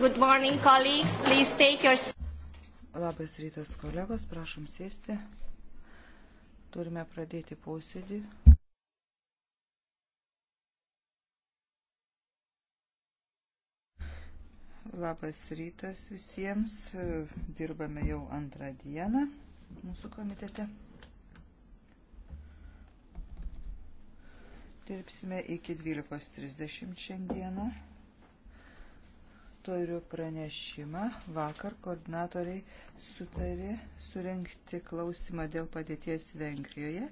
Good morning, colleagues. Please take your... Labas rytas, kolegos. Prašom sėsti. Turime pradėti posėdį. Labas rytas visiems. Dirbame jau antrą dieną mūsų komitete. Dirbsime iki 12.30 šiandieną koordinatorių pranešimą. Vakar koordinatoriai sutarė surenkti klausimą dėl padėties Vengrijoje.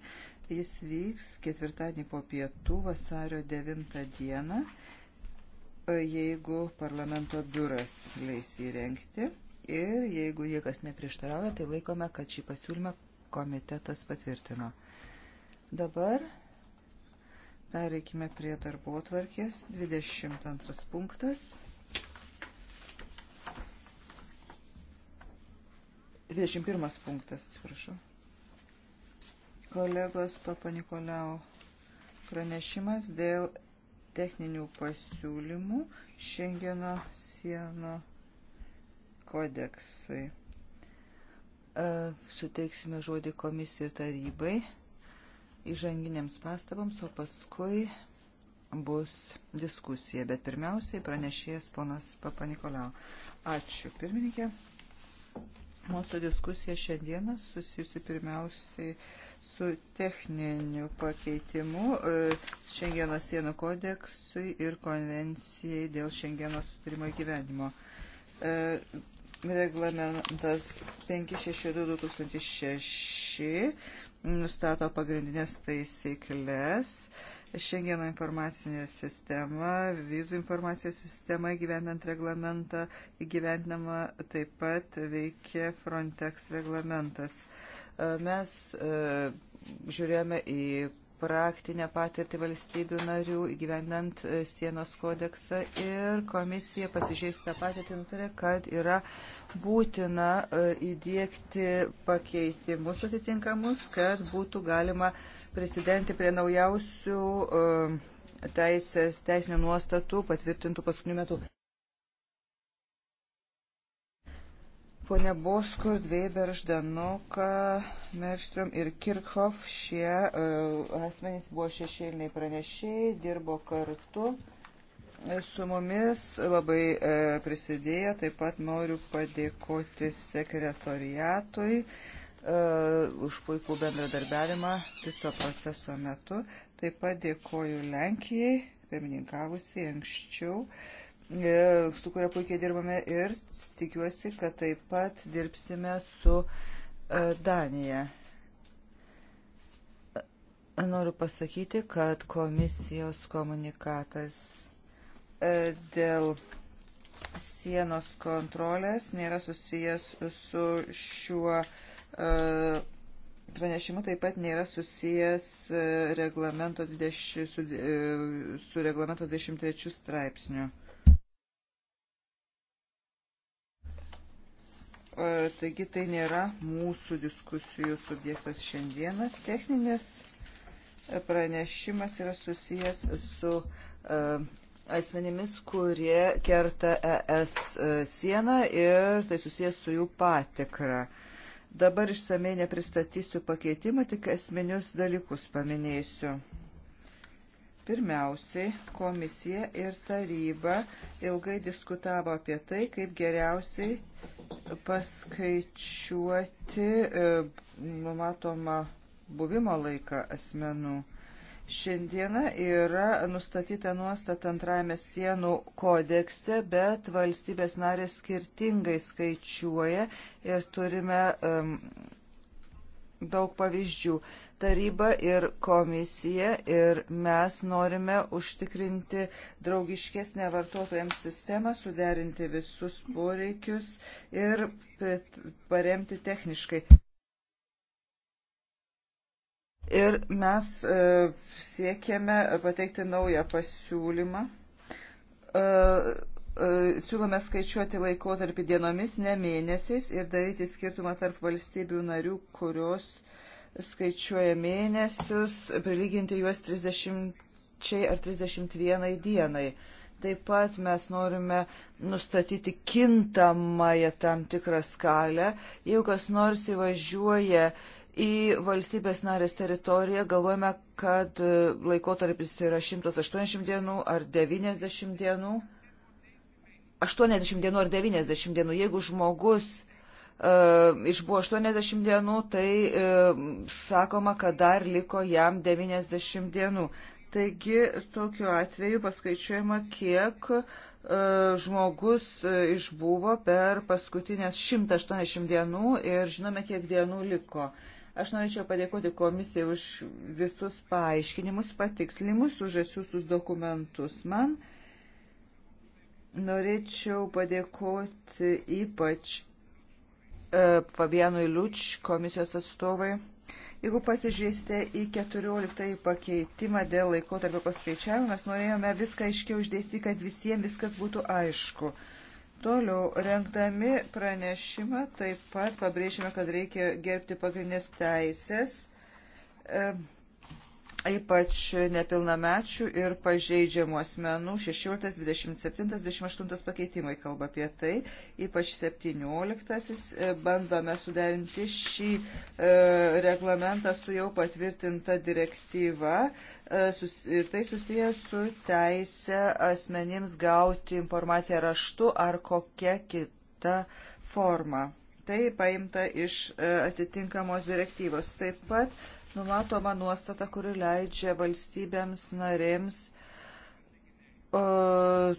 Jis vyks ketvirtadienį po pietų vasario 9 dieną, jeigu parlamento biuras leis įrengti. Ir jeigu niekas neprieštarauja, tai laikome, kad šį pasiūlymą komitetas patvirtino. Dabar Pereikime prie darbo atvarkės. 22 punktas. 21 punktas, atsiprašau. Kolegos Papanikoliau pranešimas dėl techninių pasiūlymų Šengeno sieno kodeksui. E, suteiksime žodį komisijai ir tarybai įžanginiams pastabams, o paskui bus diskusija. Bet pirmiausiai pranešėjas ponas Papanikolau. Ačiū, pirmininkė. Mūsų diskusija šiandieną susijusi pirmiausiai su techniniu pakeitimu e, Šengeno sienų kodeksui ir konvencijai dėl Šengeno sutarimo gyvenimo. E, reglamentas 562-2006 nustato pagrindinės taisyklės Šengeno informacinė sistema, vizų informacijos sistema gyvenant reglamentą įgyvendinama taip pat veikia Frontex reglamentas. Mes e, žiūrėjome į praktinę patirtį valstybių narių įgyvendant e, sienos kodeksą ir komisija pasižiūrėjus tą patirtį nutarė, kad yra būtina e, įdėkti pakeitimus atitinkamus, kad būtų galima prisidengti prie naujausių e, teisės, teisinių nuostatų patvirtintų paskutiniu metu. Pone Boskur, Dveiber, Ždanoka, Merštrom ir Kirchhoff, šie uh, asmenys buvo šešėliniai pranešėjai, dirbo kartu su mumis, labai uh, e, prisidėjo, taip pat noriu padėkoti sekretoriatui uh, už puikų bendradarbiavimą viso proceso metu, taip pat dėkoju Lenkijai, pirmininkavusiai anksčiau. Uh, E, su kuria puikiai dirbame ir tikiuosi, kad taip pat dirbsime su e, Danija. Noriu pasakyti, kad komisijos komunikatas e, dėl sienos kontrolės nėra susijęs su šiuo pranešimu taip pat nėra susijęs reglamento 20, su, su reglamento 23 straipsniu. E, taigi tai nėra mūsų diskusijų subjektas šiandieną. Techninis e, pranešimas yra susijęs su e, asmenimis, kurie kerta ES sieną ir tai susijęs su jų patikra. Dabar išsamei nepristatysiu pakeitimą, tik esminius dalykus paminėsiu. Pirmiausiai, komisija ir taryba ilgai diskutavo apie tai, kaip geriausiai paskaičiuoti e, numatomą buvimo laiką asmenų. Šiandiena yra nustatyta nuostata antrajame sienų kodekse, bet valstybės narės skirtingai skaičiuoja ir turime um, daug pavyzdžių. Uh, taryba ir komisija ir mes norime užtikrinti draugiškesnę vartotojams sistemą, suderinti visus poreikius ir paremti techniškai. Ir mes e, siekiame pateikti naują pasiūlymą. E, e, siūlome skaičiuoti laikotarpį dienomis, ne mėnesiais ir daryti skirtumą tarp valstybių narių, kurios skaičiuoja mėnesius, prilyginti juos 30 ar 31 dienai. Taip pat mes norime nustatyti kintamąją tam tikrą skalę. Jeigu kas nors įvažiuoja į valstybės narės teritoriją, galvojame, kad laikotarpis yra 180 dienų ar 90 dienų. 80 dienų ar 90 dienų. Jeigu žmogus E, išbuvo 80 dienų, tai e, sakoma, kad dar liko jam 90 dienų. Taigi tokiu atveju paskaičiuojama, kiek e, žmogus išbuvo per paskutinės 180 dienų ir žinome, kiek dienų liko. Aš norėčiau padėkoti komisijai už visus paaiškinimus, patikslimus, už atsiųstus dokumentus man. Norėčiau padėkoti ypač E, Fabianui Liuč, komisijos atstovai. Jeigu pasižiūrėsite į 14 pakeitimą dėl laikotarpio paskaičiavimo, mes norėjome viską aiškiau išdėsti, kad visiems viskas būtų aišku. Toliau, renkdami pranešimą, taip pat pabrėžėme, kad reikia gerbti pagrindinės teisės. E, ypač nepilnamečių ir pažeidžiamų asmenų 16, 27, 28 pakeitimai kalba apie tai, ypač 17. E, bandome suderinti šį e, reglamentą su jau patvirtinta direktyva e, sus, ir tai susijęs su teise asmenims gauti informaciją raštu ar kokia kita forma. Tai paimta iš e, atitinkamos direktyvos. Taip pat numatoma nuostata, kuri leidžia valstybėms narėms uh,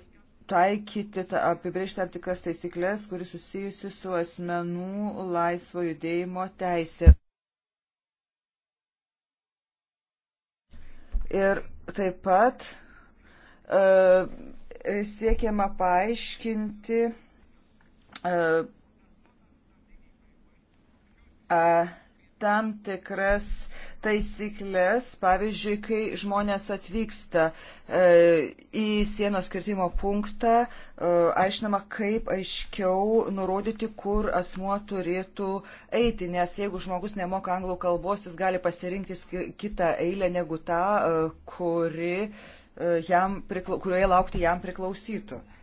taikyti, ta, apibriežti tam tikras taisyklės, kuri susijusi su asmenų laisvo judėjimo teisė. Ir taip pat uh, siekiama paaiškinti uh, uh, tam tikras taisyklės, pavyzdžiui, kai žmonės atvyksta e, į sienos kirtimo punktą, e, aišinama, kaip aiškiau nurodyti, kur asmuo turėtų eiti, nes jeigu žmogus nemoka anglų kalbos, jis gali pasirinkti kitą eilę negu tą, e, kuri, e, jam, kurioje laukti jam priklausytų. E,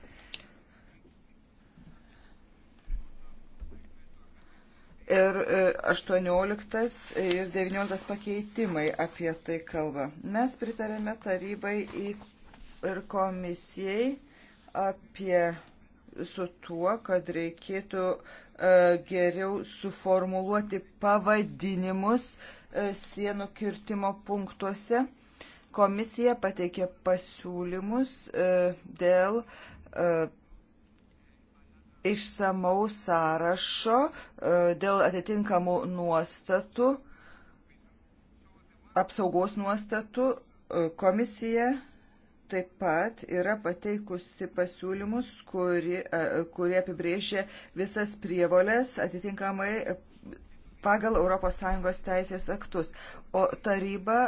Ir 18 e, ir 19 pakeitimai apie tai kalba. Mes pritarėme tarybai ir komisijai apie su tuo, kad reikėtų e, geriau suformuluoti pavadinimus e, sienų kirtimo punktuose. Komisija pateikė pasiūlymus dėl išsamaus sąrašo e, dėl atitinkamų nuostatų, apsaugos nuostatų e, komisija taip pat yra pateikusi pasiūlymus, e, kurie kuri apibrėžia visas prievolės atitinkamai pagal ES teisės aktus. O taryba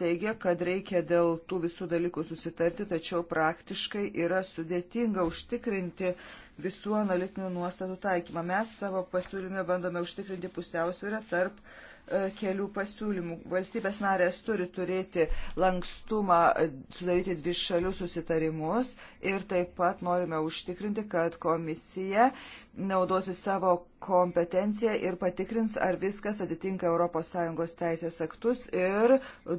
teigia, kad reikia dėl tų visų dalykų susitarti, tačiau praktiškai yra sudėtinga užtikrinti uh, visų analitinių nuostatų taikymą. Mes savo pasiūlyme bandome užtikrinti pusiausvyrą tarp e, kelių pasiūlymų. Valstybės narės turi turėti lankstumą e, sudaryti dvi šalių susitarimus ir taip pat norime užtikrinti, kad komisija naudosi savo kompetenciją ir patikrins, ar viskas atitinka ES teisės aktus ir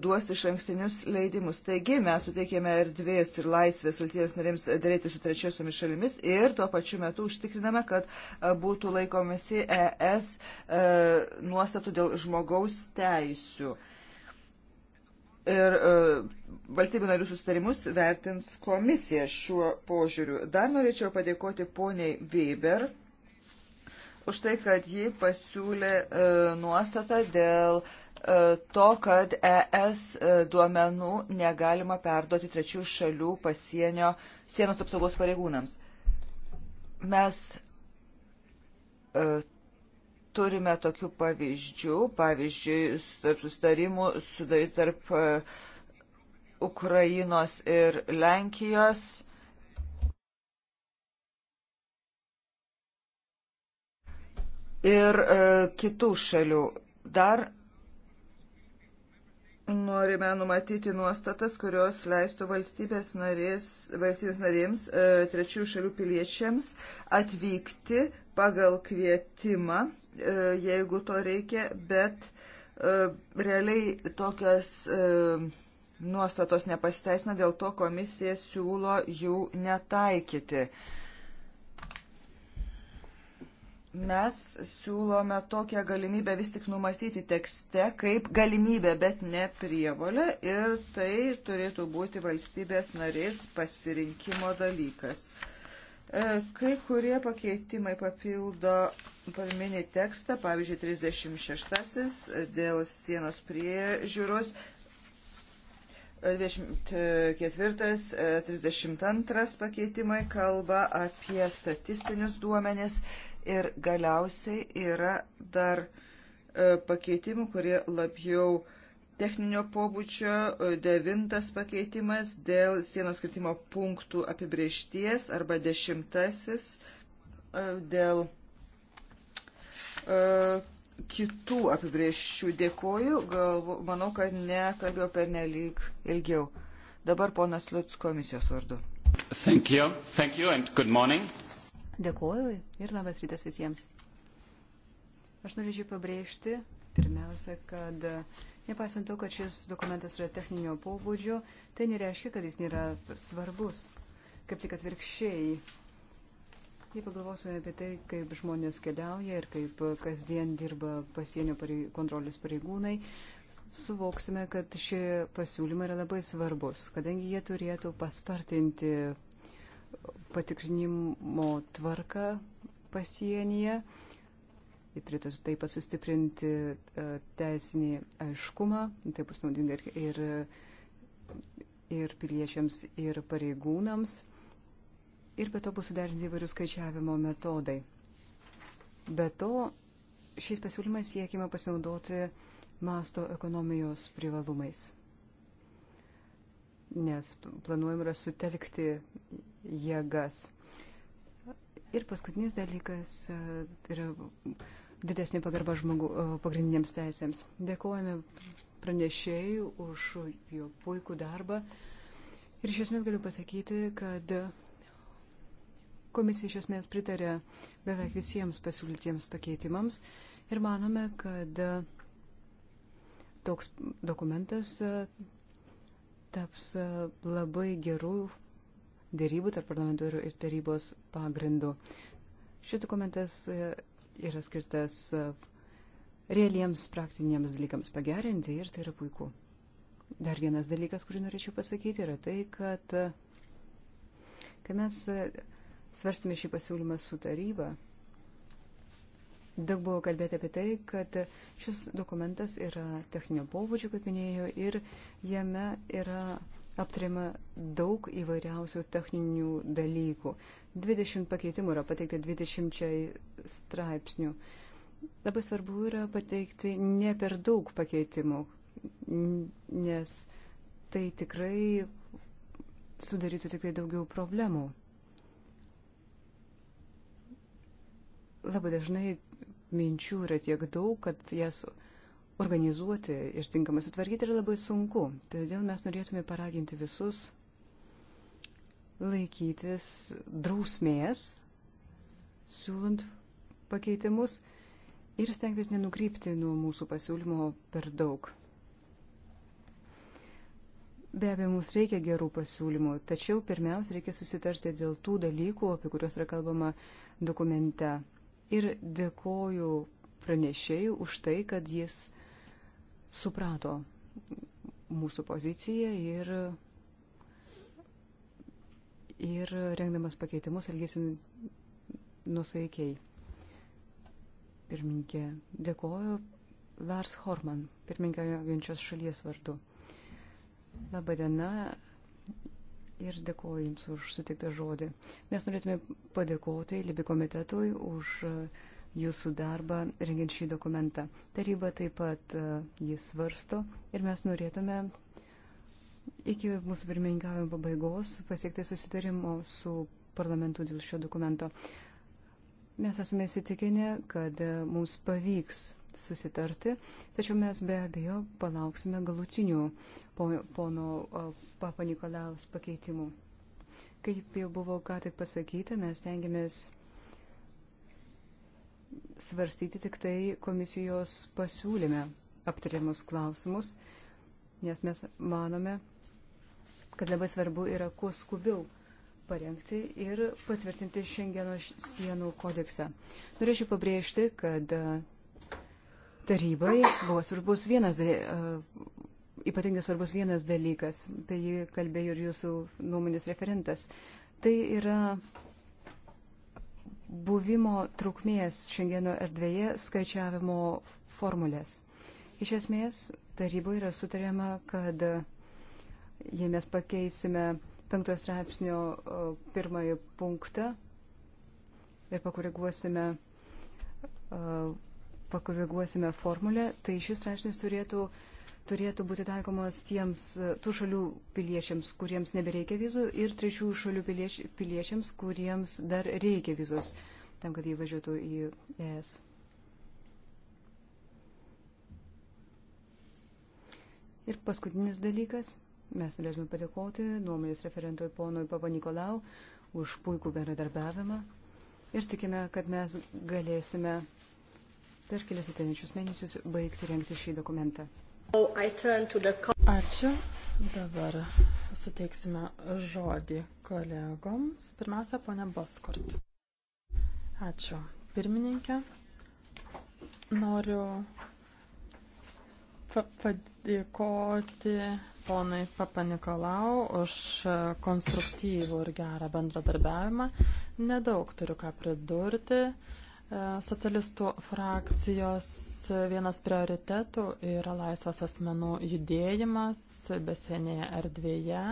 duos iš ankstinius leidimus. Taigi mes suteikėme erdvės ir laisvės valstybės narėms dėrėti su trečiosiomis šalimis ir tuo pačiu metu užtikriname, kad e, būtų laikomasi ES e, nuostatų dėl žmogaus teisių. Ir e, valstybių narių sustarimus vertins komisija šiuo požiūriu. Dar norėčiau padėkoti poniai Weber už tai, kad ji pasiūlė e, nuostatą dėl e, to, kad ES e, duomenų negalima perduoti trečių šalių pasienio sienos apsaugos pareigūnams. Mes turime tokių pavyzdžių, pavyzdžiui, tarp sustarimų sudaryti tarp Ukrainos ir Lenkijos ir e, kitų šalių. Dar norime numatyti nuostatas, kurios leistų valstybės, narės, valstybės narėms, e, trečių šalių piliečiams atvykti pagal kvietimą, e, jeigu to reikia, bet e, realiai tokios. E, Nuostatos nepasiteisina, dėl to komisija siūlo jų netaikyti. E, Mes siūlome tokią galimybę vis tik numatyti tekste kaip galimybę, bet ne prievolę ir tai turėtų būti valstybės narės pasirinkimo dalykas. E, kai kurie pakeitimai papildo parminį tekstą, pavyzdžiui, 36-asis dėl sienos priežiūros, 24-32 pakeitimai kalba apie statistinius duomenis Ir galiausiai yra dar e, pakeitimų, kurie labiau techninio pobūdžio. E, devintas pakeitimas dėl sienos skirtimo punktų apibriešties arba dešimtasis e, dėl kitų apibrieščių. Dėkoju, galvo, manau, kad nekalbėjau per nelik ilgiau. Dabar ponas Liuts komisijos vardu. Thank you. Thank you and good morning. Dėkuoju ir labas rytas visiems. Aš norėčiau pabrėžti, pirmiausia, kad nepaisant to, kad šis dokumentas yra techninio pobūdžio, tai nereiškia, kad jis nėra svarbus. Kaip tik atvirkščiai. Jei pagalvosime apie tai, kaip žmonės keliauja ir kaip kasdien dirba pasienio kontrolės pareigūnai, suvoksime, kad šie pasiūlymai yra labai svarbus, kadangi jie turėtų paspartinti patikrinimo tvarką pasienyje. Ji turėtų taip pat sustiprinti e, teisinį aiškumą, tai bus naudinga ir, ir, ir piliečiams, ir pareigūnams. Ir be to bus suderinti įvairių skaičiavimo metodai. Be to, šiais pasiūlymais siekime pasinaudoti masto ekonomijos privalumais nes planuojam yra sutelkti jėgas. Ir paskutinis dalykas e, tai yra didesnė pagarba žmogų e, pagrindiniams teisėms. Dėkojame pranešėjai už jo puikų darbą. Ir iš esmės galiu pasakyti, kad komisija iš esmės pritarė beveik visiems pasiūlytiems pakeitimams ir manome, kad toks dokumentas taps e, labai gerų dėrybų tarp parlamentų ir tarybos pagrindų. Šis dokumentas e, yra skirtas e, realiems praktiniams dalykams pagerinti ir tai yra puiku. Dar vienas dalykas, kurį norėčiau pasakyti, yra tai, kad kai mes svarstėme šį pasiūlymą su taryba, Daug buvo kalbėti apie tai, kad šis dokumentas yra techninio pobūdžio, kaip minėjau, ir jame yra aptariama daug įvairiausių techninių dalykų. 20 pakeitimų yra pateikta 20 straipsnių. Labai svarbu yra pateikti ne per daug pakeitimų, nes tai tikrai sudarytų tik tai daugiau problemų. Labai dažnai minčių yra tiek daug, kad jas organizuoti ir tinkamai sutvarkyti yra labai sunku. Todėl mes norėtume paraginti visus laikytis drausmės, siūlant pakeitimus ir stengtis nenukrypti nuo mūsų pasiūlymo per daug. Be abejo, mums reikia gerų pasiūlymų, tačiau pirmiausia reikia susitarti dėl tų dalykų, apie kuriuos yra kalbama dokumente ir dėkoju pranešėjų už tai, kad jis suprato mūsų poziciją ir, ir rengdamas pakeitimus elgėsi nusaikiai. Pirminkė dėkoju Lars Horman, pirmininkaujančios šalies vardu. Labadiena, ir dėkoju Jums už sutiktą žodį. Mes norėtume padėkoti Libi komitetui už e, Jūsų darbą rengiant šį dokumentą. Taryba taip pat e, jis svarsto ir mes norėtume iki mūsų pirmininkavimo pabaigos pasiekti susitarimo su parlamentu dėl šio dokumento. Mes esame įsitikinę, kad e, mums pavyks susitarti, tačiau mes be abejo palauksime galutinių pono Papa Nikolaus pakeitimų. Kaip jau buvo ką tik pasakyta, mes tengiamės svarstyti tik tai komisijos pasiūlyme aptariamus klausimus, nes mes manome, kad labai svarbu yra kuo skubiau parengti ir patvirtinti Šengeno sienų kodeksą. Norėčiau pabrėžti, kad e, tarybai buvo svarbus vienas e, ypatingai svarbus vienas dalykas, apie jį kalbėjo ir jūsų nuomonės referentas. Tai yra buvimo trukmės šiandieno erdvėje skaičiavimo formulės. Iš esmės, taryboje yra sutariama, kad jei mes pakeisime penktojo straipsnio pirmąjį punktą ir pakoreguosime pakoreguosime formulę, tai šis straipsnis turėtų uh, turėtų būti taikomas tiems e, tų šalių piliečiams, kuriems nebereikia vizų ir trečių šalių pilieč, piliečiams, kuriems dar reikia vizos tam, kad jie važiuotų į ES. Ir paskutinis dalykas. Mes norėtume padėkoti nuomonės referentui ponui Papa Nikolau už puikų bendradarbiavimą ir tikime, kad mes galėsime per kelias ateinančius mėnesius baigti rengti šį dokumentą. Ačiū. Dabar suteiksime žodį kolegoms. Pirmiausia, ponia Boskort. Ačiū. Pirmininkė, noriu padėkoti ponai Papa Nikolau už konstruktyvų ir gerą bendradarbiavimą. Nedaug turiu ką pridurti. E, socialistų frakcijos vienas prioritetų yra laisvas asmenų judėjimas besienėje erdvėje,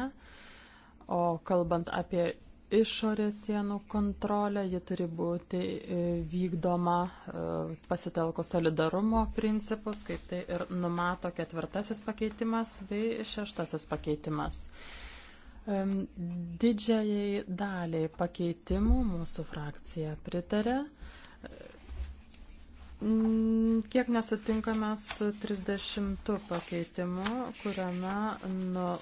o kalbant apie išorės sienų kontrolę, ji turi būti e, vykdoma e, pasitelkus solidarumo principus, kaip tai ir numato ketvirtasis pakeitimas bei šeštasis pakeitimas. Didžiajai daliai pakeitimų mūsų frakcija pritarė. Mm, kiek nesutinkame su 30 pakeitimu, kuriame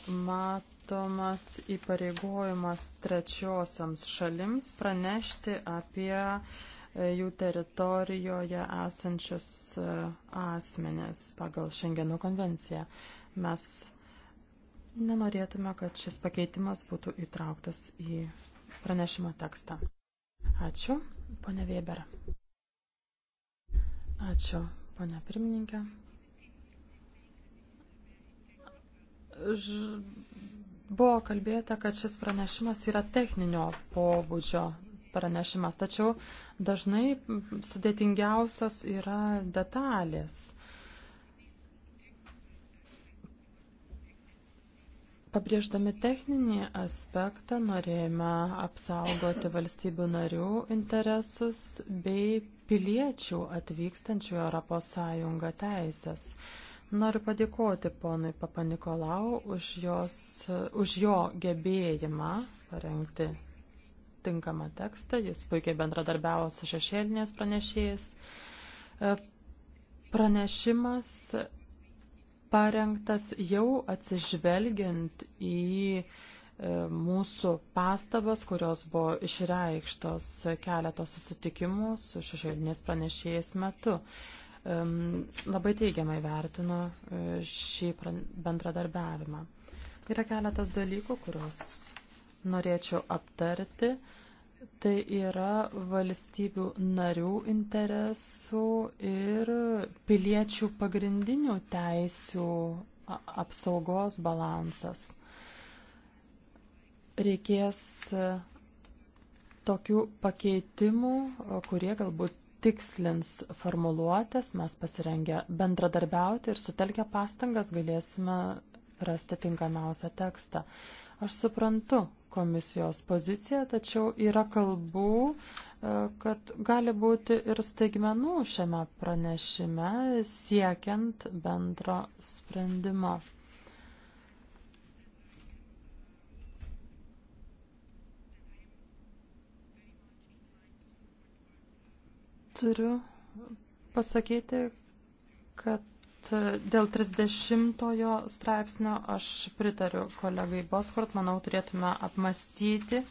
numatomas įpareigojimas trečiosiams šalims pranešti apie e, jų teritorijoje esančius e, asmenis pagal Šengeno konvenciją. Mes nenorėtume, kad šis pakeitimas būtų įtrauktas į pranešimo tekstą. Ačiū, ponia Weber. Ačiū, ponia pirmininkė. Ž... Buvo kalbėta, kad šis pranešimas yra techninio pobūdžio pranešimas, tačiau dažnai sudėtingiausios yra detalės. Pabrėždami techninį aspektą norėjome apsaugoti valstybių narių interesus bei piliečių atvykstančių Europos Sąjungą teisės. Noriu padėkoti ponui Papanikolau už, jos, už jo gebėjimą parengti tinkamą tekstą. Jis puikiai bendradarbiavo su šešėlinės pranešėjais. E, pranešimas parengtas jau atsižvelgiant į uh, E, mūsų pastabas, kurios buvo išreikštos keletos susitikimų su šešėlinės pranešėjais metu. Labai teigiamai vertinu e, šį bendradarbiavimą. Yra keletas dalykų, kuriuos norėčiau aptarti. Tai yra valstybių narių interesų ir piliečių pagrindinių teisių apsaugos balansas reikės e, tokių pakeitimų, kurie galbūt tikslins formuluotės, mes pasirengę bendradarbiauti ir sutelkę pastangas galėsime rasti tinkamiausią tekstą. Aš suprantu komisijos poziciją, tačiau yra kalbų, e, kad gali būti ir staigmenų šiame pranešime siekiant bendro sprendimo. turiu pasakyti, kad e, dėl 30 straipsnio aš pritariu kolegai Boskort, manau, turėtume apmastyti e,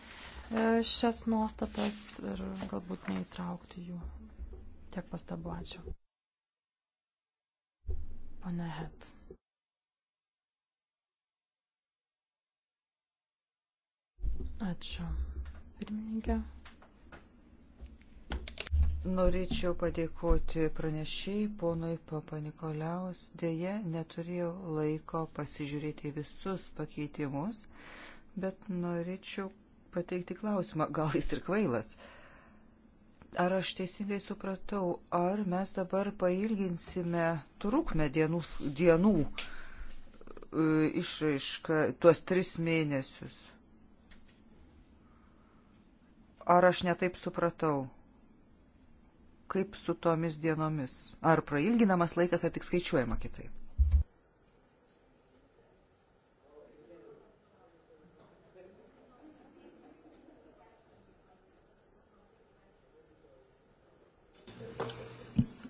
šias nuostatas ir galbūt neįtraukti jų. Tiek pastabu, ačiū. Pane Het. Ačiū. Pirmininkė. Norėčiau padėkoti pranešiai ponui Papanikoliaus. Deja, neturėjau laiko pasižiūrėti visus pakeitimus, bet norėčiau pateikti klausimą. Gal jis ir kvailas? Ar aš teisingai supratau, ar mes dabar pailginsime trukmę dienų, dienų e, išraišką tuos tris mėnesius? Ar aš netaip supratau? kaip su tomis dienomis? Ar prailginamas laikas, ar tik skaičiuojama kitaip?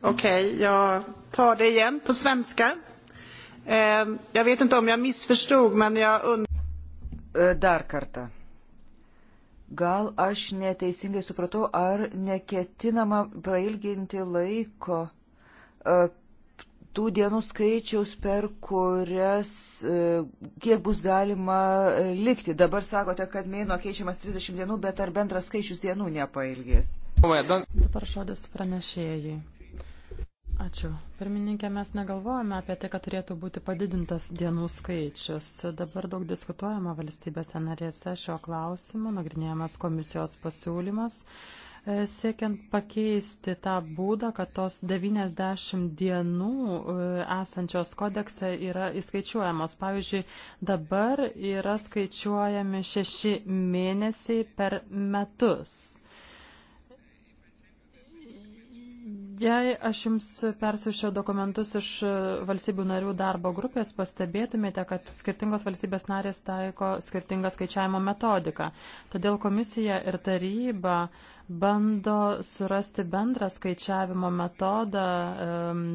Okej, okay, jag tar det igen på svenska. Eh, jag vet inte om jag missförstod, men jag undrar... Eh, Dar kartą. Gal aš neteisingai supratau, ar neketinama prailginti laiko e, tų dienų skaičiaus, per kurias, e, kiek bus galima likti. Dabar sakote, kad mėno keičiamas 30 dienų, bet ar bendras skaičius dienų nepailgės? Dabar žodis pranešėjai. Ačiū. Pirmininkė, mes negalvojame apie tai, kad turėtų būti padidintas dienų skaičius. Dabar daug diskutuojama valstybėse narėse šio klausimu, nagrinėjamas komisijos pasiūlymas, e, siekiant pakeisti tą būdą, kad tos 90 dienų e, esančios kodekse yra įskaičiuojamos. Pavyzdžiui, dabar yra skaičiuojami šeši mėnesiai per metus. Jei aš Jums persiušiau dokumentus iš valstybių narių darbo grupės, pastebėtumėte, kad skirtingos valstybės narės taiko skirtingą skaičiavimo metodiką. Todėl komisija ir taryba bando surasti bendrą skaičiavimo metodą um,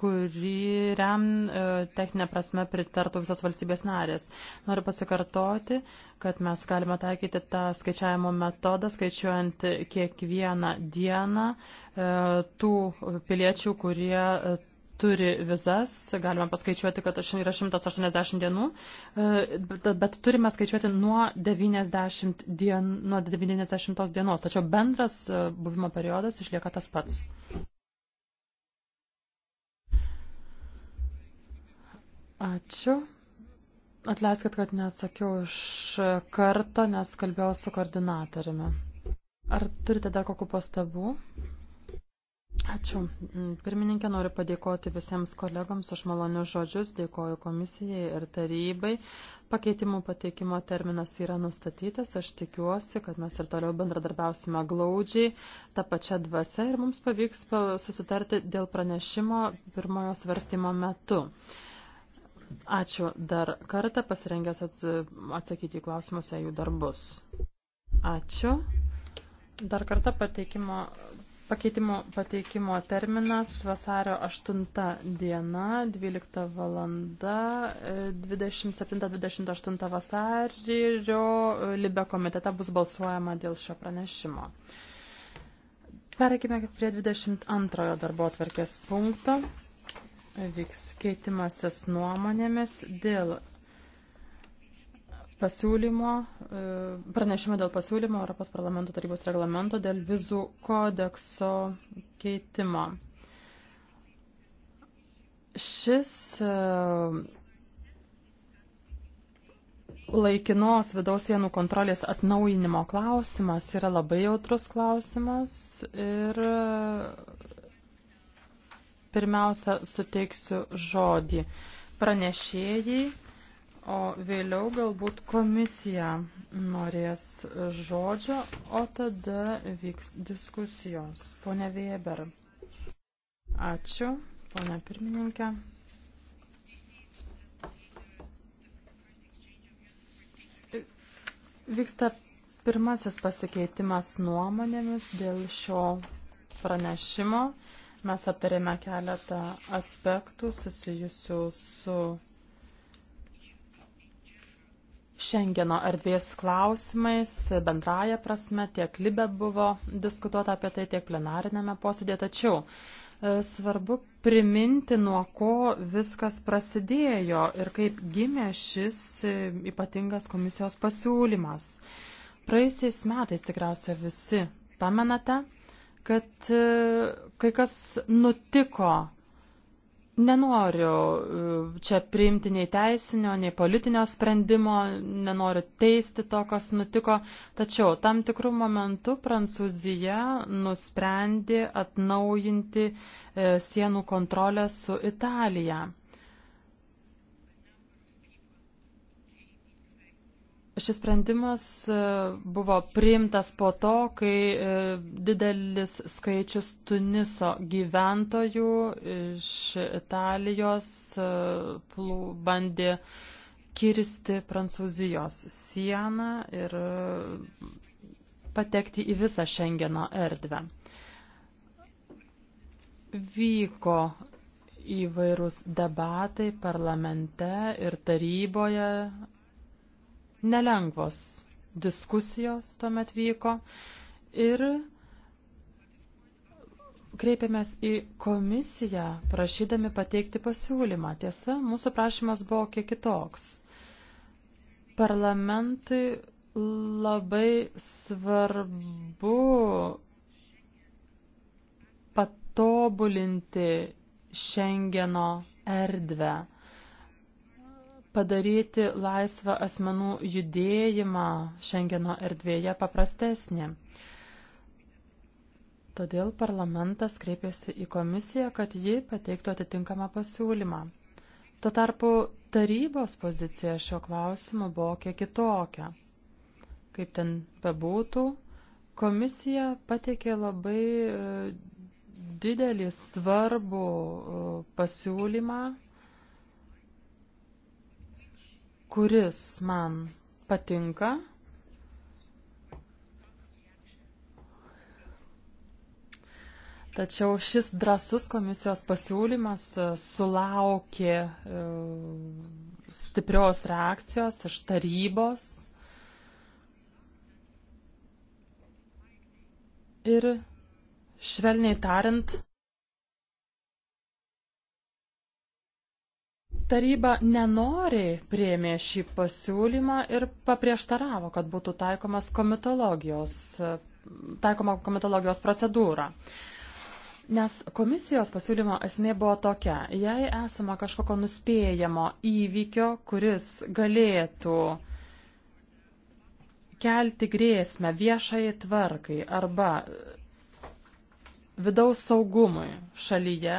kuriam e, techninė prasme pritartų visas valstybės narės. Noriu pasikartoti, kad mes galime taikyti tą skaičiavimo metodą, skaičiuojant kiekvieną dieną e, tų piliečių, kurie e, turi vizas, galime paskaičiuoti, kad yra 180 dienų, bet turime skaičiuoti nuo 90, dien, nuo 90 dienos, tačiau bendras buvimo periodas išlieka tas pats. Ačiū. Atleiskit, kad neatsakiau iš karto, nes kalbėjau su koordinatoriumi. Ar turite dar kokių pastabų? Ačiū. Pirmininkė noriu padėkoti visiems kolegams už malonius žodžius, dėkoju komisijai ir tarybai. Pakeitimų pateikimo terminas yra nustatytas, aš tikiuosi, kad mes ir toliau bendradarbiausime glaudžiai tą pačią dvasę ir mums pavyks susitarti dėl pranešimo pirmojo svarstymo metu. Ačiū dar kartą pasirengęs atsakyti į klausimus, jei jų dar bus. Ačiū. Dar kartą pateikimo, pakeitimo pateikimo terminas vasario 8 diena, 12 valanda, 27-28 e, vasario e, Libe komitete bus balsuojama dėl šio pranešimo. Pereikime prie 22 darbo atverkės punkto vyks keitimasis nuomonėmis dėl pasiūlymo, e, pranešimo dėl pasiūlymo Europos parlamento tarybos reglamento dėl vizų kodekso keitimo. Šis e, laikinos vidaus sienų kontrolės atnaujinimo klausimas yra labai jautrus klausimas ir Pirmiausia, suteiksiu žodį pranešėjai, o vėliau galbūt komisija norės žodžio, o tada vyks diskusijos. Pone Weber. Ačiū, pone pirmininkė. Vyksta pirmasis pasikeitimas nuomonėmis dėl šio pranešimo. Mes aptarėme keletą aspektų susijusių su Šengeno erdvės klausimais, bendraja prasme, tiek Libe buvo diskutuota apie tai, tiek plenarinėme posėdėje. Tačiau e, svarbu priminti, nuo ko viskas prasidėjo ir kaip gimė šis e, ypatingas komisijos pasiūlymas. Praėjusiais metais tikriausiai visi pamenate, kad e, kai kas nutiko. Nenoriu e, čia priimti nei teisinio, nei politinio sprendimo, nenoriu teisti to, kas nutiko, tačiau tam tikrų momentų Prancūzija nusprendė atnaujinti e, sienų kontrolę su Italija. Šis sprendimas e, buvo priimtas po to, kai e, didelis skaičius Tuniso gyventojų iš Italijos e, bandė kirsti Prancūzijos sieną ir patekti į visą Šengeno erdvę. Vyko įvairūs debatai parlamente ir taryboje Nelengvos diskusijos tuomet vyko ir kreipėmės į komisiją, prašydami pateikti pasiūlymą. Tiesa, mūsų prašymas buvo kiek kitoks. Parlamentui labai svarbu patobulinti Šengeno erdvę padaryti laisvą asmenų judėjimą Šengeno erdvėje paprastesnį. Todėl parlamentas kreipėsi į komisiją, kad ji pateiktų atitinkamą pasiūlymą. Tuo tarpu tarybos pozicija šio klausimu buvo kiek kitokia. Kaip ten bebūtų, komisija pateikė labai e, didelį svarbų e, pasiūlymą kuris man patinka. Tačiau šis drasus komisijos pasiūlymas e, sulaukė e, stiprios reakcijos iš tarybos. Ir švelniai tariant, Taryba nenoriai priemė šį pasiūlymą ir paprieštaravo, kad būtų taikomas komitologijos, taikoma komitologijos procedūra. Nes komisijos pasiūlymo esmė buvo tokia, jei esama kažkokio nuspėjamo įvykio, kuris galėtų kelti grėsmę viešai tvarkai arba vidaus saugumui šalyje,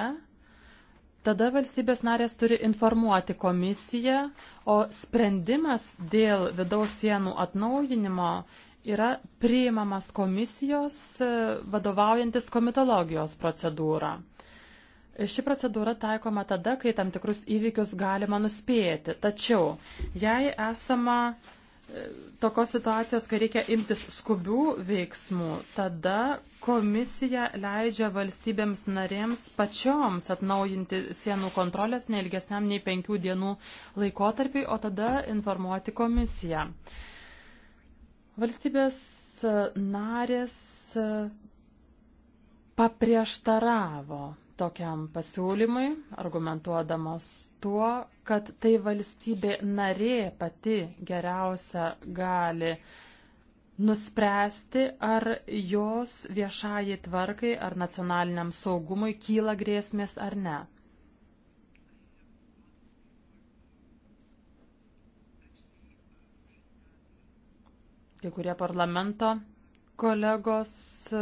Tada valstybės narės turi informuoti komisiją, o sprendimas dėl vidaus sienų atnaujinimo yra priimamas komisijos e, vadovaujantis komitologijos procedūrą. Ši procedūra taikoma tada, kai tam tikrus įvykius galima nuspėti. Tačiau, jei esama tokios situacijos, kai reikia imtis skubių veiksmų, tada komisija leidžia valstybėms narėms pačioms atnaujinti sienų kontrolės neilgesniam nei penkių dienų laikotarpiai, o tada informuoti komisiją. Valstybės narės paprieštaravo tokiam pasiūlymui, argumentuodamos tuo, kad tai valstybė narė pati geriausia gali nuspręsti, ar jos viešai tvarkai ar nacionaliniam saugumui kyla grėsmės ar ne. Kai kurie parlamento Kolegos e,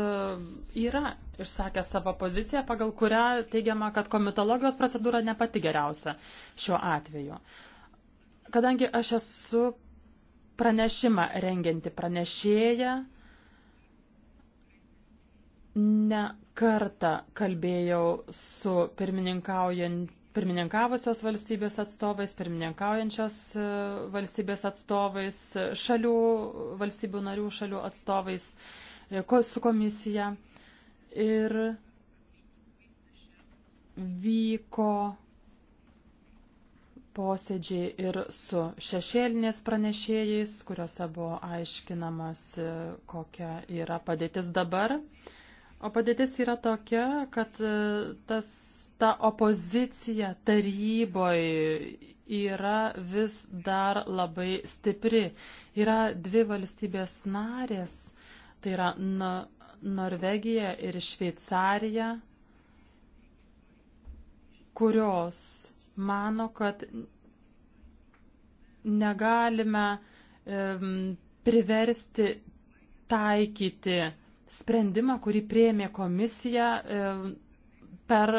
yra išsakę savo poziciją, pagal kurią teigiama, kad komitologijos procedūra ne pati geriausia šiuo atveju. Kadangi aš esu pranešimą rengianti pranešėja, ne kartą kalbėjau su pirmininkaujant pirmininkavusios valstybės atstovais, pirmininkaujančios e, valstybės atstovais, šalių, valstybių narių šalių atstovais, e, su komisija. Ir vyko posėdžiai ir su šešėlinės pranešėjais, kuriuose buvo aiškinamas, e, kokia yra padėtis dabar. O padėtis yra tokia, kad e, tas, ta opozicija taryboj yra vis dar labai stipri. Yra dvi valstybės narės, tai yra Norvegija ir Šveicarija, kurios mano, kad negalime um, priversti taikyti sprendimą, kurį prieimė komisija e, per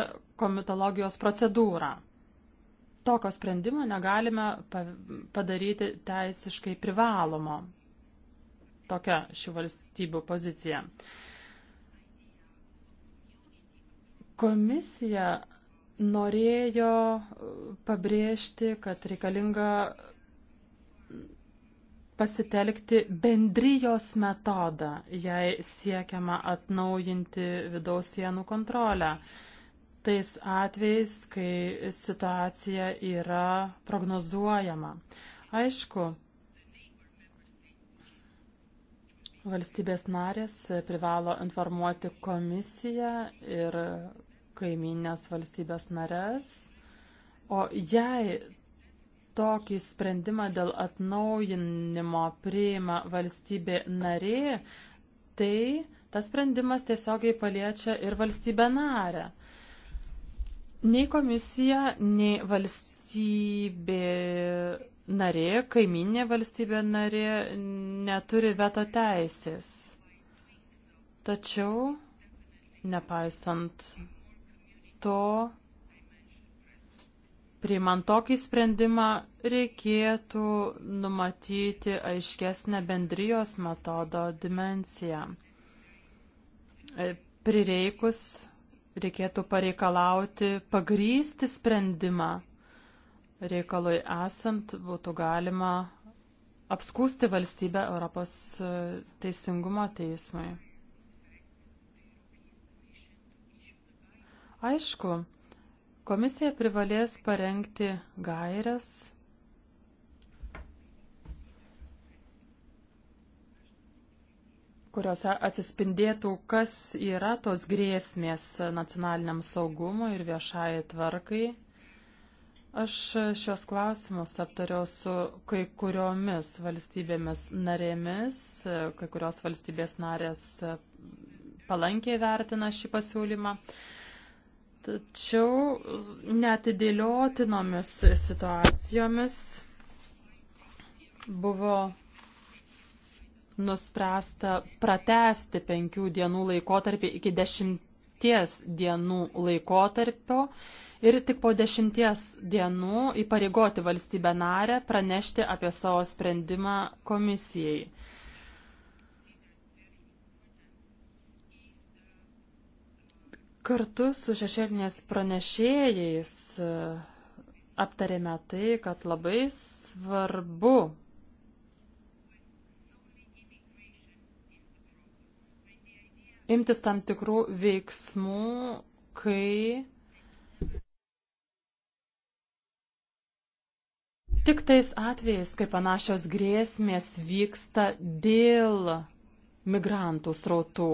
komitologijos procedūrą. Tokio sprendimo negalime padaryti teisiškai privalomo. Tokia šių valstybių pozicija. Komisija norėjo pabrėžti, kad reikalinga pasitelkti bendrijos metodą, jei siekiama atnaujinti vidaus sienų kontrolę. Tais atvejais, kai situacija yra prognozuojama. Aišku, valstybės narės privalo informuoti komisiją ir kaiminės valstybės narės. O jei tokį sprendimą dėl atnaujinimo priima valstybė narė, tai tas sprendimas tiesiogiai paliečia ir valstybę narę. Nei komisija, nei valstybė narė, kaiminė valstybė narė neturi veto teisės. Tačiau, nepaisant to, Priimant tokį sprendimą reikėtų numatyti aiškesnę bendrijos metodo dimensiją. E, prireikus reikėtų pareikalauti pagrysti sprendimą. Reikalui esant būtų galima apskūsti valstybę Europos e, teisingumo teismui. Aišku, Komisija privalės parengti gairias kuriuose atsispindėtų, kas yra tos grėsmės nacionaliniam saugumui ir viešai tvarkai. Aš šios klausimus aptariau su kai kuriomis valstybėmis narėmis, kai kurios valstybės narės palankiai vertina šį pasiūlymą. Tačiau netidėliotinomis situacijomis buvo nuspręsta pratesti penkių dienų laikotarpį iki dešimties dienų laikotarpio ir tik po dešimties dienų įpareigoti valstybę narę pranešti apie savo sprendimą komisijai. Kartu su šešėlinės pranešėjais e, aptarėme tai, kad labai svarbu imtis tam tikrų veiksmų, kai tik tais atvejais, kai panašios grėsmės vyksta dėl migrantų srautų.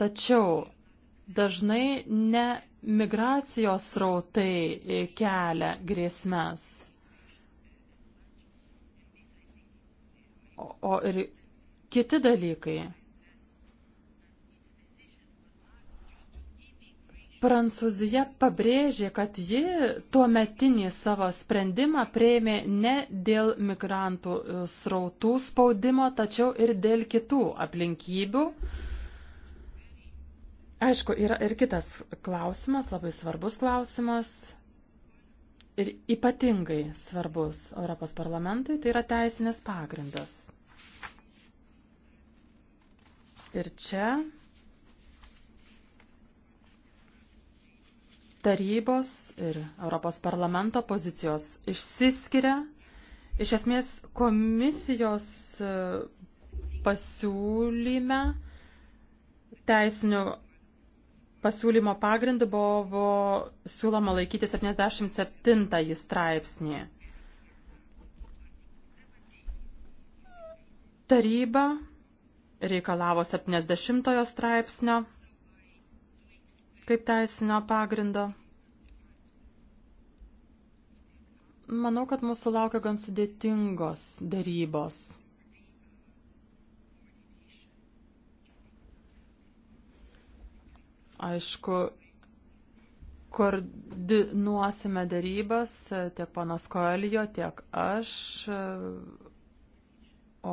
Tačiau dažnai ne migracijos rautai kelia grėsmes, o, o ir kiti dalykai. Prancūzija pabrėžė, kad ji tuo metinį savo sprendimą prieimė ne dėl migrantų srautų spaudimo, tačiau ir dėl kitų aplinkybių, Aišku, yra ir kitas klausimas, labai svarbus klausimas ir ypatingai svarbus Europos parlamentui, tai yra teisinis pagrindas. Ir čia tarybos ir Europos parlamento pozicijos išsiskiria. Iš esmės komisijos e, pasiūlyme teisinių pasiūlymo pagrindu buvo siūloma laikyti 77 straipsnį. Taryba reikalavo 70 straipsnio kaip teisinio pagrindo. Manau, kad mūsų laukia gan sudėtingos darybos. aišku, koordinuosime darybas e, tiek panas Koelijo, tiek aš. E,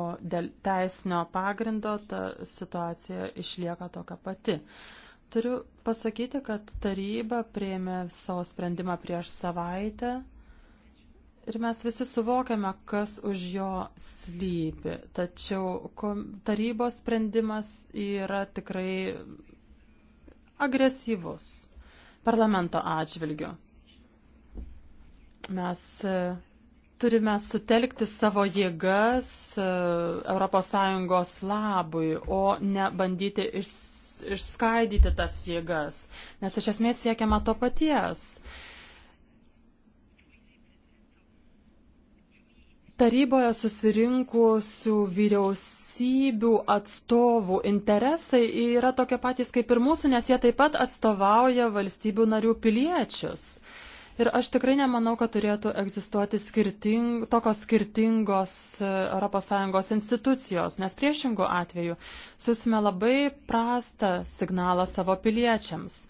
o dėl teisinio pagrindo ta situacija išlieka tokia pati. Turiu pasakyti, kad taryba prieimė savo sprendimą prieš savaitę ir mes visi suvokiame, kas už jo slypi. Tačiau tarybos sprendimas yra tikrai agresyvus parlamento atžvilgiu. Mes e, turime sutelkti savo jėgas ES labui, o ne bandyti išs, išskaidyti tas jėgas, nes iš esmės siekiama to paties. taryboje susirinkusių vyriausybių atstovų interesai yra tokie patys kaip ir mūsų, nes jie taip pat atstovauja valstybių narių piliečius. Ir aš tikrai nemanau, kad turėtų egzistuoti skirting, tokios skirtingos e, ES institucijos, nes priešingų atveju susime labai prastą signalą savo piliečiams.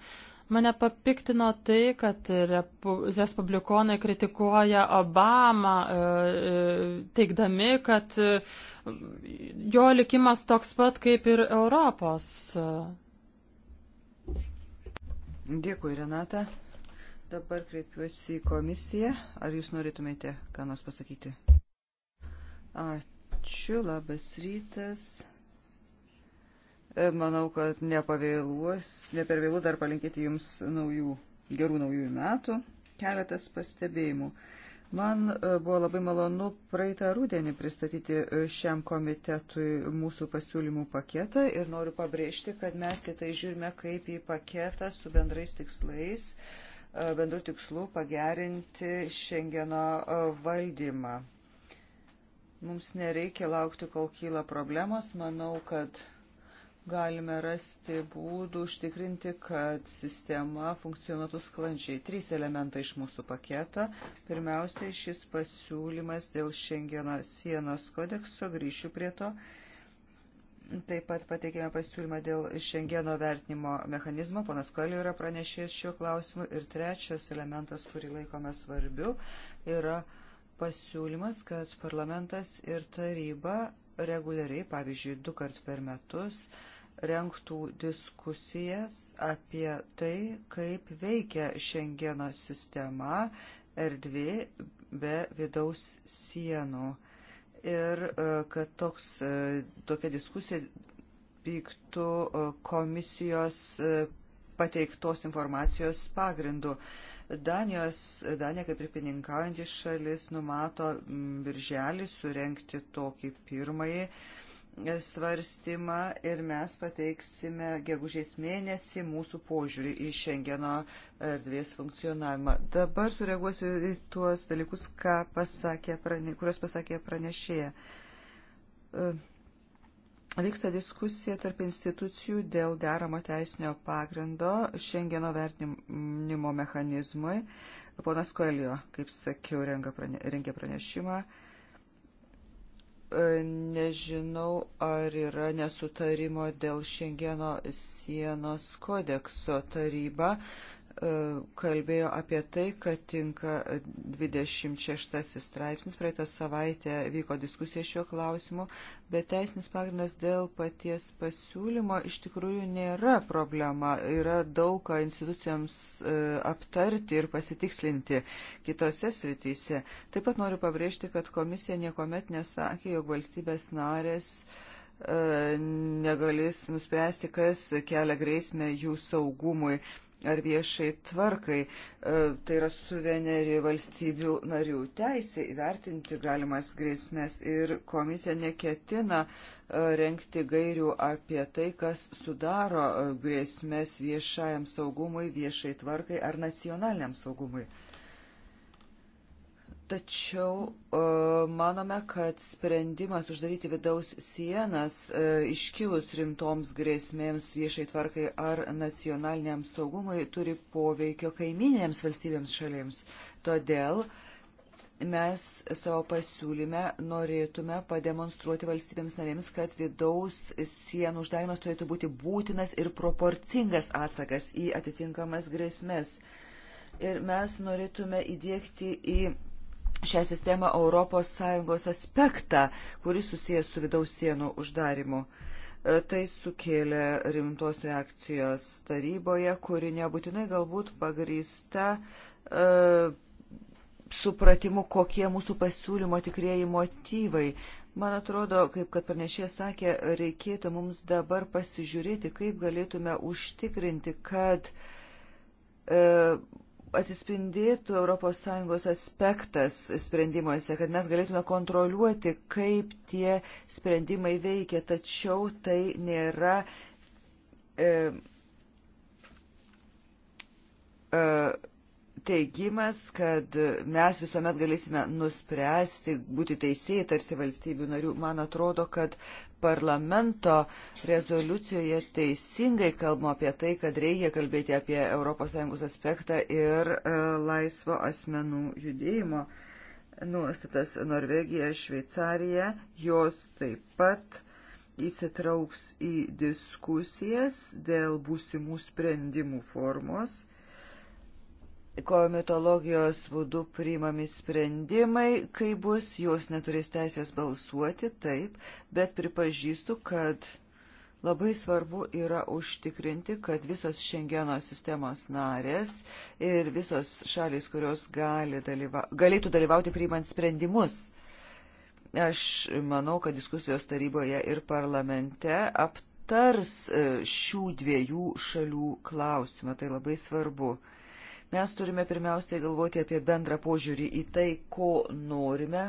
Mane papiktino tai, kad respublikonai kritikuoja Obamą, e, e, teikdami, kad e, jo likimas toks pat kaip ir Europos. Dėkui, Renata. Dabar kreipiuosi į komisiją. Ar jūs norėtumėte ką nors pasakyti? Ačiū, labas rytas. E, manau, kad nepavėluos, nepervėlu dar palinkėti jums naujų, gerų naujųjų metų. Keletas pastebėjimų. Man e, buvo labai malonu praeitą rūdienį pristatyti e, šiam komitetui mūsų pasiūlymų paketą ir noriu pabrėžti, kad mes į tai žiūrime kaip į paketą su bendrais tikslais, bendru tikslu pagerinti Šengeno valdymą. Mums nereikia laukti, kol kyla problemos. Manau, kad galime rasti būdų užtikrinti, kad sistema funkcionuotų sklandžiai. Trys elementai iš mūsų paketo. Pirmiausiai šis pasiūlymas dėl Šengeno sienos kodekso, grįšiu prie to. Taip pat pateikėme pasiūlymą dėl Šengeno vertinimo mechanizmo. Ponas Koelio yra pranešėjęs šiuo klausimu. Ir trečias elementas, kurį laikome svarbiu, yra pasiūlymas, kad parlamentas ir taryba reguliariai, pavyzdžiui, du kart per metus, uh, renktų diskusijas apie tai, kaip veikia Šengeno sistema erdvė be vidaus sienų. Ir e, kad toks, e, tokia diskusija vyktų e, komisijos pateiktos informacijos pagrindu. Danijos, Danija kaip ir pininkaujantis šalis numato birželį surenkti tokį pirmąjį uh, svarstymą ir mes pateiksime gegužės mėnesį mūsų požiūrį į Šengeno erdvės funkcionavimą. Dabar sureaguosiu į tuos dalykus, pasakė prane, kuriuos pasakė pranešėja. E, vyksta diskusija tarp institucijų dėl deramo teisinio pagrindo Šengeno vertinimo mechanizmui. Ponas Koelio, kaip sakiau, rengia pranešimą. E, nežinau, ar yra nesutarimo dėl Šengeno sienos kodekso taryba kalbėjo apie tai, kad tinka 26 straipsnis. Praeitą savaitę vyko diskusija šiuo klausimu, bet teisinis pagrindas dėl paties pasiūlymo iš tikrųjų nėra problema. Yra daug ką institucijoms e, aptarti ir pasitikslinti kitose srityse. Taip pat noriu pabrėžti, kad komisija niekuomet nesakė, jog valstybės narės e, negalės nuspręsti, kas kelia grėsmę jų saugumui ar viešai tvarkai. E, tai yra suveneri valstybių narių teisė įvertinti galimas grėsmės ir komisija neketina e, renkti gairių apie tai, kas sudaro e, grėsmės viešajam saugumui, viešai tvarkai ar nacionaliniam saugumui. Tačiau e, manome, kad sprendimas uždaryti vidaus sienas e, iškilus rimtoms grėsmėms viešai tvarkai ar nacionaliniam saugumui turi poveikio kaiminėms valstybėms šalims. Todėl mes savo pasiūlyme norėtume pademonstruoti valstybėms narėms, kad vidaus sienų uždarimas turėtų būti būtinas ir proporcingas atsakas į atitinkamas grėsmės. Ir mes norėtume įdėkti į šią sistemą ES aspektą, kuris susijęs su vidaus sienų uždarimu. E, tai sukėlė rimtos reakcijos taryboje, kuri nebūtinai galbūt pagrįsta e, supratimu, kokie mūsų pasiūlymo tikrieji motyvai. Man atrodo, kaip kad pranešė sakė, reikėtų mums dabar pasižiūrėti, kaip galėtume užtikrinti, kad e, atsispindėtų ES aspektas sprendimuose, kad mes galėtume kontroliuoti, kaip tie sprendimai veikia, tačiau tai nėra e, e, teigimas, kad mes visuomet galėsime nuspręsti, būti teisėjai tarsi valstybių narių, man atrodo, kad parlamento rezoliucijoje teisingai kalbama apie tai, kad reikia kalbėti apie ES aspektą ir e, laisvo asmenų judėjimo nuostatas Norvegija, Šveicarija, jos taip pat įsitrauks į diskusijas dėl būsimų sprendimų formos komitologijos būdu priimami sprendimai, kai bus, jos neturės teisės balsuoti, taip, bet pripažįstu, kad labai svarbu yra užtikrinti, kad visos Šengeno sistemos narės ir visos šalis, kurios gali dalyva, galėtų dalyvauti priimant sprendimus. Aš manau, kad diskusijos taryboje ir parlamente aptars e, šių dviejų šalių klausimą. Tai labai svarbu. Mes turime pirmiausiai galvoti apie bendrą požiūrį į tai, ko norime,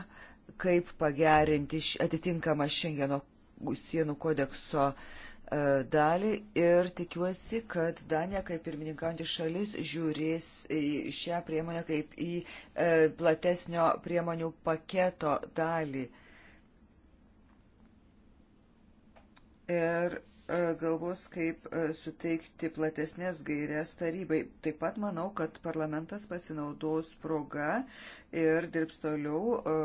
kaip pagerinti atitinkamą Šengeno sienų kodekso e, dalį ir tikiuosi, kad Danija, kaip pirmininkaujantis šalis, žiūrės į šią priemonę kaip į e, platesnio priemonių paketo dalį. Ir E, galvos, kaip e, suteikti platesnės gairias tarybai. Taip pat manau, kad parlamentas pasinaudos proga ir dirbs toliau, e,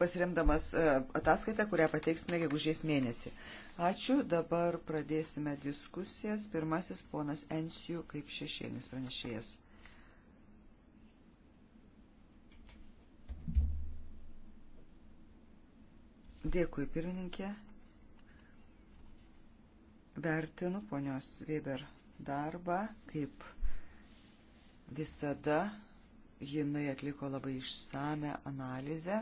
pasiremdamas ataskaitą, kurią pateiksime gegužės mėnesį. Ačiū, dabar pradėsime diskusijas. Pirmasis ponas Ensijų kaip šešėlinis pranešėjas. Dėkui, pirmininkė vertinu ponios Weber darbą, kaip visada jinai atliko labai išsame analizę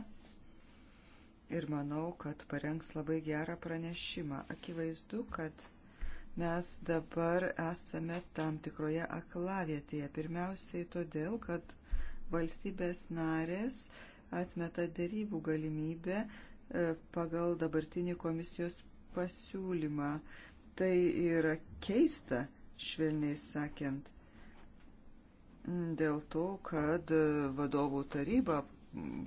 ir manau, kad parengs labai gerą pranešimą. Akivaizdu, kad mes dabar esame tam tikroje aklavietėje. Pirmiausiai todėl, kad valstybės narės atmeta dėrybų galimybę e, pagal dabartinį komisijos pasiūlymą tai yra keista, švelniai sakant, dėl to, kad vadovų taryba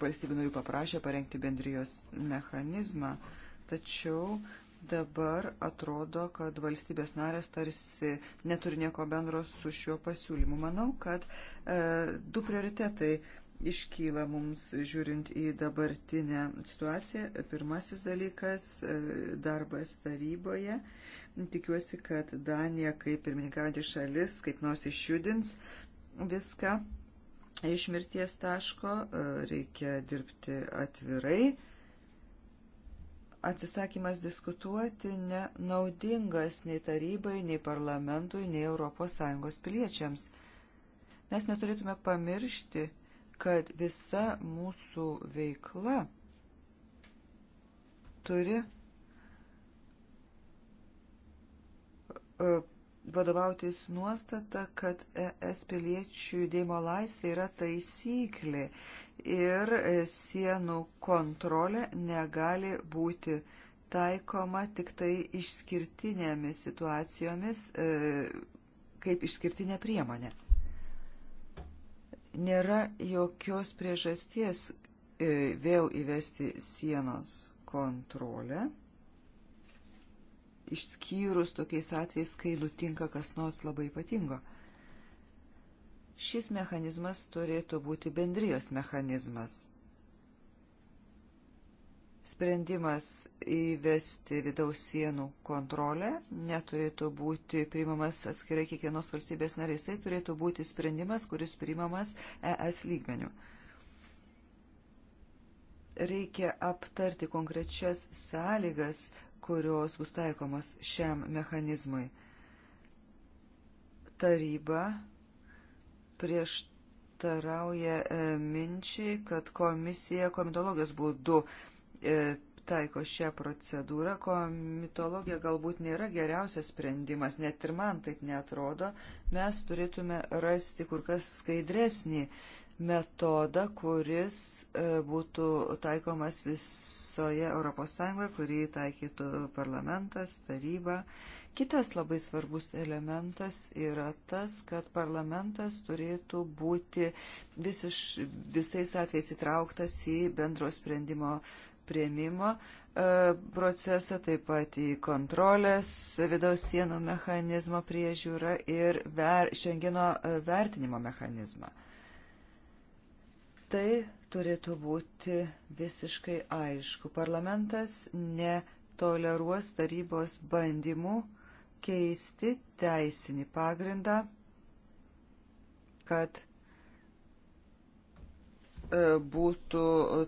valstybių narių paprašė parengti bendrijos mechanizmą, tačiau dabar atrodo, kad valstybės narės tarsi neturi nieko bendro su šiuo pasiūlymu. Manau, kad e, du prioritetai iškyla mums žiūrint į dabartinę situaciją. Pirmasis dalykas - e, darbas taryboje. Tikiuosi, kad Danija, kaip pirmininkaujantį šalis, kaip nors išjudins viską iš mirties taško. E, reikia dirbti atvirai. Atsisakymas diskutuoti nenaudingas nei tarybai, nei parlamentui, nei ES piliečiams. Mes neturėtume pamiršti, kad visa mūsų veikla turi e, vadovautis nuostata, kad ES piliečių judėjimo laisvė yra taisyklė ir sienų kontrolė negali būti taikoma tik tai išskirtinėmis situacijomis e, kaip išskirtinė priemonė. Nėra jokios priežasties e, vėl įvesti sienos kontrolę, išskyrus tokiais atvejais, kai nutinka kas nors labai ypatingo. Šis mechanizmas turėtų būti bendrijos mechanizmas sprendimas įvesti vidaus sienų kontrolę neturėtų būti priimamas atskirai kiekvienos valstybės narės. Tai turėtų būti sprendimas, kuris priimamas ES lygmenių. Reikia aptarti konkrečias sąlygas, kurios bus taikomas šiam mechanizmui. Taryba prieštarauja e, minčiai, kad komisija komitologijos būdu e, E, taiko šią procedūrą, komitologija galbūt nėra geriausias sprendimas, net ir man taip netrodo, mes turėtume rasti kur kas skaidresnį metodą, kuris e, būtų taikomas visoje ES, kurį taikytų parlamentas, taryba. Kitas labai svarbus elementas yra tas, kad parlamentas turėtų būti visiš, visais atvejais įtrauktas į bendro sprendimo uh, prieimimo e, procesą, taip pat į kontrolės vidaus sienų mechanizmo priežiūrą ir ver, šengino e, vertinimo mechanizmą. Tai turėtų būti visiškai aišku. Parlamentas netoleruos tarybos bandymų keisti teisinį pagrindą, kad E, būtų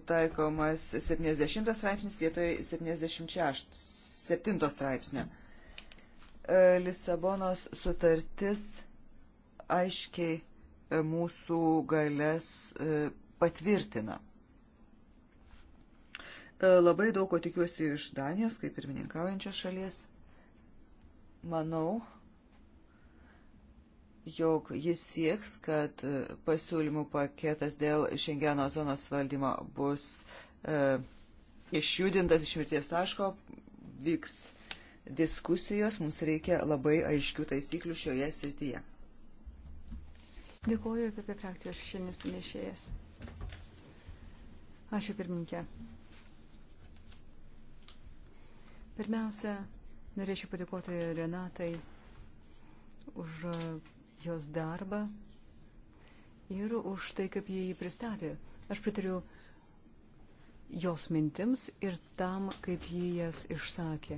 taikomas 70 straipsnis vietoj 77 straipsnio. E, Lisabonos sutartis aiškiai e, mūsų galės patvirtina. Labai daug ko tikiuosi iš Danijos, kaip pirmininkaujančios šalies. Manau, jog jis sieks, kad e, pasiūlymų paketas dėl Šengeno zonos valdymo bus e, išjudintas iš mirties taško, vyks diskusijos, mums reikia labai aiškių taisyklių šioje srityje. Dėkuoju apie frakcijos šiandienis pranešėjas. Ačiū pirminkė. Pirmiausia, norėčiau padėkoti Renatai už jos darbą ir už tai, kaip jie jį pristatė. Aš pritariu jos mintims ir tam, kaip jie jas išsakė.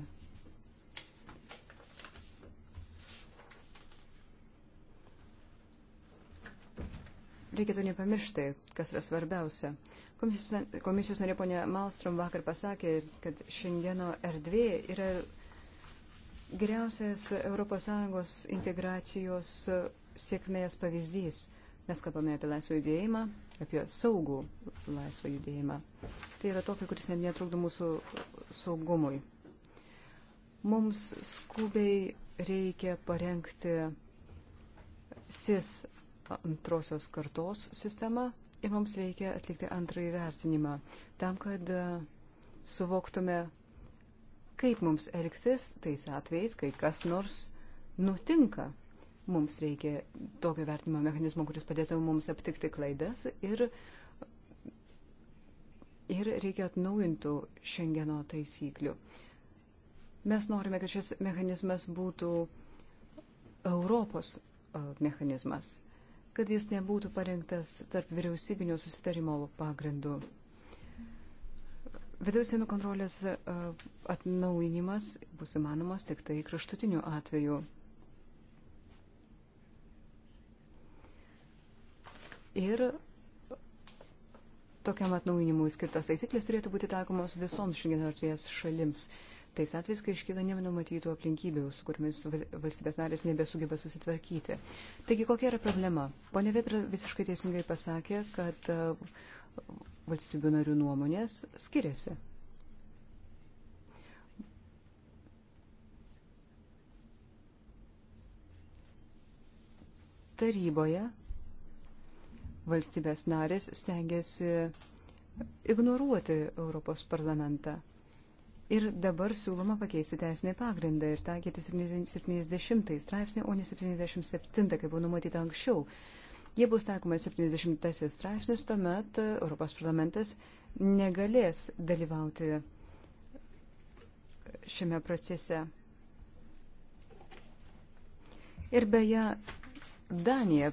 Reikėtų nepamiršti, kas yra svarbiausia. Komisijos, komisijos narė ponė Malstrom vakar pasakė, kad šiandieno erdvė yra geriausias ES integracijos sėkmės pavyzdys. Mes kalbame apie laisvą judėjimą, apie saugų laisvą judėjimą. Tai yra tokia, kuris net netrukdo mūsų saugumui. Mums skubiai reikia parengti SIS antrosios kartos sistemą ir mums reikia atlikti antrąjį vertinimą tam, kad suvoktume, kaip mums elgtis tais atvejais, kai kas nors nutinka. Mums reikia tokio vertimo mechanizmo, kuris padėtų mums aptikti klaidas ir, ir reikia atnaujintų šengeno taisyklių. Mes norime, kad šis mechanizmas būtų Europos mechanizmas, kad jis nebūtų parengtas tarp vyriausybinio susitarimo pagrindų. Vidaus sienų kontrolės e, atnaujinimas bus įmanomas tik tai kraštutiniu atveju. Ir tokiam atnaujinimui skirtas taisyklės turėtų būti taikomos visoms šiandien artvės šalims. Tais atvejais, kai iškyla nenumatytų aplinkybių, su kuriamis valstybės narės nebesugeba susitvarkyti. Taigi, kokia yra problema? Pone Vėpra visiškai teisingai pasakė, kad valstybių narių nuomonės skiriasi. Taryboje valstybės narės stengiasi ignoruoti Europos parlamentą. Ir dabar siūloma pakeisti teisinį pagrindą ir taikyti 70 straipsnį, o ne 77, kaip buvo numatyta anksčiau. Jei bus taikomas 70 straipsnis, tuomet Europos parlamentas negalės dalyvauti šiame procese. Ir beje, Danija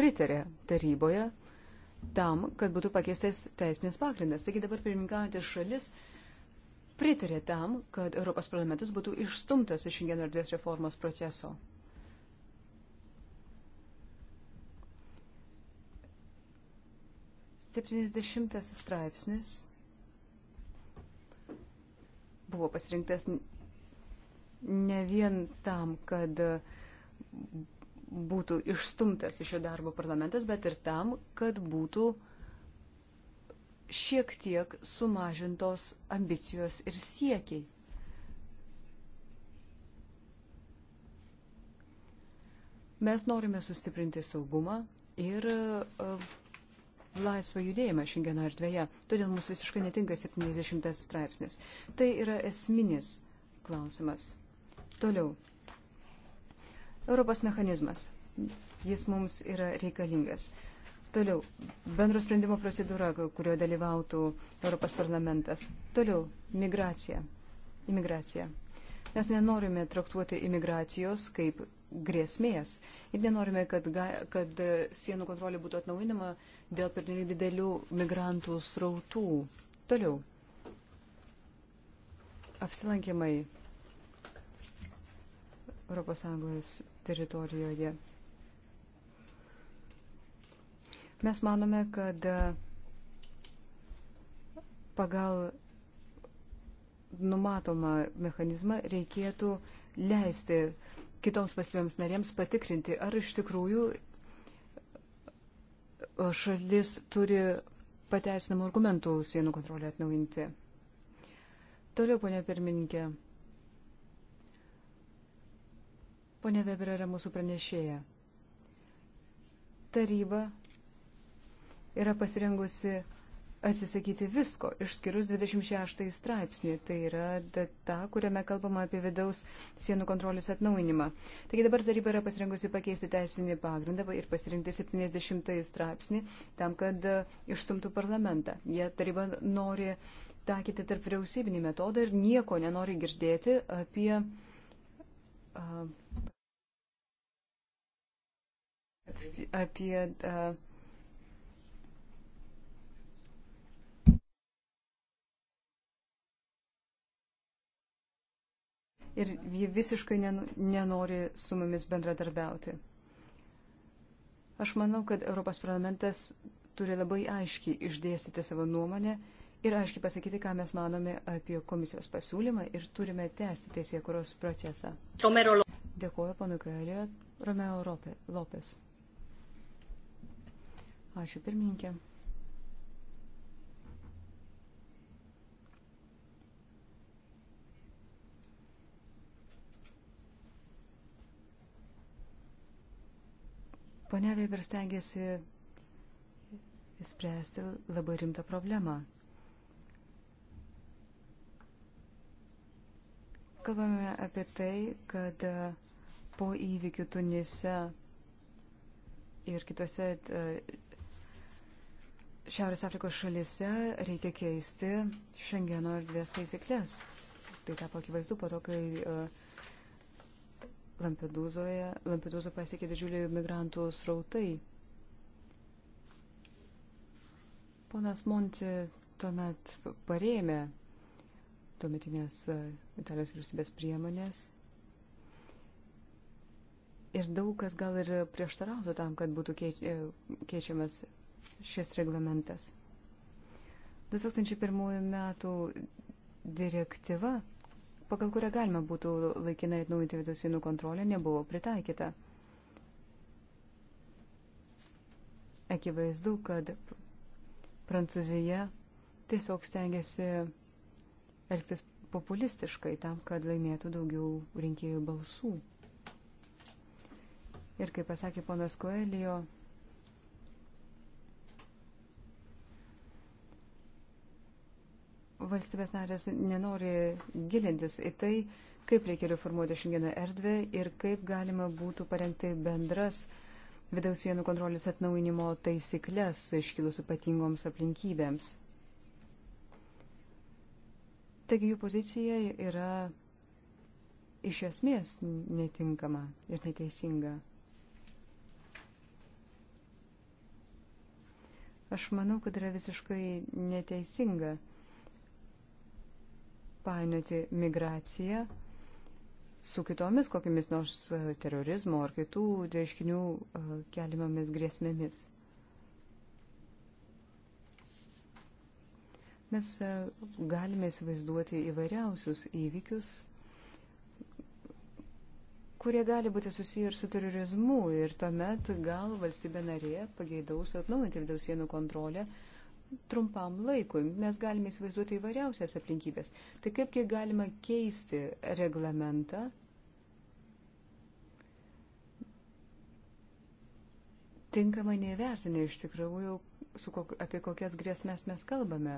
pritarė taryboje tam, kad būtų pakeistas teisinės pagrindas. Taigi dabar pirmininkaujantis šalis pritarė tam, kad Europos parlamentas būtų išstumtas iš šiandien erdvės reformos proceso. 70 straipsnis buvo pasirinktas ne vien tam, kad būtų išstumtas iš jo darbo parlamentas, bet ir tam, kad būtų šiek tiek sumažintos ambicijos ir siekiai. Mes norime sustiprinti saugumą ir uh, laisvą judėjimą Šengeno erdvėje. Todėl mums visiškai netinka 70 straipsnis. Tai yra esminis klausimas. Toliau. Europos mechanizmas. Jis mums yra reikalingas. Toliau. Bendro sprendimo procedūra, kurioje dalyvautų Europos parlamentas. Toliau. Migracija. Imigracija. Mes nenorime traktuoti imigracijos kaip grėsmės ir nenorime, kad, kad e, sienų kontrolė būtų atnaujinama dėl pernelyg didelių migrantų srautų. Toliau. Apsilankimai ES teritorijoje. Mes manome, kad e, pagal numatomą mechanizmą reikėtų leisti uh, kitoms valstybėms narėms patikrinti, ar iš tikrųjų šalis turi pateisinamų argumentų sienų kontrolę atnaujinti. Toliau, ponia pirmininkė. Pone Weber yra mūsų pranešėja. Taryba yra pasirengusi atsisakyti visko, išskyrus 26 straipsnį, tai yra ta, kuriame kalbama apie vidaus sienų kontrolės atnauinimą. Taigi dabar taryba yra pasirengusi pakeisti teisinį pagrindą ir pasirinkti 70 straipsnį tam, kad e, išstumtų parlamentą. Jie taryba nori taikyti tarp vyriausybinį metodą ir nieko nenori girdėti apie. apie, apie ir ji visiškai nenori su mumis bendradarbiauti. Aš manau, kad Europos parlamentas turi labai aiškiai išdėstyti savo nuomonę ir aiškiai pasakyti, ką mes manome apie komisijos pasiūlymą ir turime tęsti teisėkuros procesą. Romero. Dėkuoju, panu Kairė, Romeo Europė, Lopes. Ačiū pirmininkė. Pane Weber stengiasi spręsti labai rimtą problemą. Kalbame apie tai, kad e, po įvykių Tunise ir kitose e, Šiaurės Afrikos šalise reikia keisti Šengeno erdvės taisyklės. Tai tapo akivaizdu po to, kai uh, Lampedūzoje, Lampedūzą pasiekė didžiuliai migrantų srautai. Ponas Monti tuomet parėmė tuometinės Italijos vyriausybės priemonės. Ir daug kas gal ir prieštarautų tam, kad būtų e, keičiamas šis reglamentas. 2001 metų direktyva pagal kurią galima būtų laikinai atnaujinti vidaus sienų kontrolę, nebuvo pritaikyta. Akivaizdu, kad Prancūzija tiesiog stengiasi elgtis populistiškai tam, kad laimėtų daugiau rinkėjų balsų. Ir kaip pasakė ponas Koelio, valstybės narės nenori gilintis į tai, kaip reikia reformuoti šiandieną erdvę ir kaip galima būtų parengti bendras vidaus sienų kontrolės atnauinimo taisyklės iškilus ypatingoms aplinkybėms. Taigi jų pozicija yra iš esmės netinkama ir neteisinga. Aš manau, kad yra visiškai neteisinga painioti migraciją su kitomis kokiamis nors e, terorizmo ar kitų reiškinių e, keliamomis grėsmėmis. Mes e, galime įsivaizduoti įvairiausius įvykius, kurie gali būti susiję ir su terorizmu ir tuomet gal valstybė narė pageidaus atnaujinti vidaus sienų kontrolę trumpam laikui. Mes galime įsivaizduoti įvairiausias aplinkybės. Tai kaipgi galima keisti reglamentą? Tinkamai nevertinė iš tikrųjų, kok, apie kokias grėsmės mes kalbame.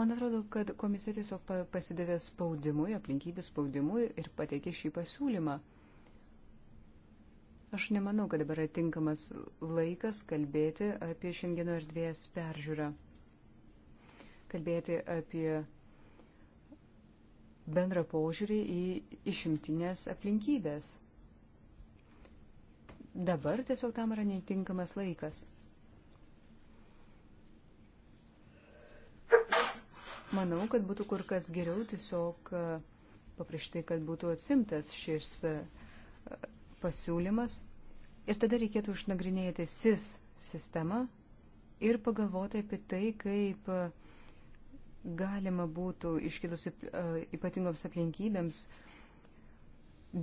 Man atrodo, kad komisija tiesiog pasidavė spaudimui, aplinkybių spaudimui ir pateikė šį pasiūlymą. Aš nemanau, kad dabar atinkamas laikas kalbėti apie šiandieno erdvės peržiūrą. Kalbėti apie bendrą paužiūrį į išimtinės aplinkybės. Dabar tiesiog tam yra netinkamas laikas. Manau, kad būtų kur kas geriau tiesiog paprašyti, kad būtų atsimtas šis pasiūlymas ir tada reikėtų išnagrinėti SIS sistemą ir pagalvoti apie tai, kaip e, galima būtų iškilus e, ypatingoms aplinkybėms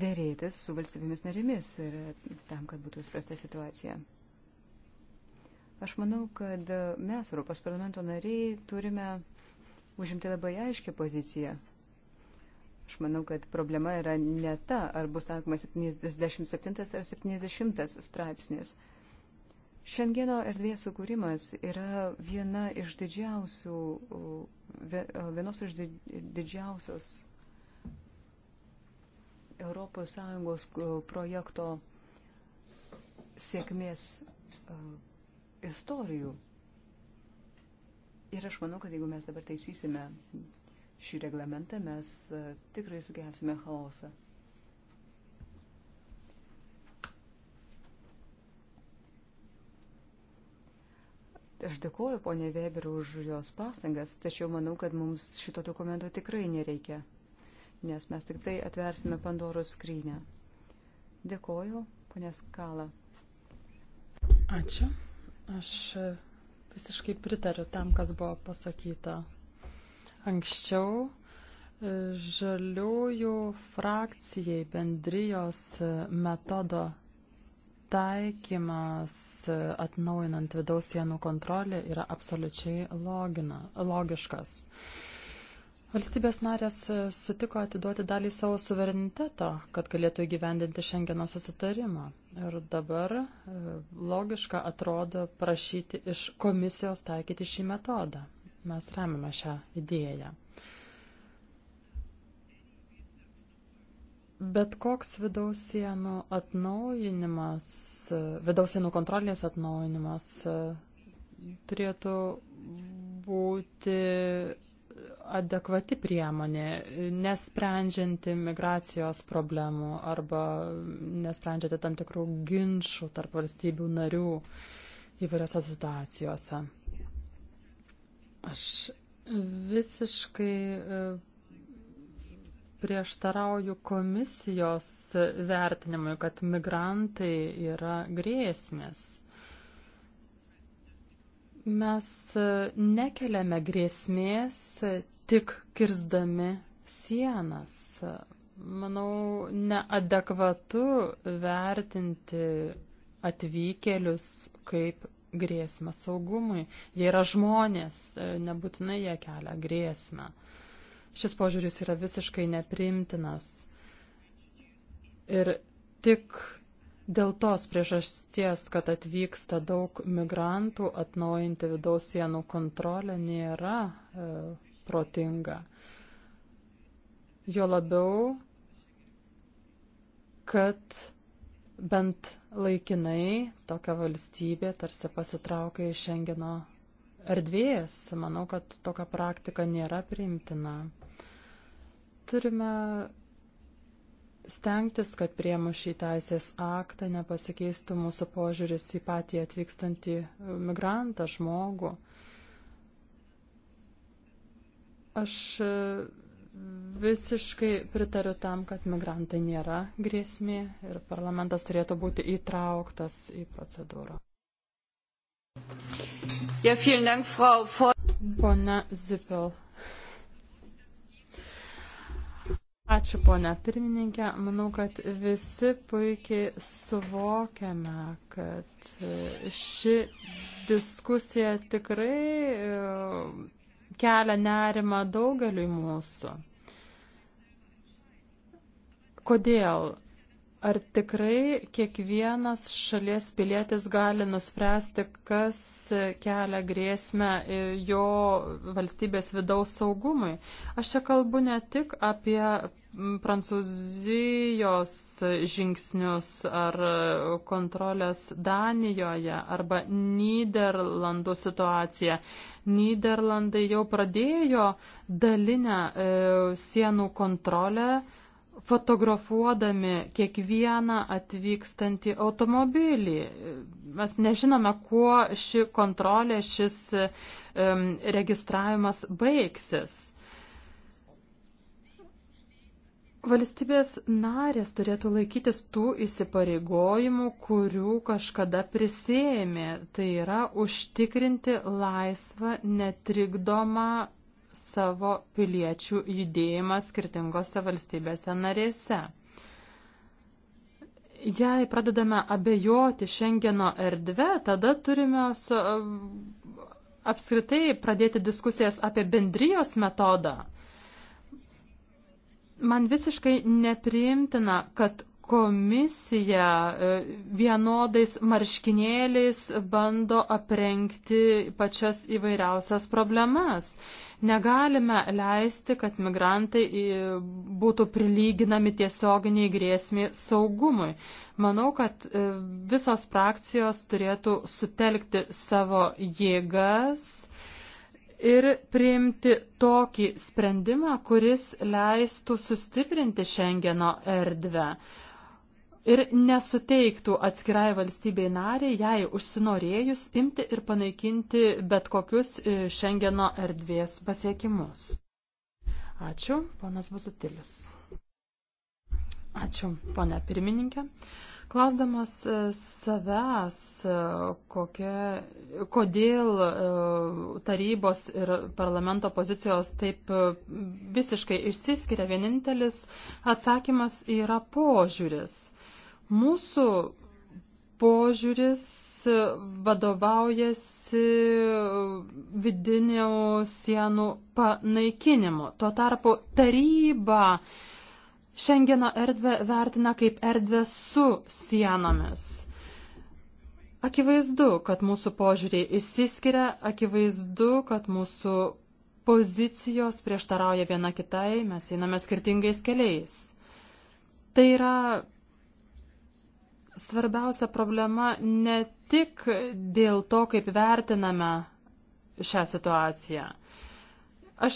dėrėtis su valstybėmis narėmis ir e, tam, kad būtų spręsta situacija. Aš manau, kad mes, Europos parlamento nariai, turime užimti labai aiškę poziciją Aš manau, kad problema yra ne ta, ar bus taikomas 77 ar 70 straipsnis. Šengeno erdvės sukūrimas yra viena iš didžiausių, vienos iš didžiausios ES projekto sėkmės istorijų. Ir aš manau, kad jeigu mes dabar taisysime šį reglamentą, mes e, tikrai sugelsime chaosą. Aš dėkuoju ponė Weber už jos pastangas, tačiau manau, kad mums šito dokumento tikrai nereikia, nes mes tik tai atversime Pandoros skrynę. Dėkuoju, ponė Skala. Ačiū. Aš e, visiškai pritariu tam, kas buvo pasakyta Anksčiau e, žaliųjų frakcijai bendrijos e, metodo taikymas e, atnaujinant vidaus sienų kontrolę yra absoliučiai logina, logiškas. Valstybės narės sutiko atiduoti dalį savo suvereniteto, kad galėtų įgyvendinti Šengeno susitarimą. Ir dabar logiška atrodo prašyti iš komisijos taikyti šį metodą mes remiame šią idėją. Bet koks vidaus sienų atnaujinimas, vidaus sienų kontrolės atnaujinimas e, turėtų būti adekvati priemonė, nesprendžianti migracijos problemų arba nesprendžianti tam tikrų ginčių tarp valstybių narių įvairiose situacijose. Aš visiškai e, prieštarauju komisijos vertinimui, kad migrantai yra grėsmės. Mes e, nekeliame grėsmės tik kirzdami sienas. Manau, neadekvatu vertinti atvykėlius kaip grėsmę saugumui. Jie yra žmonės, e, nebūtinai jie kelia grėsmę. Šis požiūris yra visiškai neprimtinas. Ir tik dėl tos priežasties, kad atvyksta daug migrantų, atnaujinti vidaus sienų kontrolę nėra e, protinga. Jo labiau, kad bent laikinai tokia valstybė tarsi pasitraukia iš Šengeno erdvės. Manau, kad tokia praktika nėra priimtina. Turime stengtis, kad priemu šį teisės aktą nepasikeistų mūsų požiūris į patį atvykstantį migrantą žmogų. Aš Visiškai pritariu tam, kad migrantai nėra grėsmė ir parlamentas turėtų būti įtrauktas į procedūrą. Ja, Dank, Frau Ford. Pone Zipel. Ačiū, ponia pirmininkė. Manau, kad visi puikiai suvokiame, kad ši diskusija tikrai kelia nerima daugeliui mūsų. Kodėl? Ar tikrai kiekvienas šalies pilietis gali nuspręsti, kas kelia grėsmę e, jo valstybės vidaus saugumui? Aš čia kalbu ne tik apie Prancūzijos žingsnius ar kontrolės Danijoje arba Niderlandų situaciją. Niderlandai jau pradėjo dalinę e, sienų kontrolę fotografuodami kiekvieną atvykstantį automobilį. Mes nežinome, kuo ši kontrolė, šis um, registravimas baigsis. Valstybės narės turėtų laikytis tų įsipareigojimų, kurių kažkada prisėmė, tai yra užtikrinti laisvą, netrikdomą savo piliečių judėjimą skirtingose valstybėse narėse. Jei pradedame abejoti Šengeno erdve, tada turime su, apskritai pradėti diskusijas apie bendrijos metodą. Man visiškai nepriimtina, kad komisija e, vienodais marškinėliais bando aprengti pačias įvairiausias problemas. Negalime leisti, kad migrantai e, būtų prilyginami tiesioginiai grėsmiai saugumui. Manau, kad e, visos frakcijos turėtų sutelkti savo jėgas ir priimti tokį sprendimą, kuris leistų sustiprinti Šengeno erdvę ir nesuteiktų atskirai valstybei nariai, jai užsinorėjus imti ir panaikinti bet kokius Šengeno e, erdvės pasiekimus. Ačiū, ponas Busutilis. Ačiū, ponia pirmininkė. Klausdamas e, savęs, e, kokia, kodėl tarybos ir parlamento pozicijos taip visiškai išsiskiria, vienintelis atsakymas yra požiūris. Mūsų požiūris vadovaujasi vidinių sienų panaikinimu. Tuo tarpu taryba Šengeno erdvę vertina kaip erdvę su sienomis. Akivaizdu, kad mūsų požiūriai išsiskiria, akivaizdu, kad mūsų pozicijos prieštarauja viena kitai, mes einame skirtingais keliais. Tai yra svarbiausia problema ne tik dėl to, kaip vertiname šią situaciją. Aš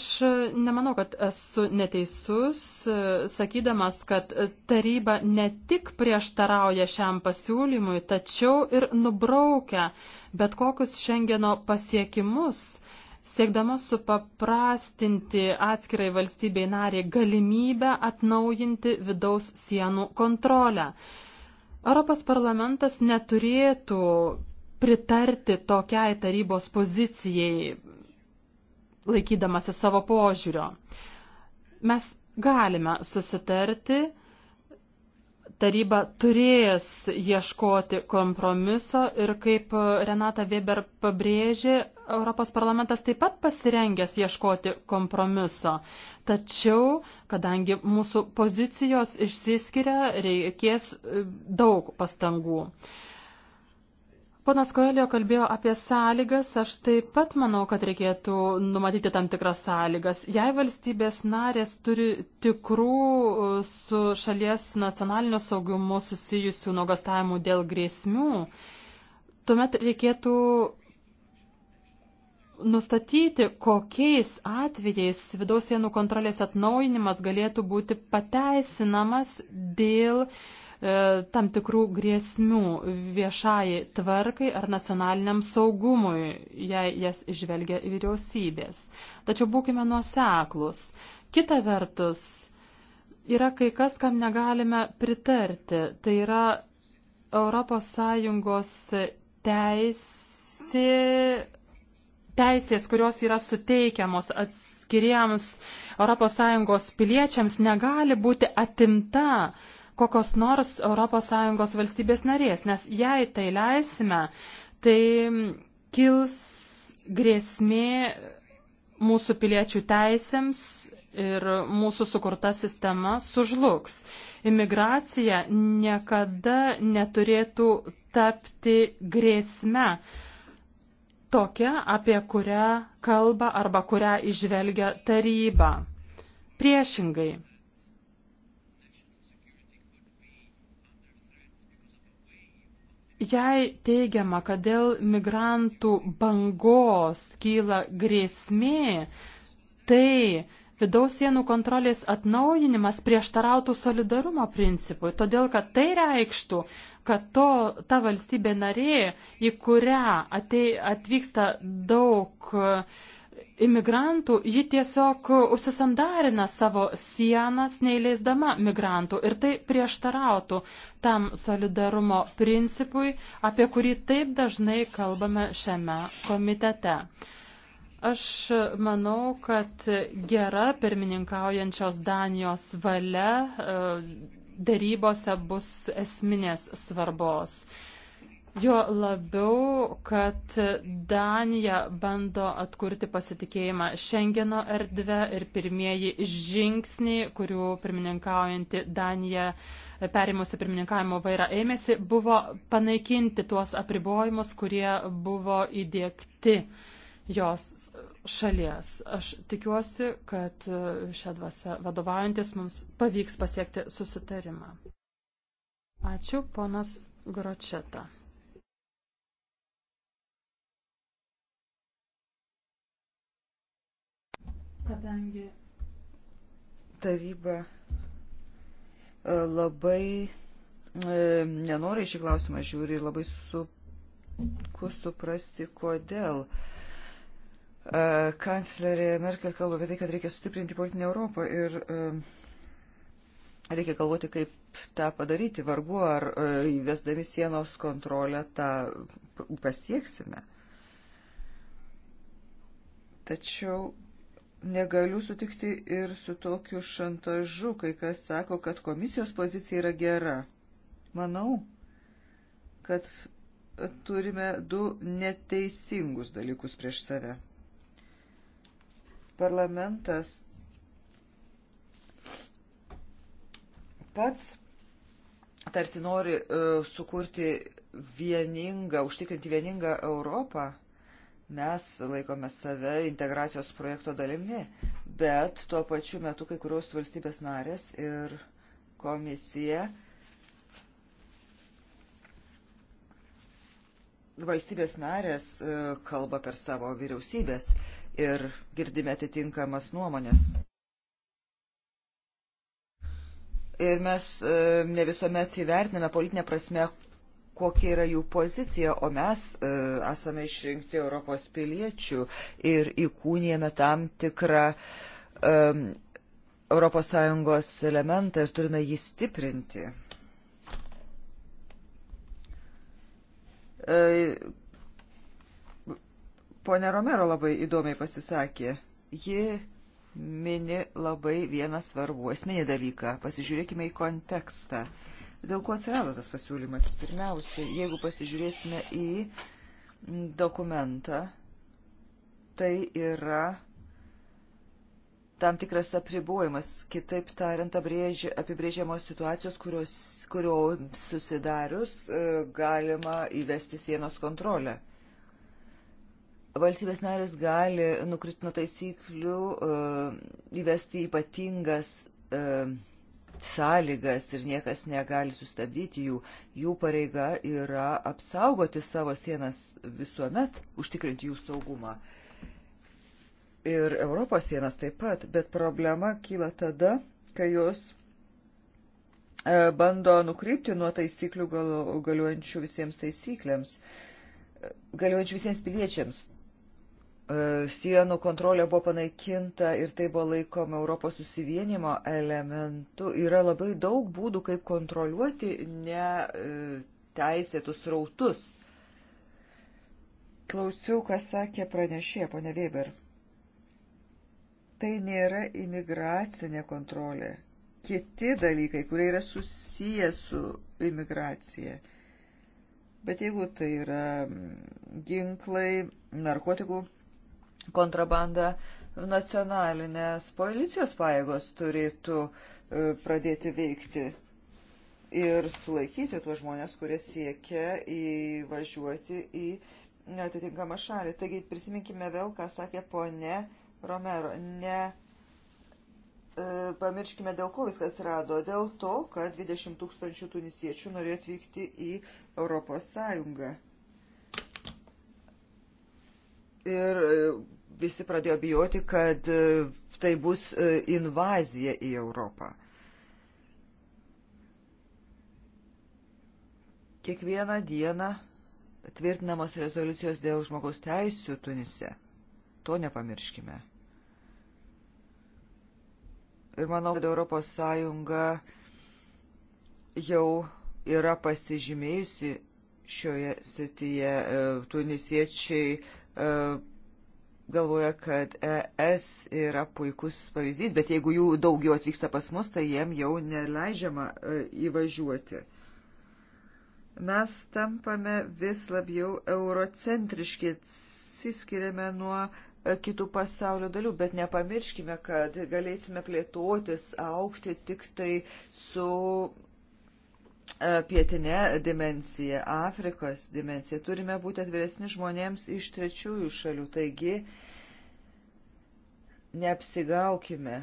nemanau, kad esu neteisus, sakydamas, kad taryba ne tik prieštarauja šiam pasiūlymui, tačiau ir nubraukia bet kokius Šengeno pasiekimus, siekdama supaprastinti atskirai valstybei nariai galimybę atnaujinti vidaus sienų kontrolę. Europos parlamentas neturėtų pritarti tokiai tarybos pozicijai, laikydamasi savo požiūrio. Mes galime susitarti, taryba turės ieškoti kompromiso ir kaip Renata Weber pabrėžė, Europos parlamentas taip pat pasirengęs ieškoti kompromiso. Tačiau, kadangi mūsų pozicijos išsiskiria, reikės e, daug pastangų. Ponas Koelio kalbėjo apie sąlygas, aš taip pat manau, kad reikėtų numatyti tam tikras sąlygas. Jei valstybės narės turi tikrų e, su šalies nacionalinio saugumu susijusių nuogastavimų dėl grėsmių, tuomet reikėtų nustatyti, kokiais atvejais vidaus sienų kontrolės atnaujinimas galėtų būti pateisinamas dėl e, tam tikrų grėsmių viešai tvarkai ar nacionaliniam saugumui, jei jas išvelgia vyriausybės. Tačiau būkime nuoseklus. Kita vertus, yra kai kas, kam negalime pritarti. Tai yra ES teisė teisės, kurios yra suteikiamos atskiriems ES piliečiams, negali būti atimta kokios nors ES valstybės narės, nes jei tai leisime, tai kils grėsmė mūsų piliečių teisėms ir mūsų sukurta sistema sužlugs. Imigracija niekada neturėtų tapti grėsme tokia, apie kurią kalba arba kurią išvelgia taryba. Priešingai. Jei teigiama, kad dėl migrantų bangos kyla grėsmė, tai vidaus sienų kontrolės atnaujinimas prieštarautų solidarumo principui, todėl kad tai reikštų, kad to, ta valstybė narė, į kurią atei, atvyksta daug e, imigrantų, ji tiesiog užsisandarina savo sienas, neįleisdama migrantų. Ir tai prieštarautų tam solidarumo principui, apie kurį taip dažnai kalbame šiame komitete. Aš manau, kad gera pirmininkaujančios Danijos valia e, darybose bus esminės svarbos. Jo labiau, kad Danija bando atkurti pasitikėjimą Šengeno erdvę ir pirmieji žingsniai, kurių pirmininkaujanti Danija perimusi pirmininkavimo vairą ėmėsi, buvo panaikinti tuos apribojimus, kurie buvo įdėkti jos šalies. Aš tikiuosi, kad e, šią dvasę vadovaujantis mums pavyks pasiekti susitarimą. Ačiū, ponas Gročeta. Kadangi taryba e, labai e, nenori šį klausimą žiūri ir labai su, suprasti, kodėl. Uh, E, kanclerė Merkel kalba apie tai, kad reikia sustiprinti politinę Europą ir e, reikia galvoti, kaip tą padaryti. Vargu ar e, įvesdami sienos kontrolę tą pasieksime. Tačiau negaliu sutikti ir su tokiu šantažu, kai kas sako, kad komisijos pozicija yra gera. Manau, kad turime du neteisingus dalykus prieš save parlamentas pats tarsi nori e, sukurti vieningą, užtikrinti vieningą Europą, mes laikome save integracijos projekto dalimi, bet tuo pačiu metu kai kurios valstybės narės ir komisija valstybės narės e, kalba per savo vyriausybės ir girdime atitinkamas nuomonės. Ir mes e, ne visuomet įvertiname politinę prasme, kokia yra jų pozicija, o mes e, esame išrinkti Europos piliečių ir įkūnijame tam tikrą e, ES elementą ir turime jį stiprinti. E, Pone Romero labai įdomiai pasisakė. Ji mini labai vieną svarbų esminį dalyką. Pasižiūrėkime į kontekstą. Dėl ko atsirado tas pasiūlymas? Pirmiausia, jeigu pasižiūrėsime į dokumentą, tai yra tam tikras apribojimas, kitaip tariant, abrėži, apibrėžiamos situacijos, kurios, kurioms susidarius e, galima įvesti sienos kontrolę valstybės narės gali nukritino taisyklių e, įvesti ypatingas e, sąlygas ir niekas negali sustabdyti jų. Jų pareiga yra apsaugoti savo sienas visuomet, užtikrinti jų saugumą. Ir Europos sienas taip pat, bet problema kyla tada, kai jos e, bando nukrypti nuo taisyklių galiuojančių visiems taisyklėms, galiuojančių visiems piliečiams E, sienų kontrolė buvo panaikinta ir tai buvo laikoma Europos susivienimo elementu. Yra labai daug būdų, kaip kontroliuoti neteisėtus e, rautus. Klausiau, ką sakė pranešė, ponia Weber. Tai nėra imigracinė kontrolė. Kiti dalykai, kurie yra susiję su imigracija. Bet jeigu tai yra ginklai, narkotikų kontrabandą nacionalinės policijos paėgos turėtų e, pradėti veikti ir sulaikyti tuos žmonės, kurie siekia įvažiuoti į atitinkamą šalį. Taigi prisiminkime vėl, ką sakė ponė Romero. Ne e, pamirškime, dėl ko viskas rado. Dėl to, kad 20 tūkstančių tunisiečių norėjo atvykti į Europos Sąjungą. Ir e, visi pradėjo bijoti, kad e, tai bus e, invazija į Europą. Kiekvieną dieną tvirtinamos rezoliucijos dėl žmogaus teisų Tunise. To nepamirškime. Ir manau, kad Europos Sąjunga jau yra pasižymėjusi šioje srityje. E, tunisiečiai galvoja, kad ES yra puikus pavyzdys, bet jeigu jų daugiau atvyksta pas mus, tai jiem jau neleidžiama e, įvažiuoti. Mes tampame vis labiau eurocentriški, atsiskiriame nuo e, kitų pasaulio dalių, bet nepamirškime, kad galėsime plėtotis, aukti tik tai su E, pietinė dimensija, Afrikos dimensija. Turime būti atviresni žmonėms iš trečiųjų šalių, taigi neapsigaukime.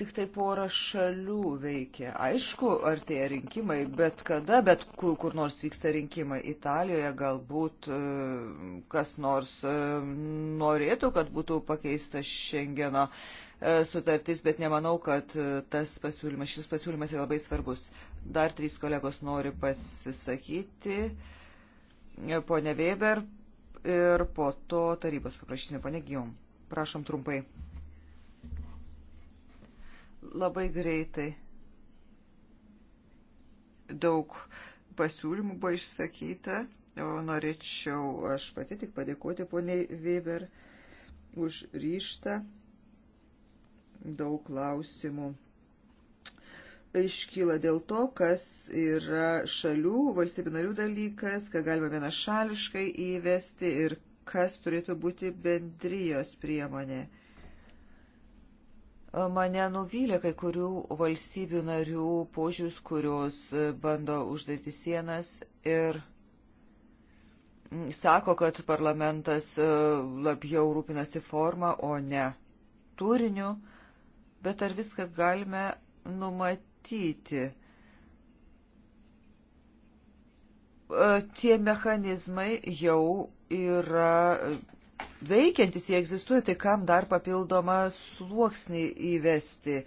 Tik tai pora šalių veikia. Aišku, artėja rinkimai, bet kada, bet kur, kur nors vyksta rinkimai. Italijoje galbūt e, kas nors e, norėtų, kad būtų pakeista Šengeno sutartis, bet nemanau, kad tas pasiūlymas, šis pasiūlymas yra labai svarbus. Dar trys kolegos nori pasisakyti. Pone Weber ir po to tarybos paprašysime. Pone Gijom, prašom trumpai. Labai greitai. Daug pasiūlymų buvo išsakyta. O norėčiau aš pati tik padėkoti poniai Weber už ryštą. Daug klausimų iškyla dėl to, kas yra šalių, valstybių narių dalykas, ką galima vienašališkai įvesti ir kas turėtų būti bendrijos priemonė. Mane nuvylė kai kurių valstybių narių požiūris, kurios bando uždaryti sienas ir sako, kad parlamentas e, labiau rūpinasi formą, o ne turiniu, bet ar viską galime numatyti? numatyti. E, tie mechanizmai jau yra veikiantis, jie egzistuoja, tai kam dar papildomą sluoksnį įvesti.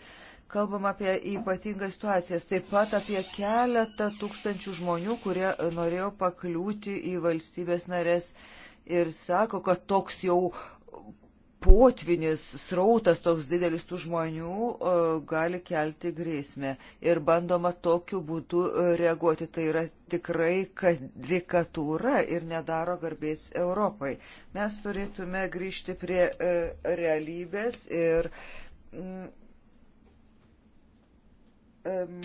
Kalbam apie ypatingą situacijas, taip pat apie keletą tūkstančių žmonių, kurie norėjo pakliūti į valstybės narės ir sako, kad toks jau uh, potvinis, srautas toks didelis tų žmonių e, gali kelti grėsmę ir bandoma tokiu būdu e, reaguoti. Tai yra tikrai karikatūra ir nedaro garbės Europai. Mes turėtume grįžti prie e, realybės ir mm,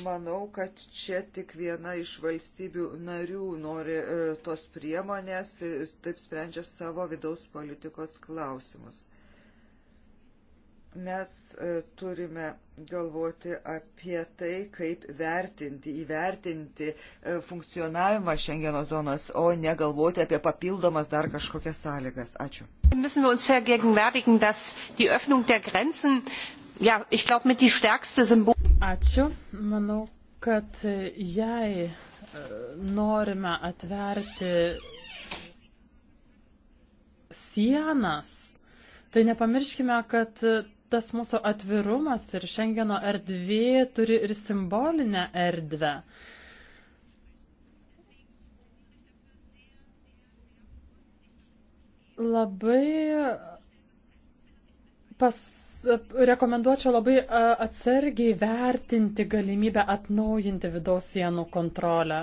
manau, kad čia tik viena iš valstybių narių nori tos priemonės ir taip sprendžia savo vidaus politikos klausimus. Mes e, turime galvoti apie tai, kaip vertinti, įvertinti e, funkcionavimą Šengeno zonos, o ne galvoti apie papildomas dar kažkokias sąlygas. Ačiū. Müssen wir uns vergegenwärtigen, dass die Öffnung der Grenzen, ja, ich glaube, mit die stärkste Symbol. Ačiū. Manau, kad jei e, norime atverti sienas, tai nepamirškime, kad tas mūsų atvirumas ir Šengeno erdvė turi ir simbolinę erdvę. Labai pas, rekomenduočiau labai atsargiai vertinti galimybę atnaujinti vidaus sienų kontrolę.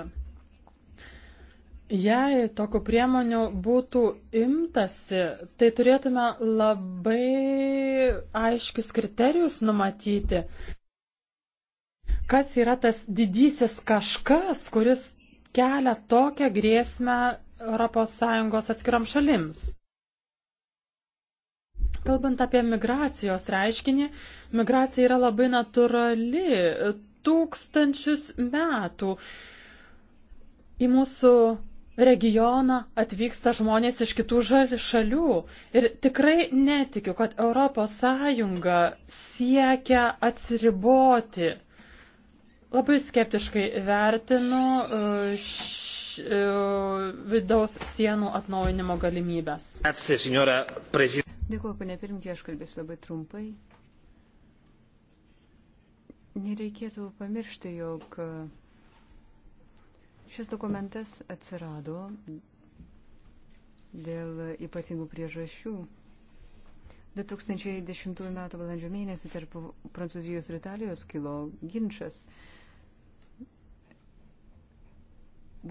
Jei tokių priemonių būtų imtasi, tai turėtume labai aiškius kriterijus numatyti, kas yra tas didysis kažkas, kuris kelia tokią grėsmę ES atskiram šalims. Kalbant apie migracijos reiškinį, migracija yra labai natūrali tūkstančius metų. Į mūsų regioną atvyksta žmonės iš kitų šalių. Ir tikrai netikiu, kad ES siekia atsiriboti. Labai skeptiškai vertinu e, š, e, vidaus sienų atnaujinimo galimybės. Dėkuoju, panė pirmkė, aš kalbėsiu labai trumpai. Nereikėtų pamiršti, jog Šis dokumentas atsirado dėl ypatingų priežasčių. 2010 m. balandžio mėnesį tarp Prancūzijos ir Italijos kilo ginčas.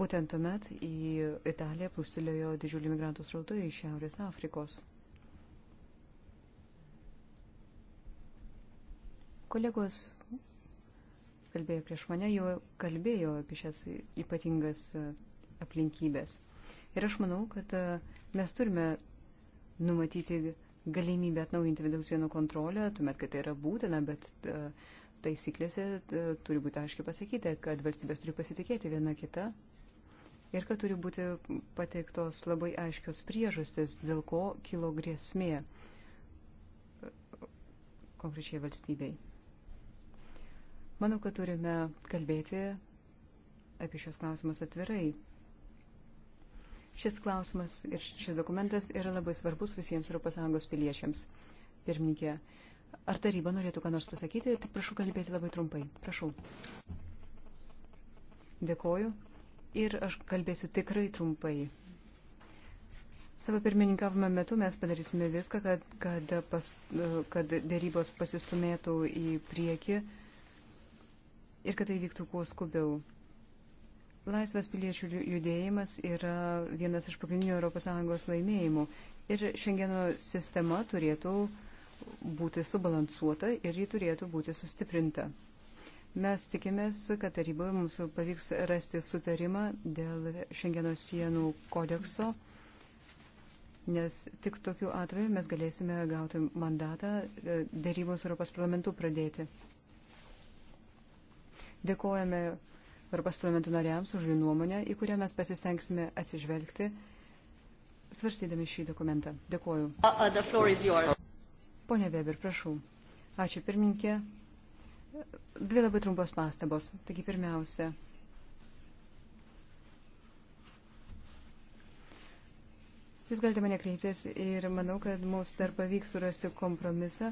Būtent tuomet į Italiją plūstelėjo didžiulį migrantų srautą iš Šiaurės Afrikos. Kolegos kalbėjo prieš mane, jau kalbėjo apie šias ypatingas e, aplinkybės. Ir aš manau, kad e, mes turime numatyti galimybę atnaujinti vidaus sienų kontrolę, tuomet, kad tai yra būtina, bet e, taisyklėse turi būti aiškiai pasakyta, kad valstybės turi pasitikėti viena kita ir kad turi būti pateiktos labai aiškios priežastis, dėl ko kilo grėsmė konkrečiai valstybei. Manau, kad turime kalbėti apie šios klausimus atvirai. Šis klausimas ir šis dokumentas yra labai svarbus visiems ES piliečiams. Pirmininkė, ar taryba norėtų ką nors pasakyti? Tai prašau kalbėti labai trumpai. Prašau. Dėkoju. Ir aš kalbėsiu tikrai trumpai. Savo pirmininkavimo metu mes padarysime viską, kad, kad, pas, kad dėrybos pasistumėtų į priekį. Uh, ir kad tai vyktų kuo skubiau. Laisvas piliečių judėjimas yra vienas iš pagrindinių ES laimėjimų ir šiandieno sistema turėtų būti subalansuota ir ji turėtų būti sustiprinta. Mes tikimės, kad taryboje mums pavyks rasti sutarimą dėl šiandieno sienų kodekso, nes tik tokiu atveju mes galėsime gauti mandatą e, darybos Europos parlamentų pradėti. Dėkojame Europos parlamento nariams už jų nuomonę, į kurią mes pasistengsime atsižvelgti, svarstydami šį dokumentą. Dėkoju. Uh, uh, Pone Weber, prašau. Ačiū pirmininkė. Dvi labai trumpos pastabos. Taigi pirmiausia. Jūs galite mane kreiptis ir manau, kad mums dar pavyks surasti kompromisą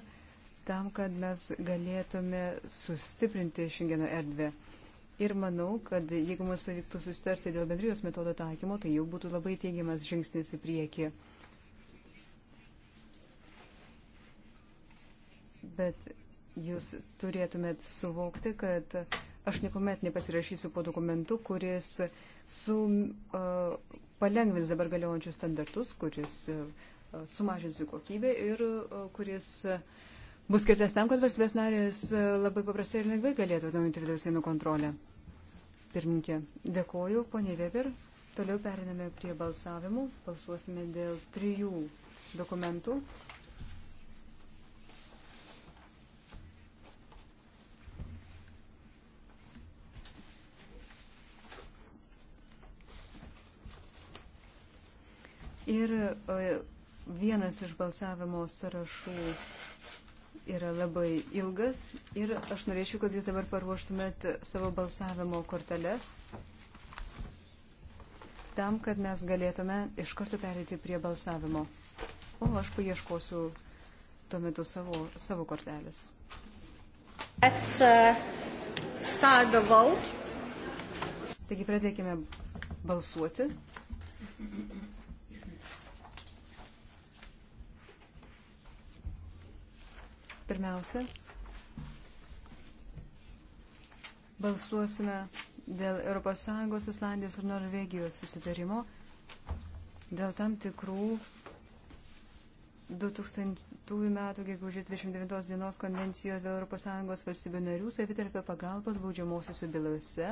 tam, kad mes galėtume sustiprinti šiandieno erdvę. Ir manau, kad jeigu mums pavyktų sustarti dėl bendrijos metodo taikymo, tai jau būtų labai teigiamas žingsnis į priekį. Bet jūs turėtumėt suvokti, kad aš niekuomet nepasirašysiu po dokumentu, kuris su, uh, palengvins dabar galiojančius standartus, kuris uh, sumažins jų kokybę ir uh, kuris. Uh, bus skirtas tam, kad valstybės narės e, labai paprastai ir lengvai galėtų atnaujinti vidaus sienų kontrolę. Pirminkė, dėkoju, ponė Weber. Toliau periname prie balsavimų. Balsuosime dėl trijų dokumentų. Ir e, vienas iš balsavimo sąrašų yra labai ilgas ir aš norėčiau, kad jūs dabar paruoštumėt savo balsavimo korteles tam, kad mes galėtume iš karto perėti prie balsavimo. O aš paieškosiu tuo metu savo, savo kortelės. Let's uh, start the vote. Taigi pradėkime balsuoti. Pirmiausia, balsuosime dėl ES, Islandijos ir Norvegijos susitarimo dėl tam tikrų 2000 metų gegužės 29 dienos konvencijos dėl ES valstybių narių savitarpio pagalbos baudžiamosiuose bylose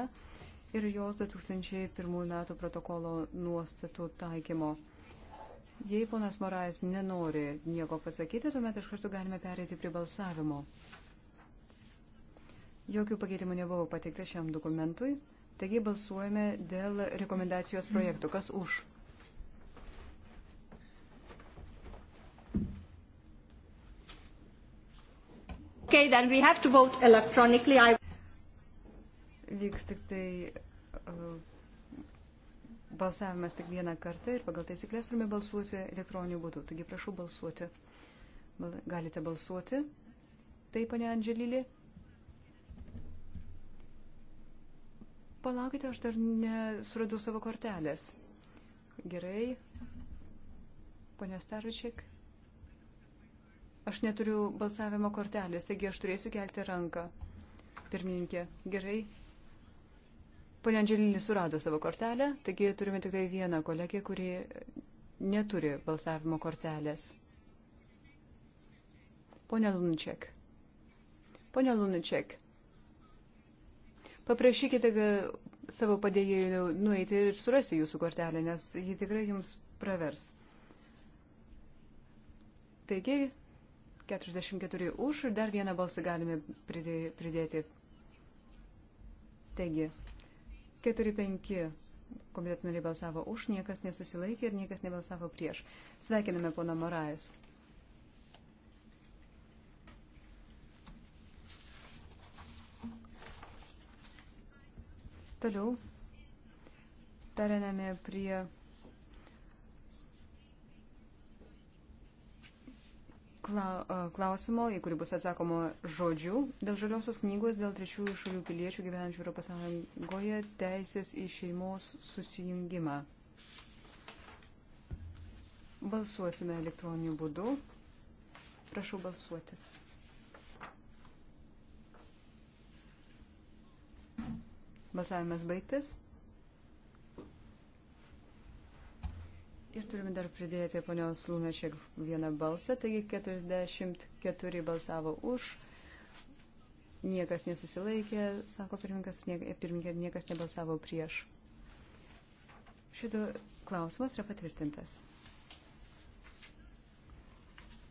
ir jos 2001 metų protokolo nuostatų taikymo. Jei ponas Morais nenori nieko pasakyti, tuomet iš karto galime pereiti prie balsavimo. Jokių pakeitimų nebuvo pateikta šiam dokumentui, taigi balsuojame dėl rekomendacijos projektų. Kas už? Okay, then we have to vote electronically. I... Vyks tik tai uh, balsavimas tik vieną kartą ir pagal taisyklės turime balsuoti elektroniniu būdu. Taigi prašau balsuoti. Galite balsuoti. Taip, pane Andželylė. Palaukite, aš dar nesuradau savo kortelės. Gerai. Pone Staručiak. Aš neturiu balsavimo kortelės, taigi aš turėsiu kelti ranką. Pirmininkė. Gerai. Pane Andželinį surado savo kortelę, taigi turime tik tai vieną kolegę, kuri neturi balsavimo kortelės. Pone Lunčiak. Pone Lunčiak. Paprašykite savo padėjėjų nueiti ir surasti jūsų kortelę, nes ji tikrai jums pravers. Taigi, 44 už ir dar vieną balsą galime pridėti. Taigi, 4-5 komiteto nariai balsavo už, niekas nesusilaikė ir niekas nebalsavo prieš. Sveikiname pono Morais. Toliau perėmėme prie klausimo, į kurį bus atsakoma žodžiu, dėl žaliosios knygos, dėl trečiųjų šalių piliečių gyvenančių Europos Sąjungoje teisės į šeimos susijungimą. Balsuosime elektroniniu būdu. Prašau balsuoti. Balsavimas baigtas. Ir turime dar pridėti ponios Lunačiek vieną balsą, taigi 44 balsavo už, niekas nesusilaikė, sako pirmininkas, pirmininkė, niekas nebalsavo prieš. Šito klausimas yra patvirtintas.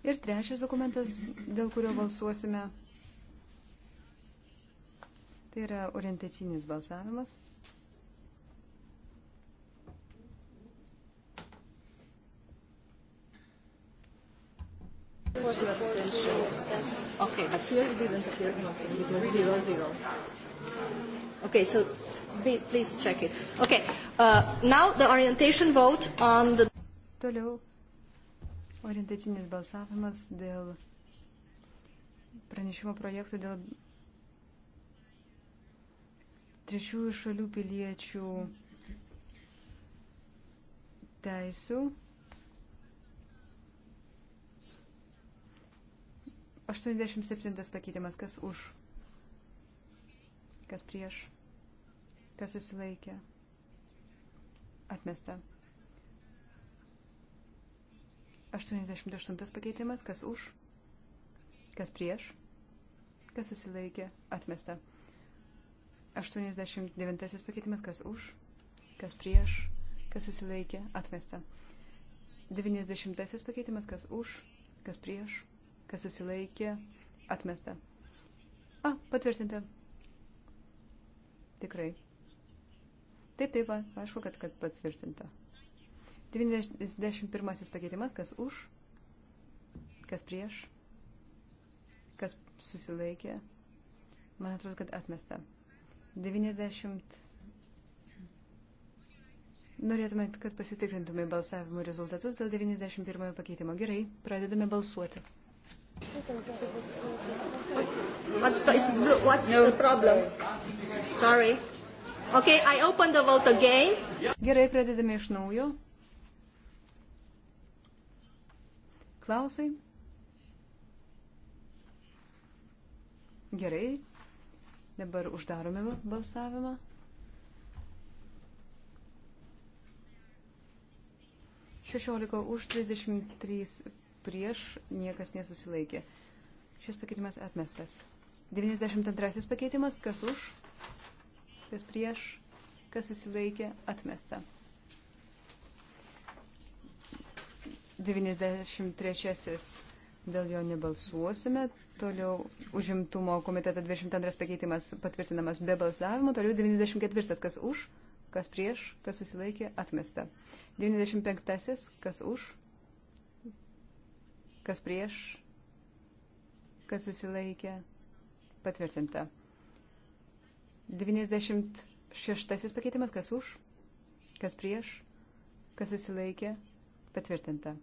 Ir trečias dokumentas, dėl kurio balsuosime, tai yra orientacinis balsavimas. for two abstentions. Okay, but here we didn't hear nothing. It was zero zero. Okay, so please check it. Okay, uh, now the orientation vote on the. Toliau orientacinis balsavimas dėl pranešimo projektų dėl trečiųjų šalių piliečių teisų 87 pakeitimas, kas už, kas prieš, kas susilaikė, atmesta. 88 pakeitimas, kas už, kas prieš, kas susilaikė, atmesta. 89 pakeitimas, kas už, kas prieš, kas susilaikė, atmesta. 90 pakeitimas, kas už, kas prieš, kas susilaikė, atmesta. A, patvirtinta. Tikrai. Taip, taip, aišku, kad, kad patvirtinta. 91 pakeitimas, kas už, kas prieš, kas susilaikė. Man atrodo, kad atmesta. 90. Norėtumėt, kad pasitikrintumėt balsavimo rezultatus dėl 91 pakeitimo. Gerai, pradedame balsuoti. What's the, it's, what's no. the problem? Sorry. Okay, I open the vote again. Gerai, pradedame iš naujo. Klausai. Gerai. Dabar uždarome balsavimą. Šešiolika už trisdešimt trys prieš, niekas nesusilaikė. Šis pakeitimas atmestas. 92 pakeitimas, kas už, kas prieš, kas susilaikė, atmesta. 93 dėl jo nebalsuosime. Toliau užimtumo komiteto 22 pakeitimas patvirtinamas be balsavimo. Toliau 94, kas už, kas prieš, kas susilaikė, atmesta. 95, kas už, Kas prieš? Kas susilaikė? Patvirtinta. 96 pakeitimas. Kas už? Kas prieš? Kas susilaikė? Patvirtinta.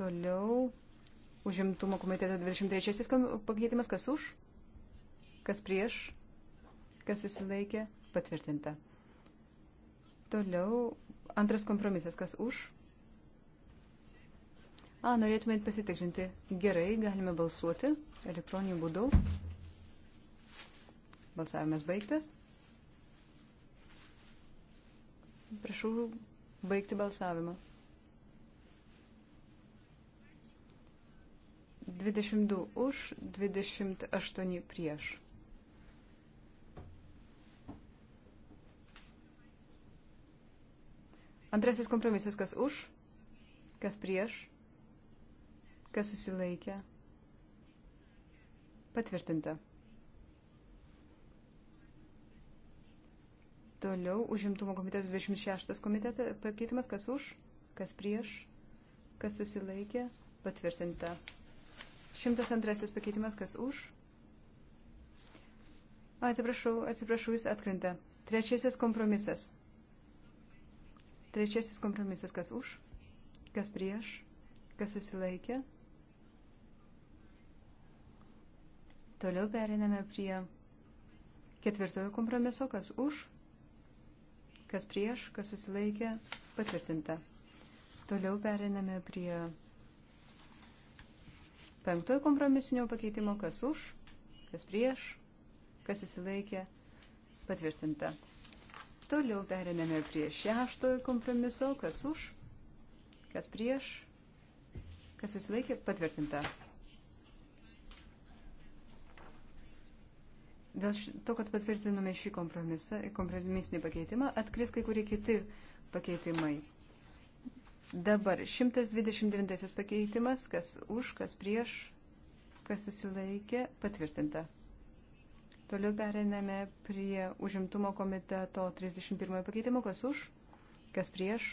Toliau. Užimtumo komiteto 23 pakeitimas. Kas už? Kas prieš? Kas susilaikė? Patvirtinta. Toliau. Antras kompromisas. Kas už? A, norėtumėt pasitikrinti. Gerai, galime balsuoti elektroniniu būdu. Balsavimas baigtas. Prašau baigti balsavimą. 22 už, 28 prieš. Antrasis kompromisas, kas už, kas prieš kas susilaikė, patvirtinta. Toliau užimtumo komitetas 26 komitetas pakeitimas, kas už, kas prieš, kas susilaikė, patvirtinta. 102 pakeitimas, kas už. A, atsiprašau, atsiprašau, jis atkrinta. Trečiasis kompromisas. Trečiasis kompromisas, kas už, kas prieš, kas susilaikė, Toliau periname prie ketvirtojo kompromiso, kas už, kas prieš, kas susilaikė, patvirtinta. Toliau periname prie penktojo kompromisinio pakeitimo, kas už, kas prieš, kas susilaikė, patvirtinta. Toliau periname prie šeštojo kompromiso, kas už, kas prieš, kas susilaikė, patvirtinta. Dėl to, kad patvirtinome šį kompromisinį pakeitimą, atkris kai kurie kiti pakeitimai. Dabar 129 pakeitimas, kas už, kas prieš, kas susilaikė, patvirtinta. Toliau periname prie užimtumo komiteto 31 pakeitimo, kas už, kas prieš.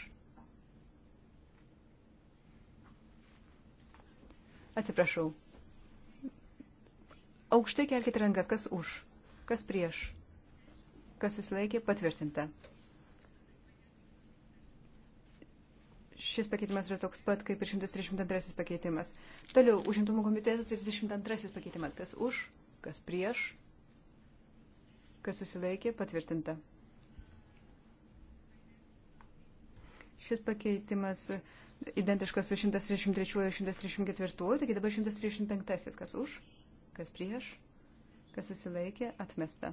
Atsiprašau. Aukštai kelkite rankas, kas už. Kas prieš? Kas susilaikė? Patvirtinta. Šis pakeitimas yra toks pat kaip ir 132 pakeitimas. Toliau, užimtumo komiteto 32 pakeitimas. Kas už? Kas prieš? Kas susilaikė? Patvirtinta. Šis pakeitimas identiškas su 133 ir 134, taigi dabar 135, kas už, kas prieš, kas susilaikė, atmesta.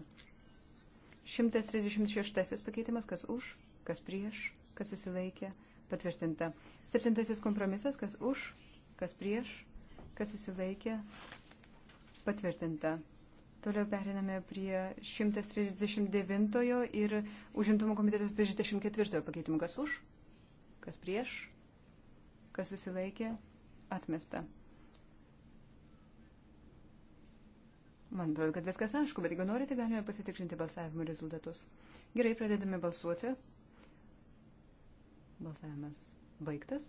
136 pakeitimas, kas už, kas prieš, kas susilaikė, patvirtinta. Septintasis kompromisas, kas už, kas prieš, kas susilaikė, patvirtinta. Toliau periname prie 139 ir užimtumo komitetos 24 pakeitimo, kas už, kas prieš, kas susilaikė, atmesta. Man atrodo, kad viskas aišku, bet jeigu norite, galime pasitikrinti balsavimo rezultatus. Gerai, pradedame balsuoti. Balsavimas baigtas.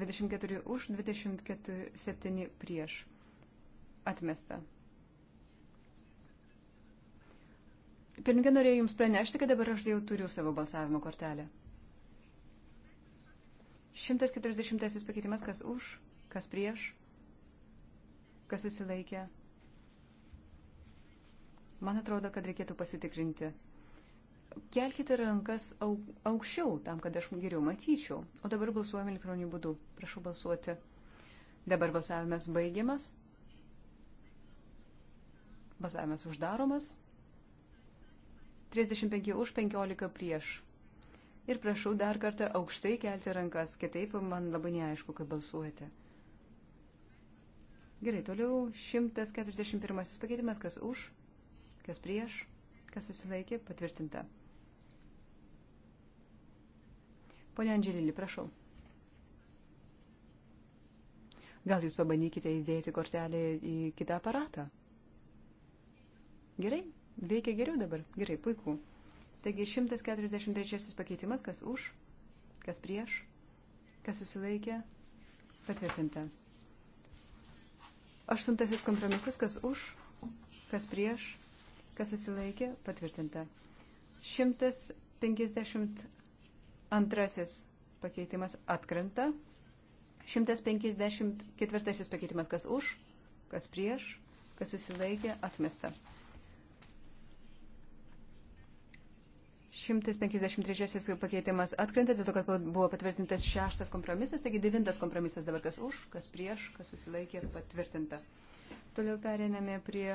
24 už, 27 prieš. Atmesta. Pirmininkė norėjo Jums pranešti, kad dabar aš jau turiu savo balsavimo kortelę. 140 pakeitimas, kas už? Kas prieš? Kas susilaikė? Man atrodo, kad reikėtų pasitikrinti. Kelkite rankas aukščiau, tam, kad aš geriau matyčiau. O dabar balsuojame elektroniniu būdu. Prašau balsuoti. Dabar balsavimas baigiamas. Balsavimas uždaromas. 35 už, 15 prieš. Ir prašau dar kartą aukštai kelti rankas, kitaip man labai neaišku, kaip balsuojate. Gerai, toliau 141 pakeitimas, kas už, kas prieš, kas susilaikė, patvirtinta. Pone Andželili, prašau. Gal jūs pabandykite įdėti kortelę į kitą aparatą? Gerai, veikia geriau dabar. Gerai, puiku. Taigi 143 pakeitimas, kas už, kas prieš, kas susilaikė, patvirtinta. Aštuntasis kompromisas, kas už, kas prieš, kas susilaikė, patvirtinta. 152 pakeitimas atkrenta. 154 pakeitimas, kas už, kas prieš, kas susilaikė, atmesta. 153 pakeitimas atkrenta, dėl to, kad buvo patvirtintas šeštas kompromisas, taigi devintas kompromisas dabar kas už, kas prieš, kas susilaikė patvirtinta. Toliau periname prie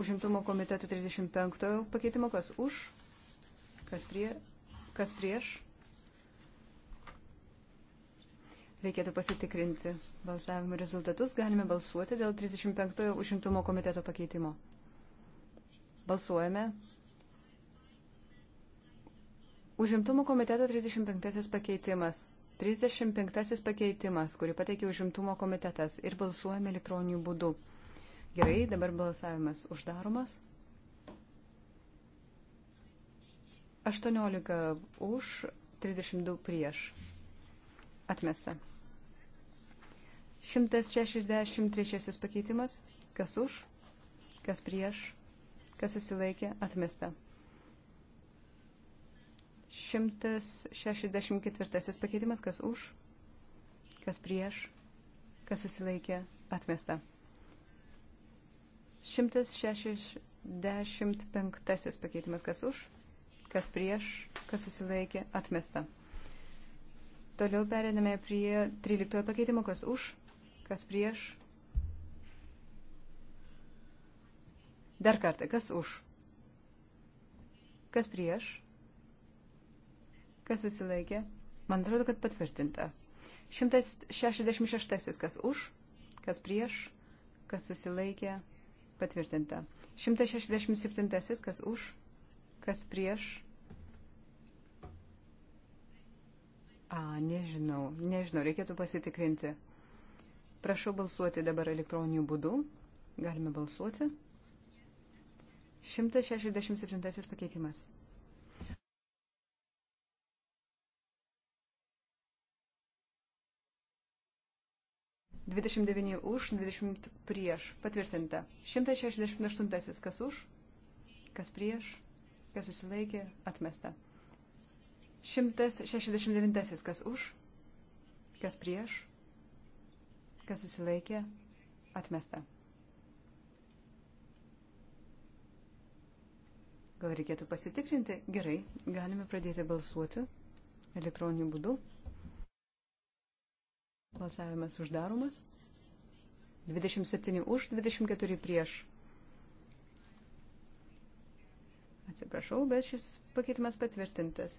užimtumo komiteto 35 pakeitimo, kas už, kas, prie, kas prieš. Reikėtų pasitikrinti balsavimo rezultatus, galime balsuoti dėl 35 užimtumo komiteto pakeitimo. Balsuojame. Užimtumo komiteto 35 pakeitimas. 35 pakeitimas, kurį pateikė užimtumo komitetas ir balsuojame elektroniniu būdu. Gerai, dabar balsavimas uždaromas. 18 už, 32 prieš. Atmesta. 163 pakeitimas. Kas už, kas prieš, kas susilaikė, atmesta. 164 pakeitimas, kas už, kas prieš, kas susilaikė, atmesta. 165 pakeitimas, kas už, kas prieš, kas susilaikė, atmesta. Toliau periname prie 13 pakeitimo, kas už, kas prieš. Dar kartą, kas už, kas prieš Kas susilaikė? Man atrodo, kad patvirtinta. 166. Kas už, kas prieš, kas susilaikė, patvirtinta. 167. Kas už, kas prieš. A, nežinau, nežinau, reikėtų pasitikrinti. Prašau balsuoti dabar elektroniniu būdu. Galime balsuoti. 167 pakeitimas. 29 už, 20 prieš. Patvirtinta. 168. Kas už, kas prieš, kas susilaikė, atmesta. 169. Kas už, kas prieš, kas susilaikė, atmesta. Gal reikėtų pasitikrinti? Gerai, galime pradėti balsuoti elektroniniu būdu. Balsavimas uždaromas. 27 už, 24 prieš. Atsiprašau, bet šis pakeitimas patvirtintas.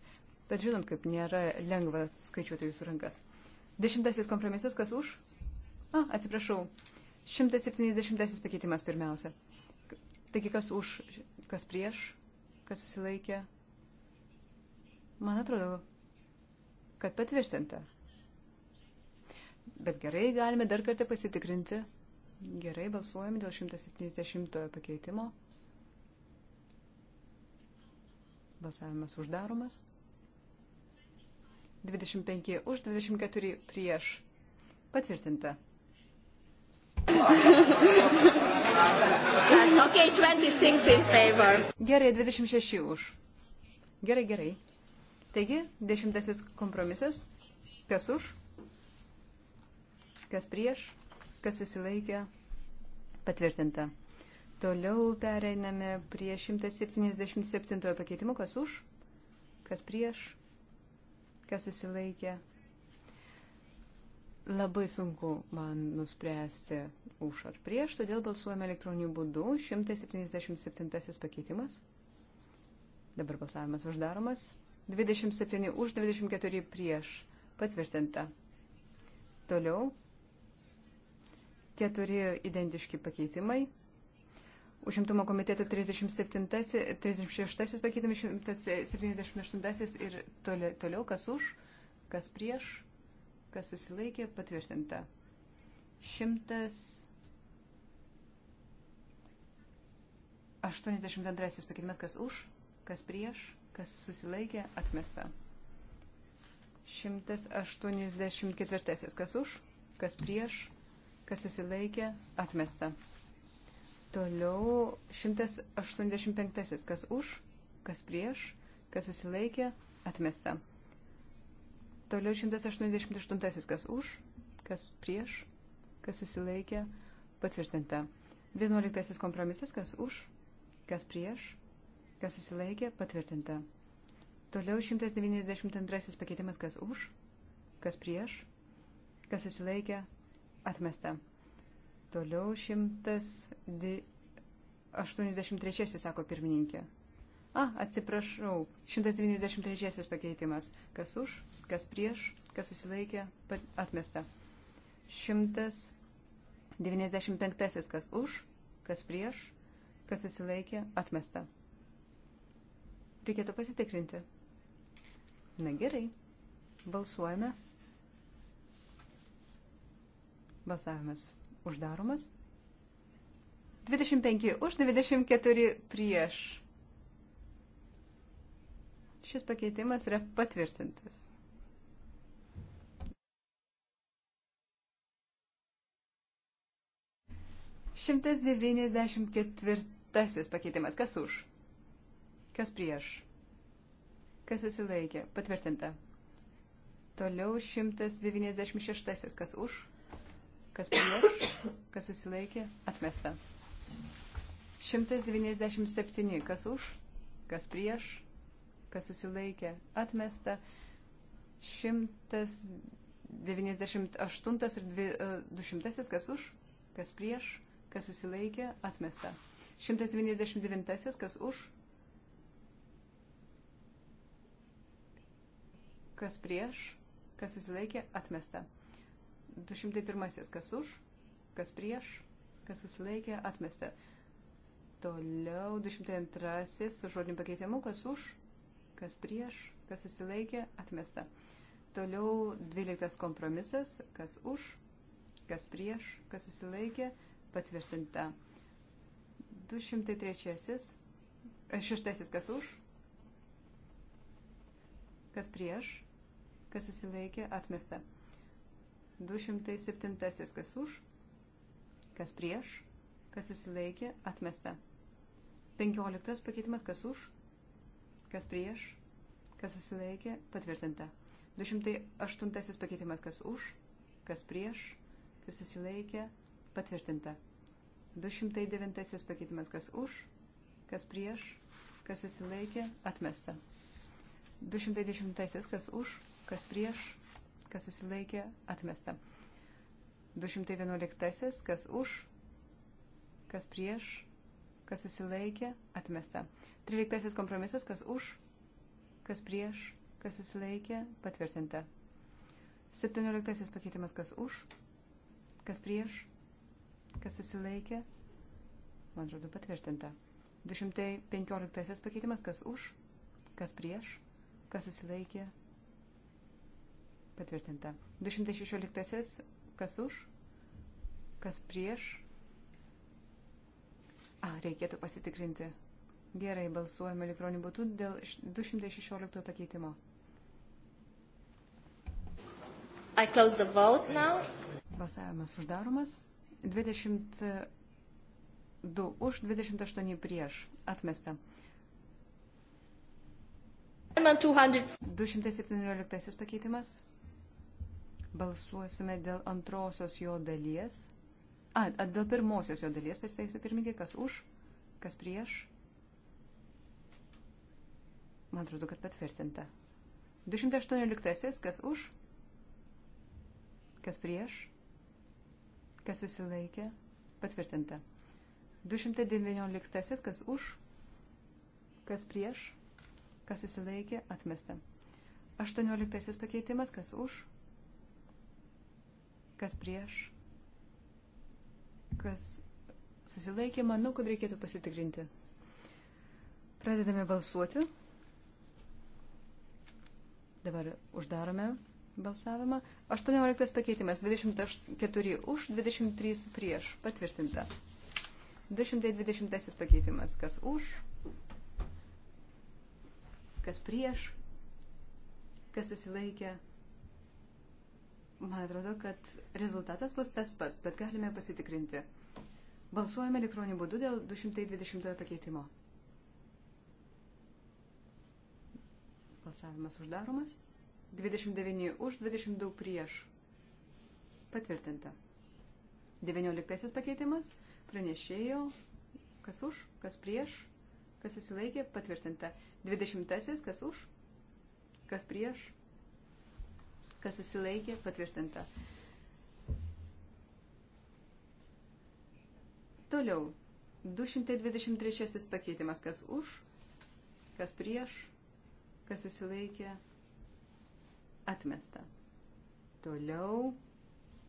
Bet žinot, kaip nėra lengva skaičiuoti jūsų rankas. Dešimtasis kompromisas, kas už? A, atsiprašau. 170 pakeitimas pirmiausia. Taigi, kas už, kas prieš, kas susilaikė? Man atrodo, kad patvirtinta. Bet gerai, galime dar kartą pasitikrinti. Gerai, balsuojame dėl 170 pakeitimo. Balsavimas uždaromas. 25 už, 24 prieš. Patvirtinta. okay, 26 in favor. Gerai, 26 už. Gerai, gerai. Taigi, dešimtasis kompromisas. Kas už? kas prieš, kas susilaikė, patvirtinta. Toliau pereiname prie 177 pakeitimų, kas už, kas prieš, kas susilaikė. Labai sunku man nuspręsti už ar prieš, todėl balsuojame elektroniniu būdu. 177 pakeitimas. Dabar balsavimas uždaromas. 27 už, 24 prieš. Patvirtinta. Toliau keturi identiški pakeitimai. Užimtumo komiteto 37, 36 pakeitimai, 178 ir toliau, toliau, kas už, kas prieš, kas susilaikė, patvirtinta. 182 pakeitimas, kas už, kas prieš, kas susilaikė, atmesta. 184, kas už, kas prieš, kas susilaikė, atmesta. Toliau 185. Kas už, kas prieš, kas susilaikė, atmesta. Toliau 188. Kas už, kas prieš, kas susilaikė, patvirtinta. 11. Kompromisas. Kas už, kas prieš, kas susilaikė, patvirtinta. Toliau 192 pakeitimas, kas už, kas prieš, kas susilaikė, Atmesta. Toliau 183, sako pirmininkė. A, atsiprašau, 193 pakeitimas. Kas už, kas prieš, kas susilaikė, atmesta. 195, kas už, kas prieš, kas susilaikė, atmesta. Reikėtų pasitikrinti. Na gerai, balsuojame. Balsavimas uždaromas. 25 už, 24 prieš. Šis pakeitimas yra patvirtintas. Šimtas devyniasdešimt ketvirtasis pakeitimas. Kas už? Kas prieš? Kas susilaikė? Patvirtinta. Toliau 196. Kas už? Kas prieš, kas susilaikė, atmesta. 197. Kas už, kas prieš, kas susilaikė, atmesta. 198 ir 200. E, kas už, kas prieš, kas susilaikė, atmesta. 199. Kas už, kas prieš, kas susilaikė, atmesta. 201. Kas už, kas prieš, kas susilaikė, atmesta. Toliau 202. Su žodiniu pakeitimu, kas už, kas prieš, kas susilaikė, atmesta. Toliau 12. Kompromisas, kas už, kas prieš, kas susilaikė, patvirtinta. 203. E, šeštasis, kas už, kas prieš, kas susilaikė, atmesta. 207. Kas už, kas prieš, kas susilaikė, atmesta. 15. Pakeitimas. Kas už, kas prieš, kas susilaikė, patvirtinta. 208. Pakeitimas. Kas už, kas prieš, kas susilaikė, patvirtinta. 209 pakeitimas, kas už, kas prieš, kas susilaikė, atmesta. 210 kas už, kas prieš, kas susilaikė, atmesta. 211, kas už, kas prieš, kas susilaikė, atmesta. 13 kompromisas, kas už, kas prieš, kas susilaikė, patvirtinta. 17 pakeitimas, kas už, kas prieš, kas susilaikė, man atrodo, patvirtinta. 215 pakeitimas, kas už, kas prieš, kas susilaikė, Patvirtinta. 216. Kas už? Kas prieš? A, reikėtų pasitikrinti. Gerai, balsuojame elektroniniu būtų dėl 216 pakeitimo. I close the vote now. Balsavimas uždaromas. 22 už, 28 prieš. Atmesta. 217 pakeitimas. Balsuosime dėl antrosios jo dalies. A, dėl pirmosios jo dalies pasiteisiu pirmininkė, kas už, kas prieš. Man atrodo, kad patvirtinta. 218, kas už, kas prieš, kas susilaikė, patvirtinta. 219, kas už, kas prieš, kas susilaikė, atmesta. 18 pakeitimas, kas už, kas prieš, kas susilaikė, manau, kad reikėtų pasitikrinti. Pradedame balsuoti. Dabar uždarome balsavimą. 18 pakeitimas, 24 už, 23 prieš, patvirtinta. 220 pakeitimas, kas už, kas prieš, kas susilaikė, Man atrodo, kad rezultatas bus tas pats, bet galime pasitikrinti. Balsuojame elektroniniu būdu dėl 220 pakeitimo. Balsavimas uždaromas. 29 už, 22 prieš. Patvirtinta. 19 pakeitimas. Pranešėjo. Kas už, kas prieš, kas susilaikė. Patvirtinta. 20 kas už, kas prieš, kas susilaikė, patvirtinta. Toliau, 223 pakeitimas, kas už, kas prieš, kas susilaikė, atmesta. Toliau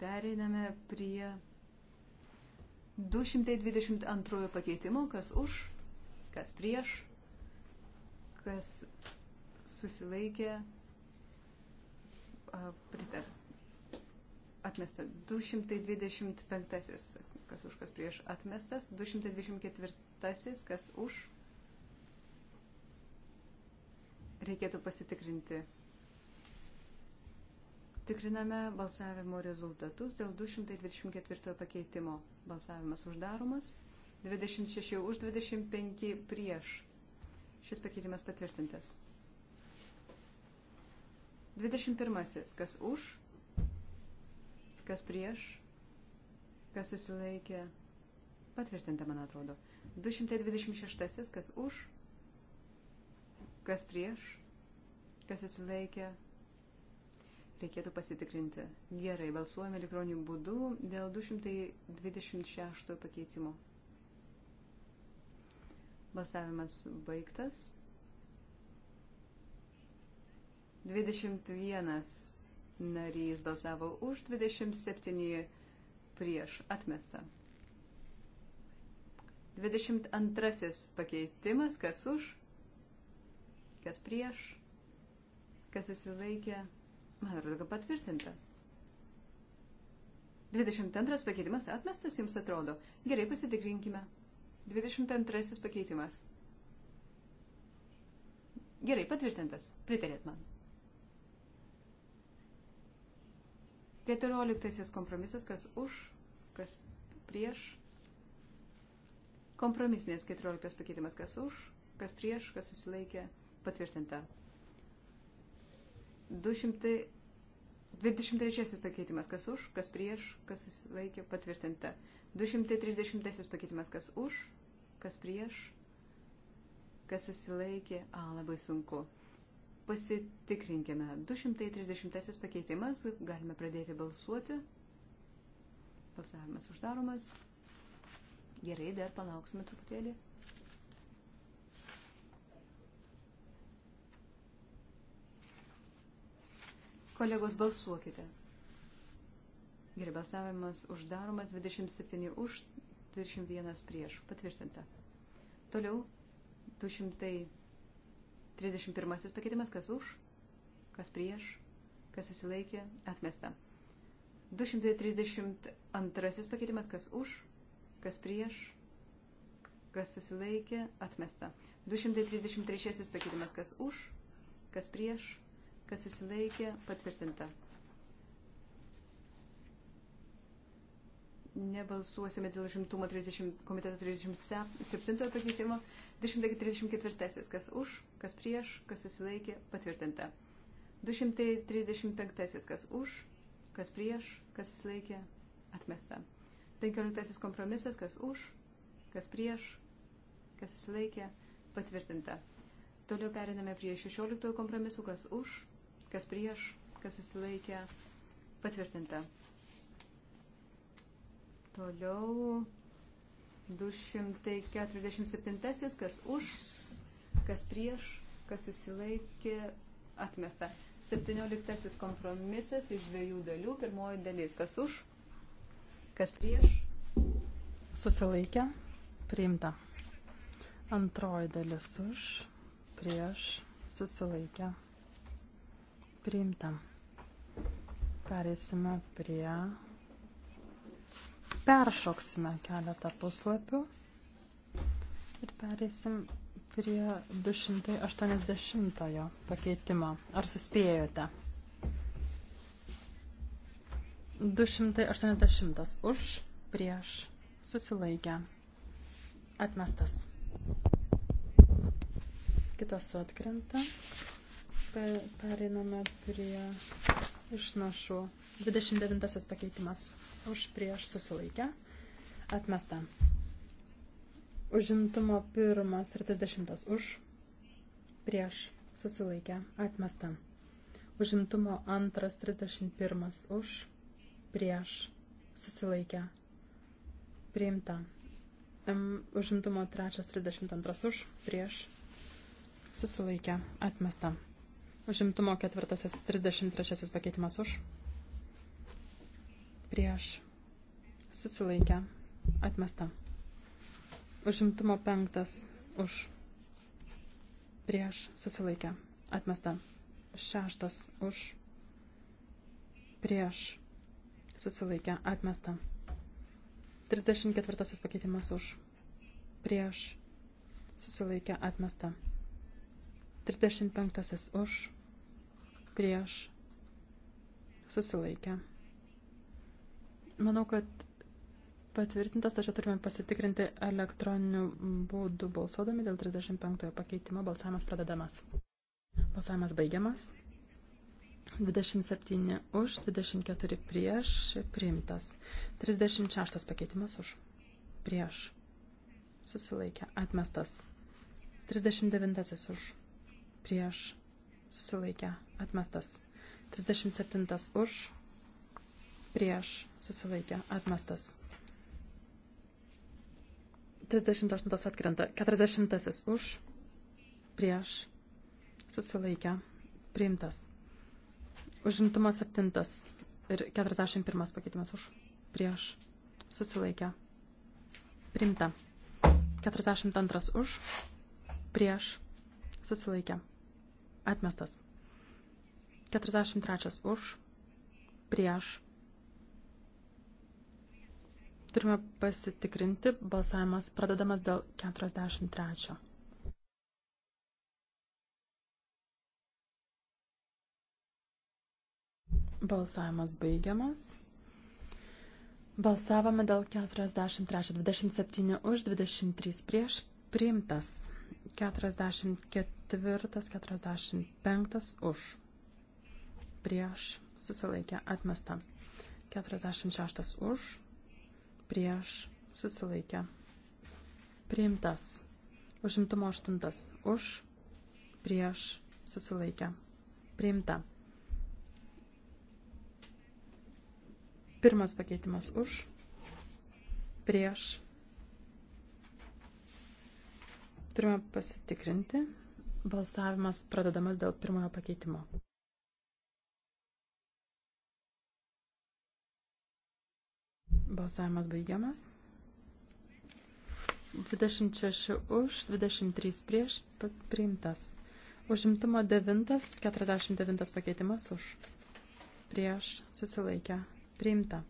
pereiname prie 222 pakeitimo, kas už, kas prieš, kas susilaikė, atmesta pritar. Atmesta 225, kas už, kas prieš atmestas, 224, kas už. Reikėtų pasitikrinti. Tikriname balsavimo rezultatus dėl 224 pakeitimo. Balsavimas uždaromas. 26 už 25 prieš. Šis pakeitimas patvirtintas. 21. Kas už, kas prieš, kas susilaikė. Patvirtinta, man atrodo. 226. Kas už, kas prieš, kas susilaikė. Reikėtų pasitikrinti. Gerai, balsuojame elektroniniu būdu dėl 226 pakeitimo. Balsavimas baigtas. 21 narys balsavo už, 27 prieš atmestą. 22 pakeitimas, kas už, kas prieš, kas susilaikė, man atrodo, kad patvirtinta. 22 pakeitimas atmestas jums atrodo. Gerai pasitikrinkime. 22 pakeitimas. Gerai, patvirtintas. Pritarėt man. Keturioliktasis kompromisas, kas už, kas prieš. Kompromisinės keturioliktas pakeitimas, kas už, kas prieš, kas susilaikė, patvirtinta. 200, 23 pakeitimas, kas už, kas prieš, kas susilaikė, patvirtinta. 230 pakeitimas, kas už, kas prieš, kas susilaikė, a, labai sunku pasitikrinkime. 230 pakeitimas, galime pradėti balsuoti. Balsavimas uždaromas. Gerai, dar palauksime truputėlį. Kolegos, balsuokite. Gerai, balsavimas uždaromas 27 už, 21 prieš. Patvirtinta. Toliau 200. 31 pakeitimas, kas už, kas prieš, kas susilaikė, atmesta. 232 pakeitimas, kas už, kas prieš, kas susilaikė, atmesta. 233 pakeitimas, kas už, kas prieš, kas susilaikė, patvirtinta. nebalsuosime dėl žimtumo 30, komiteto 37 pakeitimo. 234. Kas už, kas prieš, kas susilaikė, patvirtinta. 235. Kas už, kas prieš, kas susilaikė, atmesta. 15. Kompromisas. Kas už, kas prieš, kas susilaikė, patvirtinta. Toliau periname prie 16 kompromisų. Kas už, kas prieš, kas susilaikė, patvirtinta. Toliau 247, kas už, kas prieš, kas susilaikė, atmesta. 17 kompromisas iš dviejų dalių, pirmoji dalis, kas už, kas prieš. Susilaikė, priimta. Antroji dalis už, prieš, susilaikė, priimta. Perėsime prie Peršoksime keletą puslapių ir pereisim prie 280 pakeitimo. Ar suspėjote? 280 už, prieš, susilaikę, atmestas. Kitas atkrenta. Pereiname prie išnašu. 29 pakeitimas už prieš susilaikę. Atmesta. Užimtumo pirmas ir 30 už prieš susilaikę. Atmesta. Užimtumo antras 31 už prieš susilaikę. Priimta. Užimtumo trečias 32 už prieš susilaikę. Atmesta. Užimtumo ketvirtasis, 33 pakeitimas už. Prieš. Susilaikę. Atmesta. Užimtumo penktas už. Prieš. Susilaikę. Atmesta. Šeštas už. Prieš. Susilaikę. Atmesta. 34 pakeitimas už. Prieš. Susilaikę. Atmesta. 35 už, prieš, susilaikę. Manau, kad patvirtintas, tačiau turime pasitikrinti elektroniniu būdu balsuodami dėl 35 pakeitimo. Balsavimas pradedamas. Balsavimas baigiamas. 27 už, 24 prieš, priimtas. 36 pakeitimas už, prieš, susilaikę, atmestas. 39 už prieš susilaikę atmestas. 37 už prieš susilaikę atmestas. 38 atkrenta. 40 už prieš susilaikę priimtas. Užimtumas 7 ir 41 pakeitimas už prieš susilaikę priimta. 42 už prieš susilaikę Atmestas. 43 už. Prieš. Turime pasitikrinti. Balsavimas pradedamas dėl 43. Balsavimas baigiamas. Balsavome dėl 43, 27 už, 23 prieš, priimtas. 44, 45 už. Prieš susilaikė atmesta. 46 už. Prieš susilaikė. Priimtas. Užimtumo 8 už. Prieš susilaikė. Priimta. Pirmas pakeitimas už. Prieš Turime pasitikrinti. Balsavimas pradedamas dėl pirmojo pakeitimo. Balsavimas baigiamas. 26 už, 23 prieš, priimtas. Užimtumo 9, 49 pakeitimas už. Prieš, susilaikę, priimta.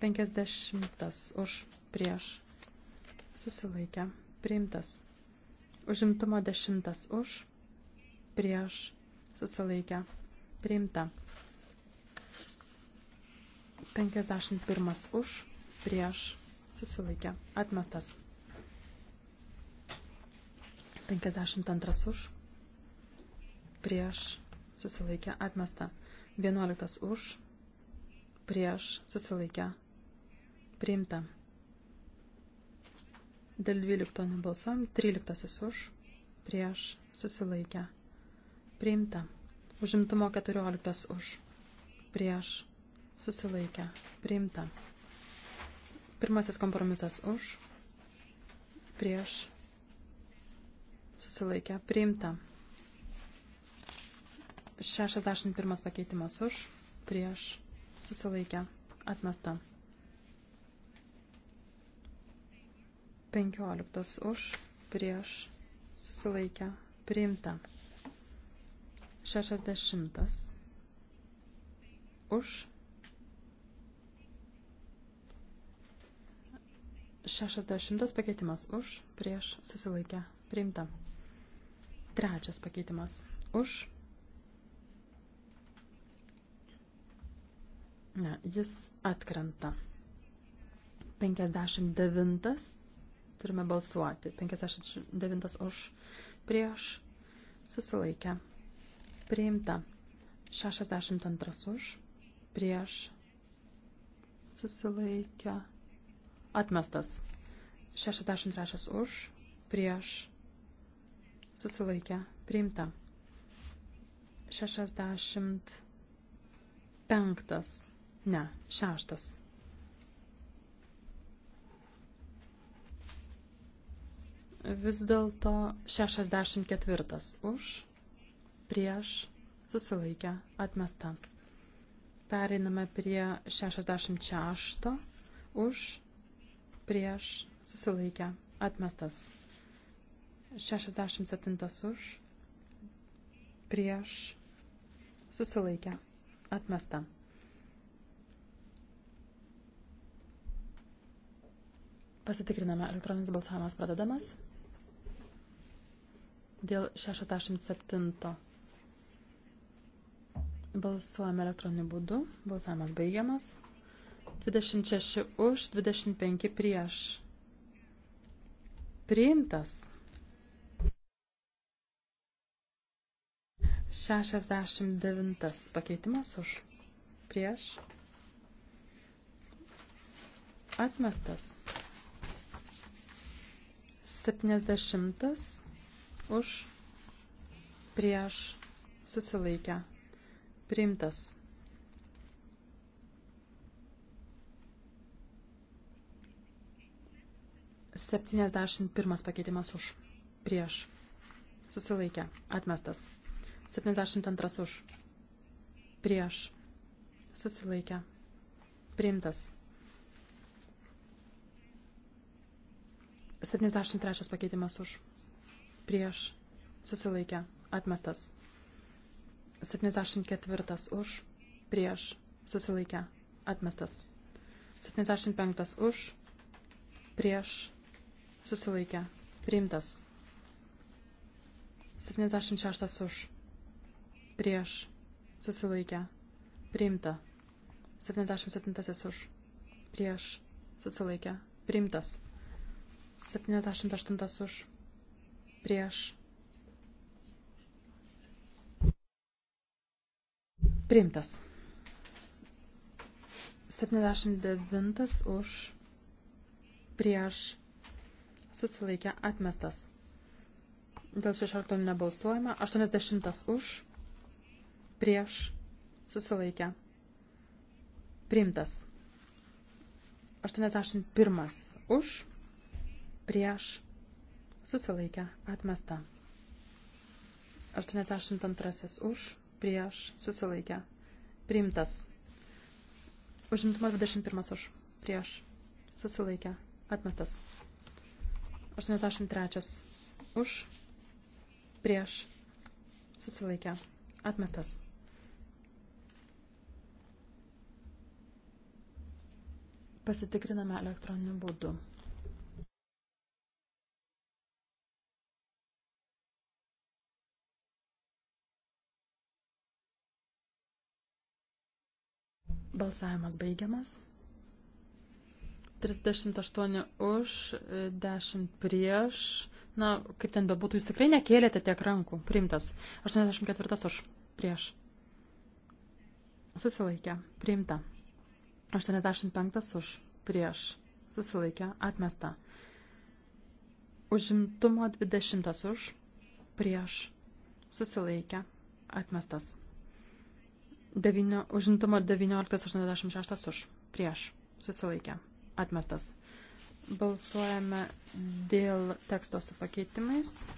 50 už, prieš, susilaikę, priimtas. Užimtumo dešimtas už, prieš susilaikę priimta. 51 už, prieš susilaikę atmestas. 52 už, prieš susilaikę atmestą. 11 už, prieš susilaikę priimta. Dėl 12 nebalsuojam. 13 už, prieš, susilaikę. Priimta. Užimtumo 14 už, prieš, susilaikę. Priimta. Pirmasis kompromisas už, prieš, susilaikę. Priimta. 61 pakeitimas už, prieš, susilaikę. Atmesta. 15 už, prieš, susilaikę, priimta. 60 už, 60 pakeitimas už, prieš, susilaikę, priimta. Trečias pakeitimas už. Ne, jis atkrenta. 59 Turime balsuoti. 59 už prieš susilaikę. Priimta. 62 už prieš susilaikę. Atmestas. 63 už prieš susilaikę. Priimta. 65. Ne, šeštas. vis dėlto 64 už, prieš, susilaikę, atmesta. Pereiname prie 66 už, prieš, susilaikę, atmestas. 67 už, prieš, susilaikę, atmesta. Pasitikriname, elektroninis balsavimas pradedamas dėl 67. Balsuojame elektroniniu būdu. Balsavimas baigiamas. 26 už, 25 prieš. Priimtas. 69 pakeitimas už. Prieš. Atmestas. 70 už, prieš, susilaikę, priimtas. Septyniasdešimt pirmas pakeitimas už, prieš, susilaikę, atmestas. Septyniasdešimt antras už, prieš, susilaikę, priimtas. 73 pakeitimas už prieš susilaikę atmestas. 74 už prieš susilaikę atmestas. 75 už prieš susilaikę priimtas. 76 už prieš susilaikę priimta. 77 už prieš susilaikę priimtas. 78 už prieš. Priimtas. 79 už prieš susilaikę atmestas. Dėl 16 nebalsuojama. 80 už prieš susilaikę. Priimtas. 81 už prieš susilaikę, atmesta. 82 už, prieš, susilaikę, priimtas. Užimtumas 21 už, prieš, susilaikę, atmestas. 83 už, prieš, susilaikę, atmestas. Pasitikriname elektroniniu būdu. Balsavimas baigiamas. 38 už, 10 prieš. Na, kaip ten bebūtų, jūs tikrai nekėlėte tiek rankų. Primtas. 84 už, prieš. Susilaikė. Primta. 85 už, prieš. Susilaikė. Atmesta. Užimtumo 20 už, prieš. Susilaikė. Atmestas. Devinio, užimtumo 1986 už. Prieš. Susilaikė. Atmestas. Balsuojame dėl teksto su pakeitimais.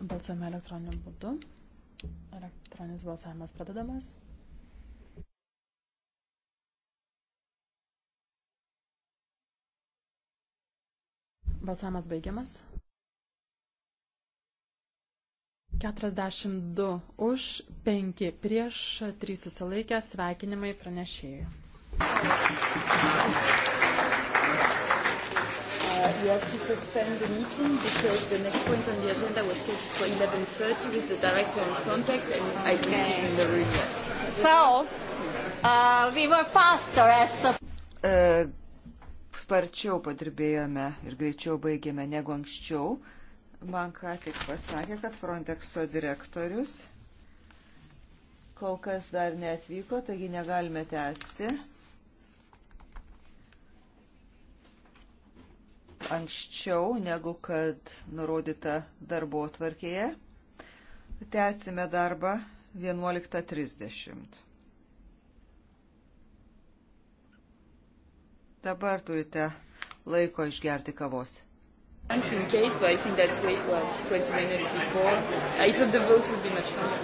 Balsuojame elektroniniu būdu. Elektroninis balsavimas pradedamas. Balsavimas baigiamas. 42 už, 5 prieš, 3 susilaikę, sveikinimai pranešėjai. Uh, we have to suspend the meeting because the next point on the agenda was scheduled for 11.30 with the director on Frontex and okay. I don't see him in the room yet. So, uh, we were faster as... A... Uh, sparčiau padirbėjome ir greičiau baigėme negu anksčiau. Uh, man ką tik pasakė, kad Frontexo direktorius kol kas dar neatvyko, taigi negalime tęsti. Anksčiau negu kad nurodyta darbo tvarkėje, tęsime darbą 11.30. Dabar turite laiko išgerti kavos in case, but I think that's wait, well, 20 minutes before. I thought the vote would be much longer.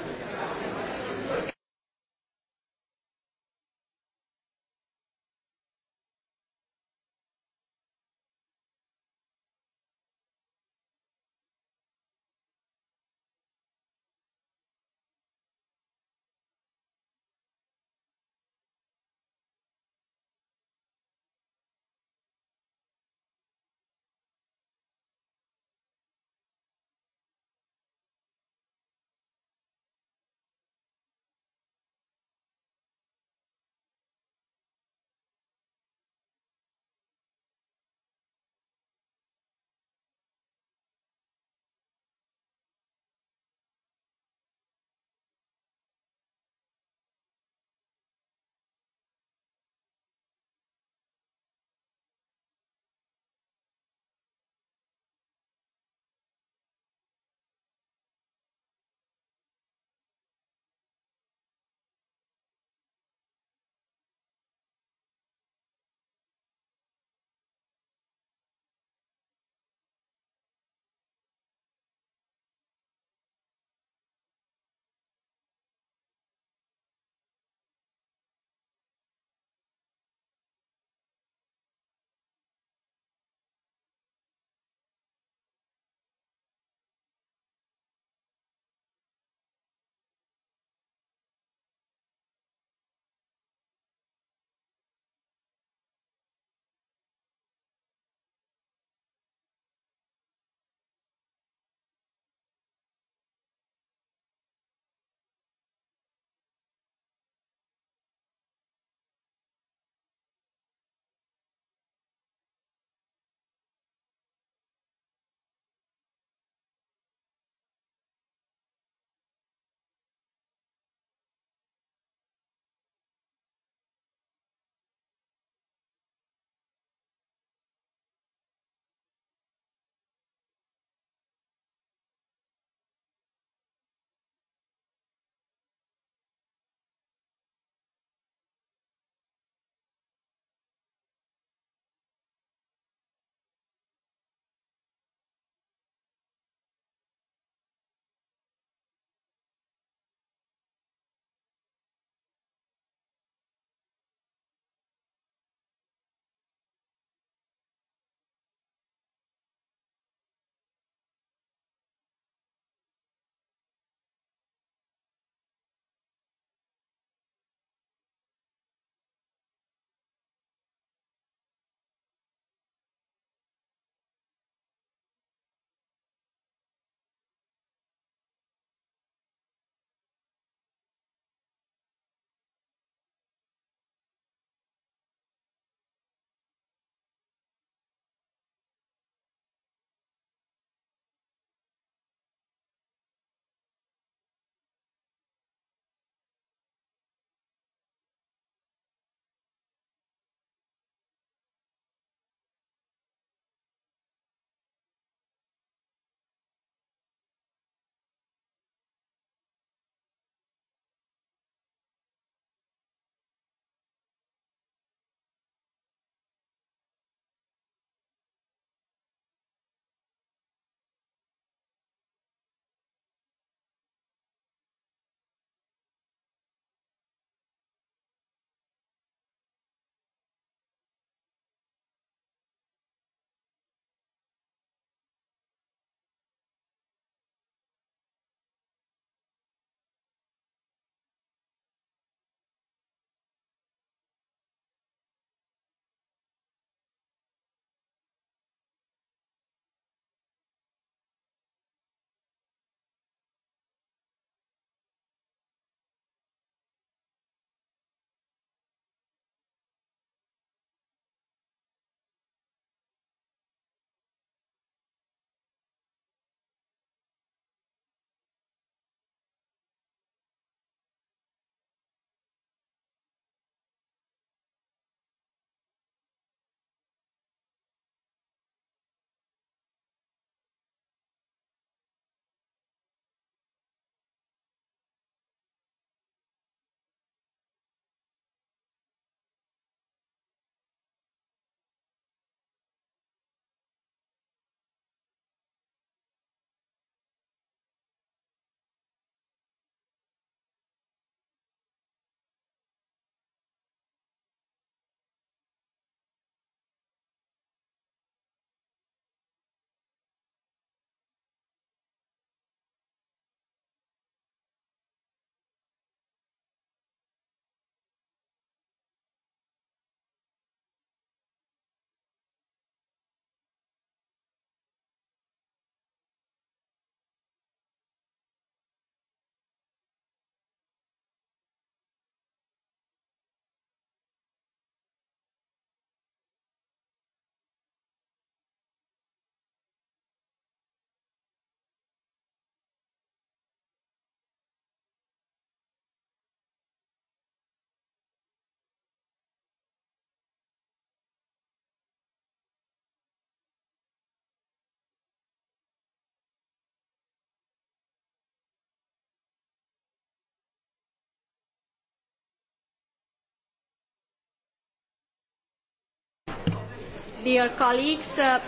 Dear colleagues, uh,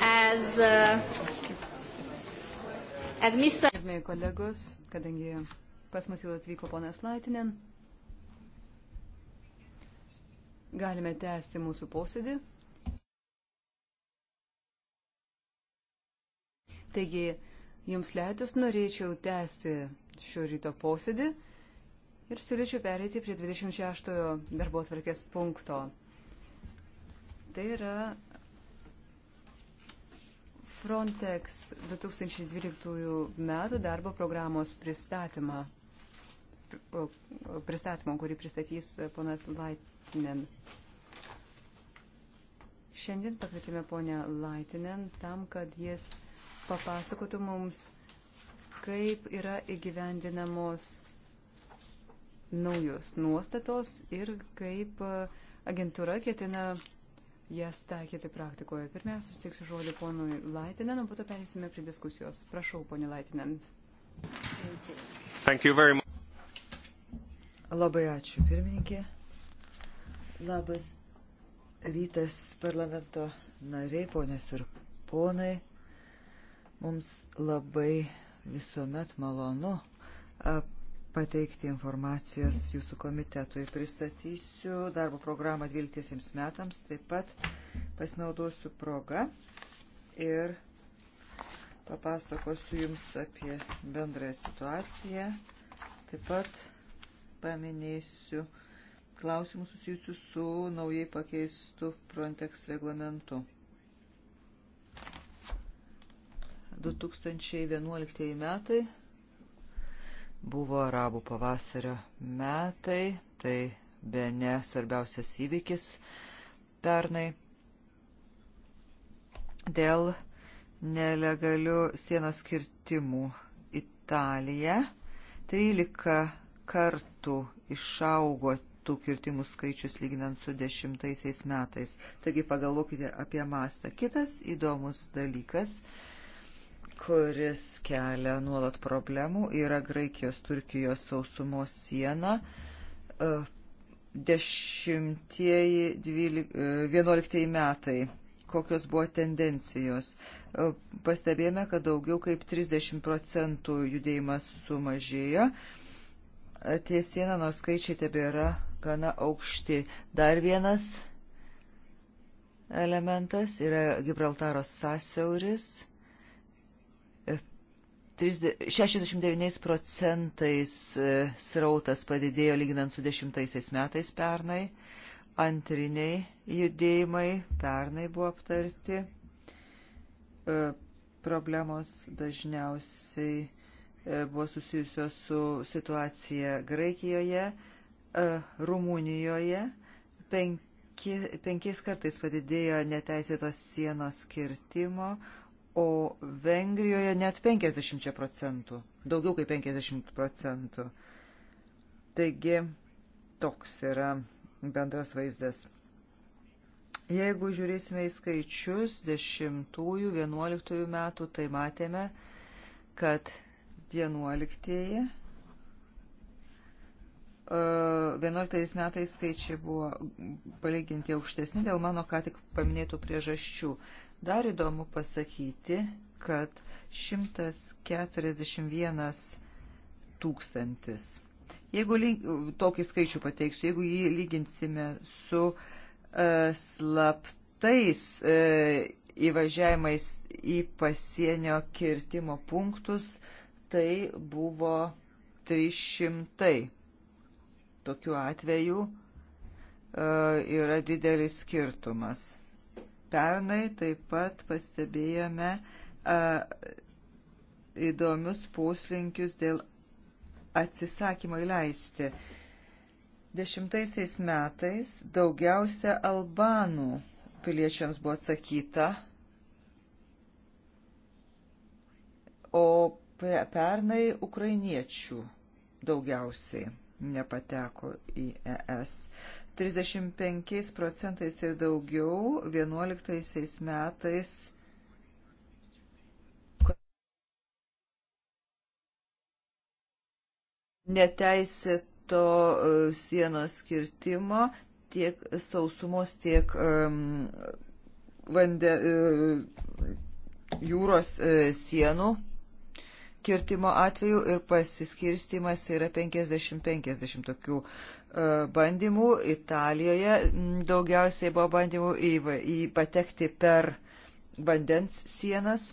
as, uh, as Mr. Gerbėjai kolegos, kadangi pas mus jau atvyko ponas Laitinen, galime tęsti mūsų posėdį. Taigi, jums leidus norėčiau tęsti šio ryto posėdį ir siūlyčiau perėti prie 26 darbo atvarkės punkto. Tai yra Frontex 2012 metų darbo programos pristatymą, pristatymą kurį pristatys ponas Laitinen. Šiandien pakvietėme ponę Laitinen tam, kad jis papasakotų mums, kaip yra įgyvendinamos naujos nuostatos ir kaip agentūra ketina jas taikyti praktikoje. Pirmiausia, sutiksiu žodį ponui Laitinen, o po to perėsime prie diskusijos. Prašau, ponė Laitinen. Labai ačiū, pirmininkė. Labas rytas parlamento nariai, ponės ir ponai. Mums labai visuomet malonu pateikti informacijos jūsų komitetui. Pristatysiu darbo programą 12 metams, taip pat pasinaudosiu progą ir papasakosiu jums apie bendrąją situaciją. Taip pat paminėsiu klausimus susijusius su naujai pakeistu Frontex reglamentu. 2011 metai Buvo arabų pavasario metai, tai be ne svarbiausias įvykis pernai. Dėl nelegalių sienos kirtimų Italija 13 kartų išaugo tų kirtimų skaičius lyginant su dešimtaisiais metais. Taigi pagalvokite apie mastą. Kitas įdomus dalykas kuris kelia nuolat problemų, yra Graikijos-Turkijos sausumos siena. E, dešimtieji, e, vienuoliktieji metai kokios buvo tendencijos. E, pastebėjome, kad daugiau kaip 30 procentų judėjimas sumažėjo. Tiesiena, nors skaičiai tebėra gana aukšti. Dar vienas elementas yra Gibraltaro sąsiauris. 69 procentais e, srautas padidėjo lyginant su 10 metais pernai. Antriniai judėjimai pernai buvo aptarti. E, problemos dažniausiai e, buvo susijusios su situacija Graikijoje, Rumunijoje. Penki, penkiais kartais padidėjo neteisėtos sienos kirtimo o Vengrijoje net 50 procentų, daugiau kaip 50 procentų. Taigi toks yra bendras vaizdas. Jeigu žiūrėsime į skaičius 10-11 metų, tai matėme, kad 11 11 e, metais skaičiai buvo palyginti aukštesni dėl mano ką tik paminėtų priežasčių. Dar įdomu pasakyti, kad 141 tūkstantis. Jeigu tokį skaičių pateiksiu, jeigu jį lyginsime su uh, slaptais uh, įvažiavimais į pasienio kirtimo punktus, tai buvo 300. Tokiu atveju uh, yra didelis skirtumas. Pernai taip pat pastebėjome a, įdomius poslinkius dėl atsisakymo įleisti. Dešimtaisiais metais daugiausia albanų piliečiams buvo atsakyta, o pernai ukrainiečių daugiausiai nepateko į ES. 35 procentais ir daugiau 11 metais neteisėto e, sienos kirtimo tiek sausumos, tiek um, vande, uh, jūros uh, sienų kirtimo atveju ir pasiskirstimas yra 50-50 tokių E, bandymų, Italijoje daugiausiai buvo bandymų į, į patekti per vandens sienas.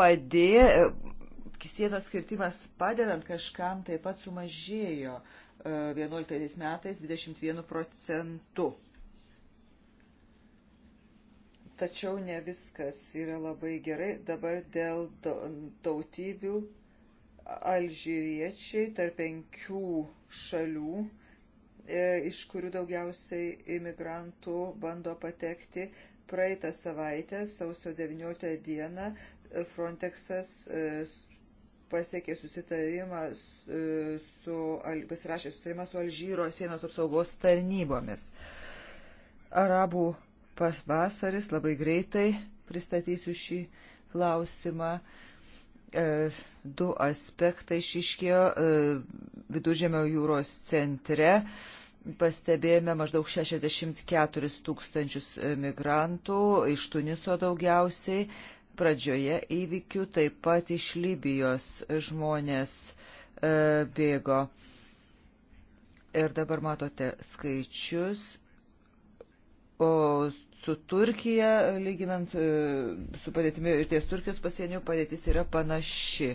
Padė, e, sienos skirtimas padedant kažkam taip pat sumažėjo 11 e, metais 21 procentų tačiau ne viskas yra labai gerai. Dabar dėl tautybių alžyriečiai tarp penkių šalių, e, iš kurių daugiausiai imigrantų bando patekti. Praeitą savaitę, sausio 19 dieną, Frontexas e, pasiekė susitarimą e, su, pasirašė susitarimą su Alžyro sienos apsaugos tarnybomis. Arabų pas vasaris, labai greitai pristatysiu šį klausimą. E, du aspektai išiškėjo e, viduržėmio jūros centre. Pastebėjome maždaug 64 tūkstančius e, migrantų, iš Tuniso daugiausiai. Pradžioje įvykių taip pat iš Libijos žmonės bėgo. Ir dabar matote skaičius O su Turkija, lyginant e, su padėtimi ties Turkijos pasieniu, padėtis yra panaši.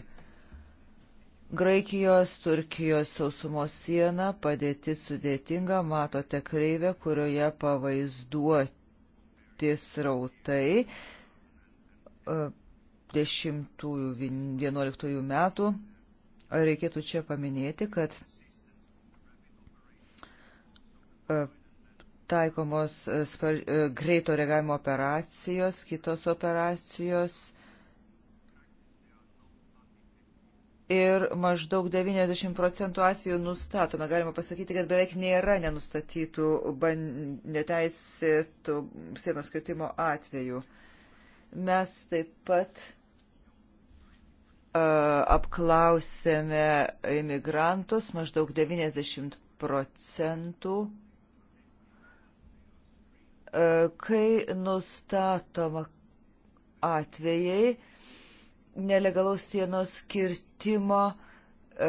Graikijos, Turkijos sausumos siena padėtis sudėtinga, matote kreivę, kurioje pavaizduoti srautai 10-11 e, metų. Reikėtų čia paminėti, kad e, taikomos e, spar, e, greito reagavimo operacijos, kitos operacijos. ir maždaug 90 procentų atvejų nustatome. Galima pasakyti, kad beveik nėra nenustatytų neteisėtų sienos kirtimo atvejų. Mes taip pat uh, apklausėme imigrantus maždaug 90 procentų. E, kai nustatoma atvejai nelegalaus sienos kirtimo, e,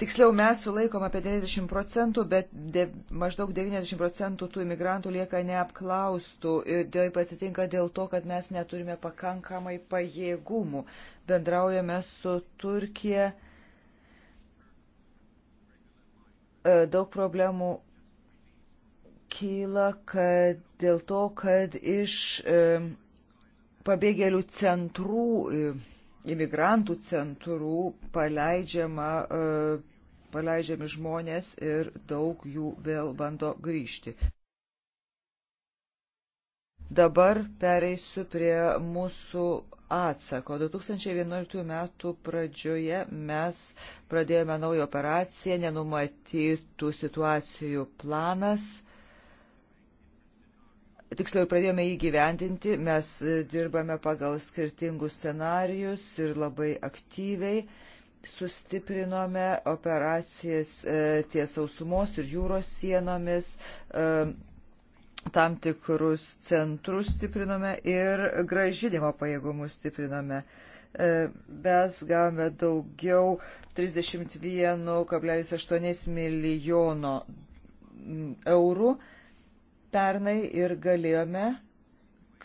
tiksliau mes sulaikom apie 90 procentų, bet de, maždaug 90 procentų tų imigrantų lieka neapklaustų ir taip atsitinka dėl to, kad mes neturime pakankamai pajėgumų. Bendraujame su Turkija. E, daug problemų kyla, kad dėl to, kad iš e, pabėgėlių centrų, e, imigrantų centrų paleidžiama, e, paleidžiami žmonės ir daug jų vėl bando grįžti. Dabar pereisiu prie mūsų atsako. 2011 m. pradžioje mes pradėjome naują operaciją, nenumatytų situacijų planas – tiksliau pradėjome įgyvendinti, mes e, dirbame pagal skirtingus scenarius ir labai aktyviai sustiprinome operacijas e, ties sausumos ir jūros sienomis, e, tam tikrus centrus stiprinome ir gražinimo pajėgumus stiprinome mes gavome daugiau 31,8 milijono eurų pernai ir galėjome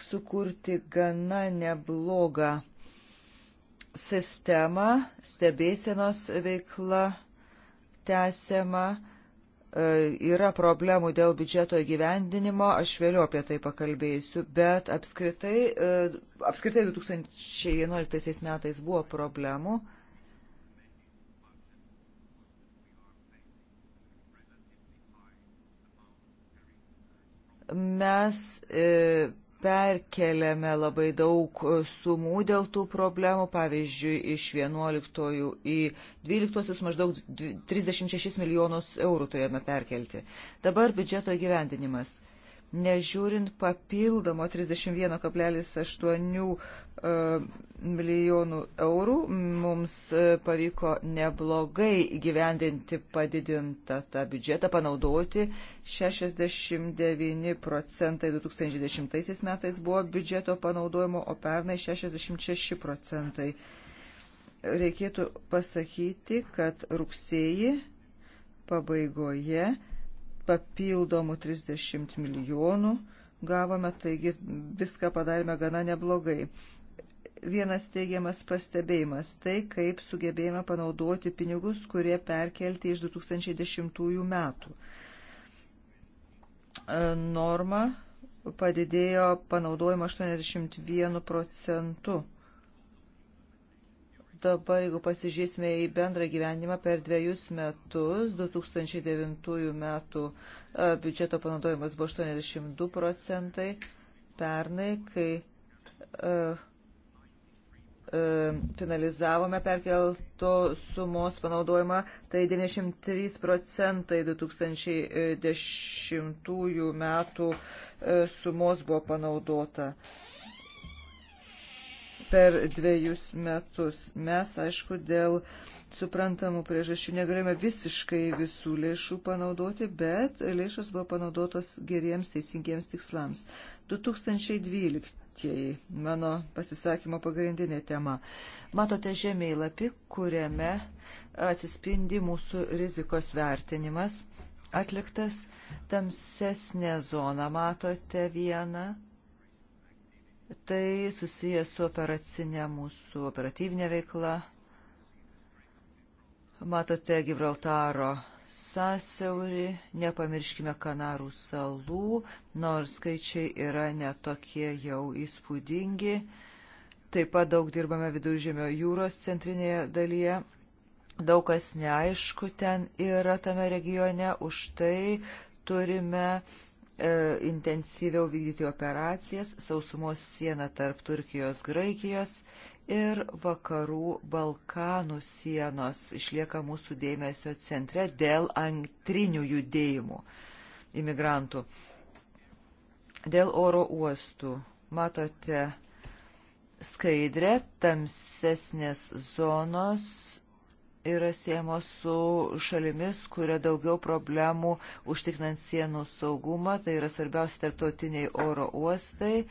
sukurti gana neblogą sistemą, stebėsienos veikla tęsiama, e, yra problemų dėl biudžeto įgyvendinimo, aš vėliau apie tai pakalbėsiu, bet apskritai, e, apskritai 2011 metais buvo problemų. Mes e, perkeliame labai daug e, sumų dėl tų problemų, pavyzdžiui, iš 11 į 12 maždaug 36 milijonus eurų turėjome perkelti. Dabar biudžeto įgyvendinimas nežiūrint papildomo 31,8 e, milijonų eurų, mums e, pavyko neblogai gyvendinti padidintą tą biudžetą, panaudoti 69 procentai 2010 metais buvo biudžeto panaudojimo, o pernai 66 procentai. Reikėtų pasakyti, kad rugsėjį pabaigoje papildomų 30 milijonų gavome, taigi viską padarėme gana neblogai. Vienas teigiamas pastebėjimas - tai, kaip sugebėjome panaudoti pinigus, kurie perkelti iš 2010 metų. E, norma padidėjo panaudojimo 81 procentų Dabar, jeigu pasižiūrėsime į bendrą gyvenimą per dviejus metus, 2009 metų e, biudžeto panaudojimas buvo 82 procentai, pernai, kai uh, finalizavome perkelto sumos panaudojimą, tai 93 procentai 2010 metų sumos buvo panaudota per dviejus metus. Mes, aišku, dėl suprantamų priežasčių negalėjome visiškai visų lėšų panaudoti, bet lėšos buvo panaudotos geriems teisingiems tikslams. 2012 mano pasisakymo pagrindinė tema. Matote žemėlapį, kuriame atsispindi mūsų rizikos vertinimas atliktas. Tamsesnė zona matote vieną Tai susijęs su operacinė mūsų operatyvinė veikla. Matote Gibraltaro sąsiaurį, nepamirškime Kanarų salų, nors skaičiai yra netokie jau įspūdingi. Taip pat daug dirbame viduržėmio jūros centrinėje dalyje. Daug kas neaišku ten yra tame regione, už tai turime uh, E, intensyviau vykdyti operacijas sausumos sieną tarp Turkijos, Graikijos ir vakarų Balkanų sienos išlieka mūsų dėmesio centre dėl antrinių judėjimų imigrantų. Dėl oro uostų matote skaidrę tamsesnės zonos yra siemos su šalimis, kuria daugiau problemų užtikrinant sienų saugumą. Tai yra svarbiausi tarptautiniai oro uostai.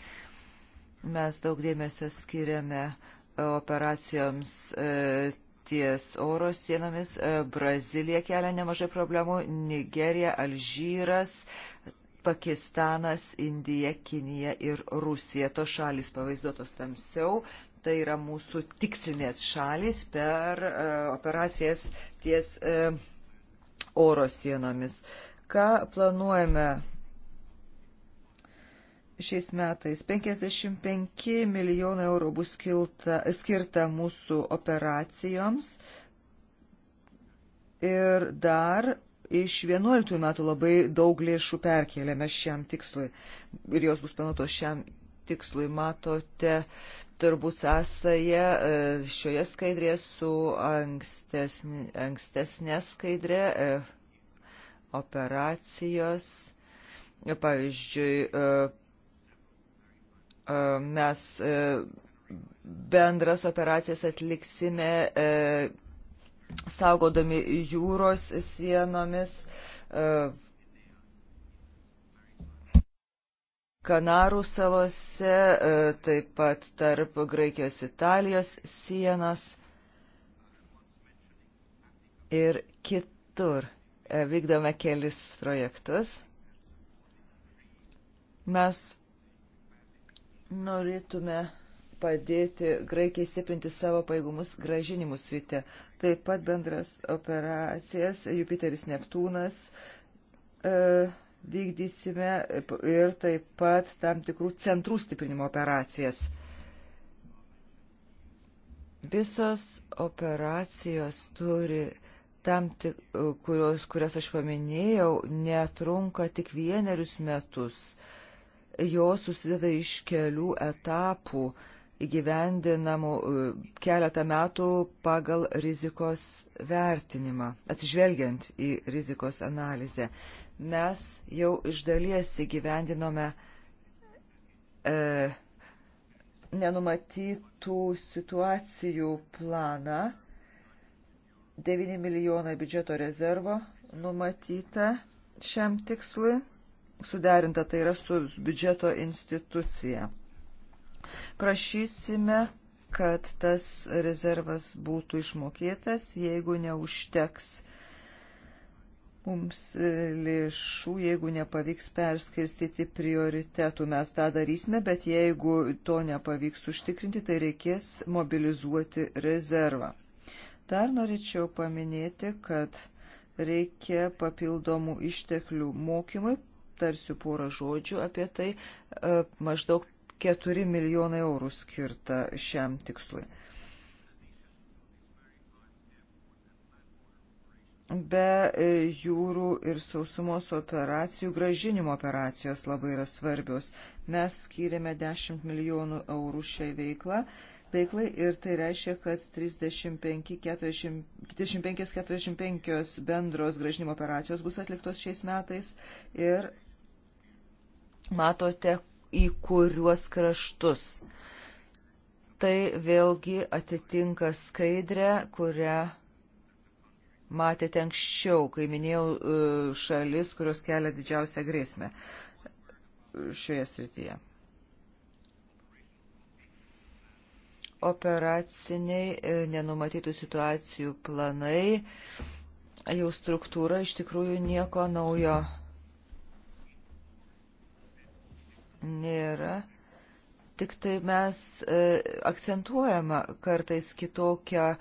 Mes daug dėmesio skiriame e, operacijoms e, ties oro sienomis. E, Brazilija kelia nemažai problemų, Nigerija, Alžyras, Pakistanas, Indija, Kinija ir Rusija. To šalis pavaizduotos tamsiau tai yra mūsų tikslinės šalis per e, operacijas ties e, oro sienomis. Ką planuojame šiais metais 55 milijonai eurų bus skilta, skirta mūsų operacijoms ir dar iš 11 metų labai daug lėšų perkėlėme šiam tikslui ir jos bus panaudotos šiam tikslui. Matote turbūt sąsaja e, šioje skaidrėje su ankstesnė, ankstesnė skaidrė e, operacijos. Pavyzdžiui, e, mes bendras operacijas atliksime saugodami jūros sienomis Kanarų salose, e, taip pat tarp Graikijos Italijos sienas ir kitur. E, vykdome kelis projektus. Mes norėtume padėti Graikijai stiprinti savo paėgumus gražinimus ryte. Taip pat bendras operacijas Jupiteris Neptūnas. E, vykdysime ir taip pat tam tikrų centrų stiprinimo operacijas. Visos operacijos turi tam tik, kurios, kurias aš paminėjau, netrunka tik vienerius metus. Jos susideda iš kelių etapų įgyvendinamų e, keletą metų pagal rizikos vertinimą, atsižvelgiant į rizikos analizę mes jau iš dalies įgyvendinome e, nenumatytų situacijų planą. 9 milijonai biudžeto rezervo numatyta šiam tikslui. Suderinta tai yra su biudžeto institucija. Prašysime, kad tas rezervas būtų išmokėtas, jeigu neužteks mums e, lėšų, jeigu nepavyks perskirstyti prioritetų. Mes tą darysime, bet jeigu to nepavyks užtikrinti, tai reikės mobilizuoti rezervą. Dar norėčiau paminėti, kad reikia papildomų išteklių mokymui, tarsiu porą žodžių apie tai, e, maždaug 4 milijonai eurų skirta šiam tikslui. be e, jūrų ir sausumos operacijų, gražinimo operacijos labai yra svarbios. Mes skyrėme 10 milijonų eurų šiai veiklą, veiklai ir tai reiškia, kad 35-45 bendros gražinimo operacijos bus atliktos šiais metais ir matote, į kuriuos kraštus. Tai vėlgi atitinka skaidrę, kurią matėte anksčiau, kai minėjau e, šalis, kurios kelia didžiausią grėsmę šioje srityje. Operaciniai e, nenumatytų situacijų planai, jau struktūra iš tikrųjų nieko naujo nėra. Tik tai mes e, akcentuojama kartais kitokią e,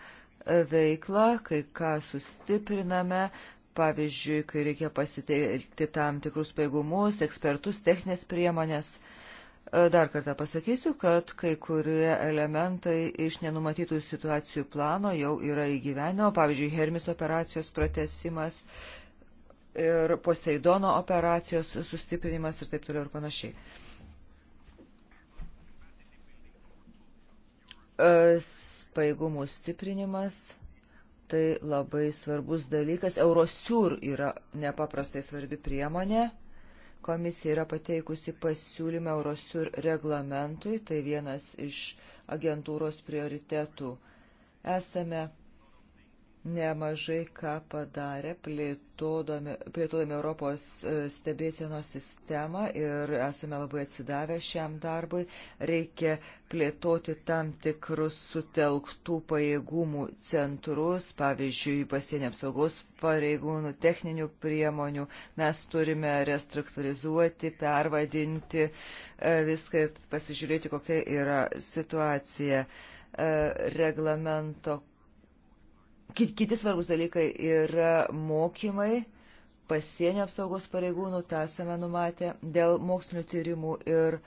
veiklą, kai ką sustipriname, pavyzdžiui, kai reikia pasitelkti tam tikrus paigumus, ekspertus, techninės priemonės. E, dar kartą pasakysiu, kad kai kurie elementai iš nenumatytų situacijų plano jau yra įgyvenimo, pavyzdžiui, Hermis operacijos pratesimas ir Poseidono operacijos sustiprinimas ir taip toliau ir panašiai. E, paėgumų stiprinimas. Tai labai svarbus dalykas. Eurosiur yra nepaprastai svarbi priemonė. Komisija yra pateikusi pasiūlymą Eurosiur reglamentui. Tai vienas iš agentūros prioritetų. Esame nemažai ką padarė plėtodami, plėtodami Europos e, stebėsienos sistemą ir esame labai atsidavę šiam darbui. Reikia plėtoti tam tikrus sutelktų pajėgumų centrus, pavyzdžiui, pasienio apsaugos pareigūnų, techninių priemonių. Mes turime restruktūrizuoti, pervadinti e, viską ir pasižiūrėti, kokia yra situacija e, reglamento Kiti svarbus dalykai yra mokymai, pasienio apsaugos pareigūnų, tą esame numatę, dėl mokslinių tyrimų ir e,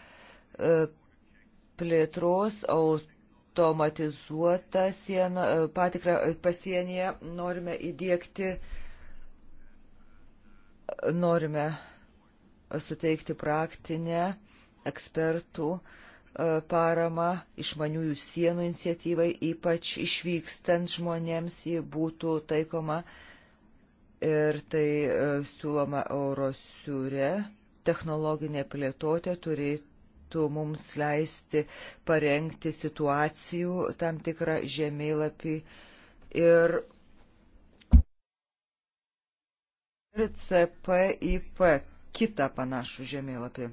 plėtros automatizuotą sieną, e, patikrą e, pasienyje norime įdėkti, norime suteikti praktinę ekspertų e, E, parama išmaniųjų sienų iniciatyvai, ypač išvykstant žmonėms, ji būtų taikoma ir tai e, siūloma Eurosiūre. Technologinė plėtotė turėtų mums leisti parengti situacijų tam tikrą žemėlapį ir CPIP kitą panašų žemėlapį.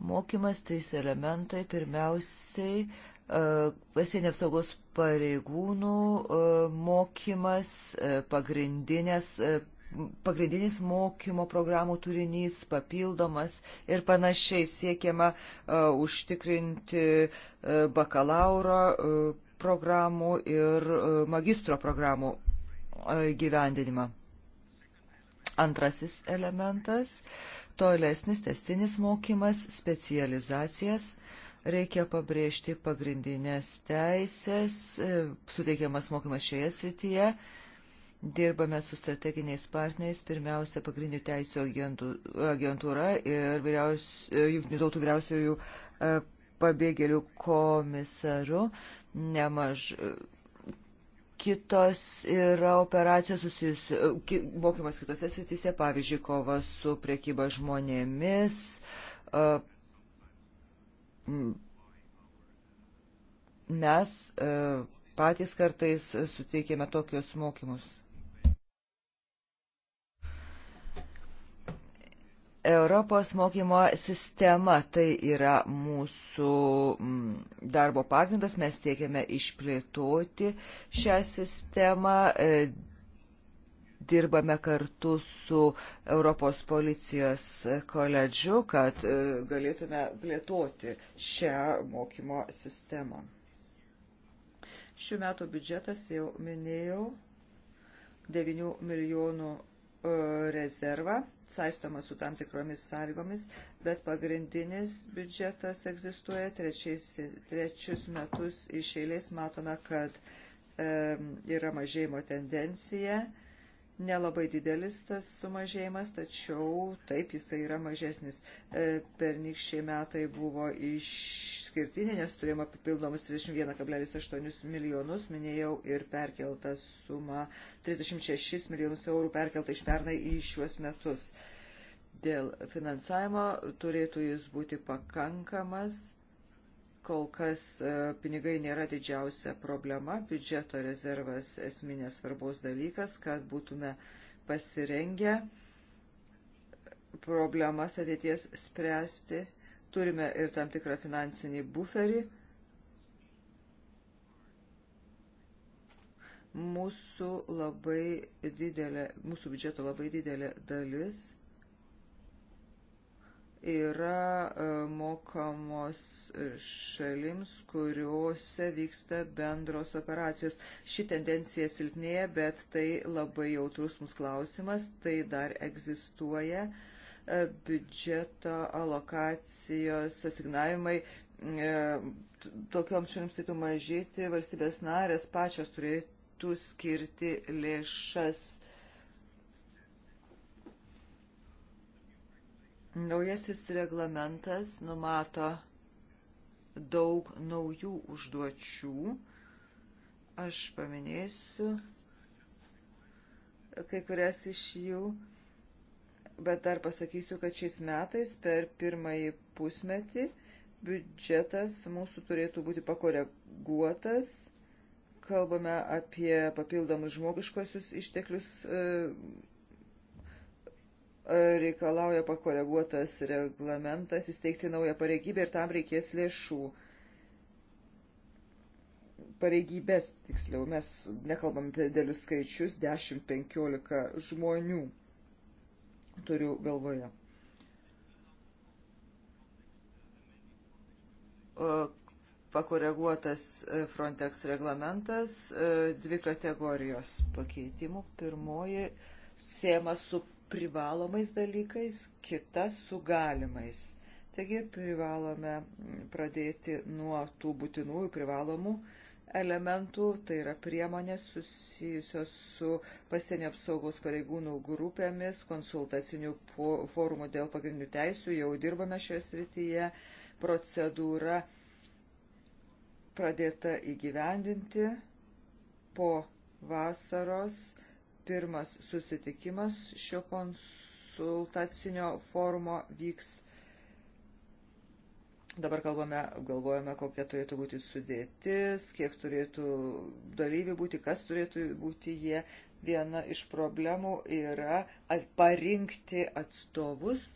Mokymas trys elementai. Pirmiausiai e, pasienio apsaugos pareigūnų e, mokymas, e, pagrindinės, pagrindinis mokymo programų turinys, papildomas ir panašiai siekiama užtikrinti bakalauro programų ir magistro programų gyvendinimą. Antrasis elementas tolesnis testinis mokymas, specializacijas, reikia pabrėžti pagrindinės teisės, e, suteikiamas mokymas šioje srityje. Dirbame su strateginiais partneriais, pirmiausia, pagrindinių teisų agentūra ir e, jungtinių tautų vyriausiojų e, pabėgėlių komisaru. Nemaž, Kitos yra operacijos susijusios, e, mokymas kitose srityse, pavyzdžiui, kova su priekyba žmonėmis, e, mes e, patys kartais suteikėme tokius mokymus. Europos mokymo sistema tai yra mūsų mm, darbo pagrindas, mes tiekiame išplėtoti šią sistemą, e, dirbame kartu su Europos policijos koledžiu, kad e, galėtume plėtoti šią mokymo sistemą. Šių metų biudžetas, jau minėjau, 9 milijonų e, rezervą saistoma su tam tikromis sąlygomis, bet pagrindinis biudžetas egzistuoja trečiais, trečius metus iš eilės. Matome, kad e, yra mažėjimo tendencija. E, nelabai didelis tas sumažėjimas, tačiau taip jisai yra mažesnis. E, pernykščiai metai buvo išskirtiniai, nes turėjome papildomus 31,8 milijonus, minėjau, ir perkeltą sumą 36 milijonus eurų perkeltą iš pernai į šiuos metus. Dėl finansavimo turėtų jis būti pakankamas kol kas e, pinigai nėra didžiausia problema, biudžeto rezervas esminės svarbos dalykas, kad būtume pasirengę problemas ateities spręsti. Turime ir tam tikrą finansinį buferį. Mūsų, labai didelė, mūsų biudžeto labai didelė dalis yra e, mokamos šalims, kuriuose vyksta bendros operacijos. Ši tendencija silpnėja, bet tai labai jautrus mūsų klausimas, tai dar egzistuoja e, biudžeto alokacijos asignavimai e, tokioms šalims turėtų mažyti, valstybės narės pačios turėtų skirti lėšas Naujasis reglamentas numato daug naujų užduočių. Aš paminėsiu kai kurias iš jų, bet dar pasakysiu, kad šiais metais per pirmąjį pusmetį biudžetas mūsų turėtų būti pakoreguotas. Kalbame apie papildomus žmogiškosius išteklius e, reikalauja pakoreguotas reglamentas įsteigti naują pareigybę ir tam reikės lėšų. Pareigybės, tiksliau, mes nekalbam apie dėlius skaičius, 10-15 žmonių turiu galvoje. Pakoreguotas e, Frontex reglamentas, e, dvi kategorijos pakeitimų. Pirmoji siejama su privalomais dalykais, kita su galimais. Taigi privalome pradėti nuo tų būtinųjų privalomų elementų, tai yra priemonės susijusios su pasienio apsaugos pareigūnų grupėmis, konsultacinių forumų dėl pagrindinių teisų, jau dirbame šioje srityje, procedūra pradėta įgyvendinti po vasaros pirmas susitikimas šio konsultacinio forumo vyks. Dabar kalbame, galvojame, kokia turėtų būti sudėtis, kiek turėtų dalyvių būti, kas turėtų būti jie. Viena iš problemų yra parinkti atstovus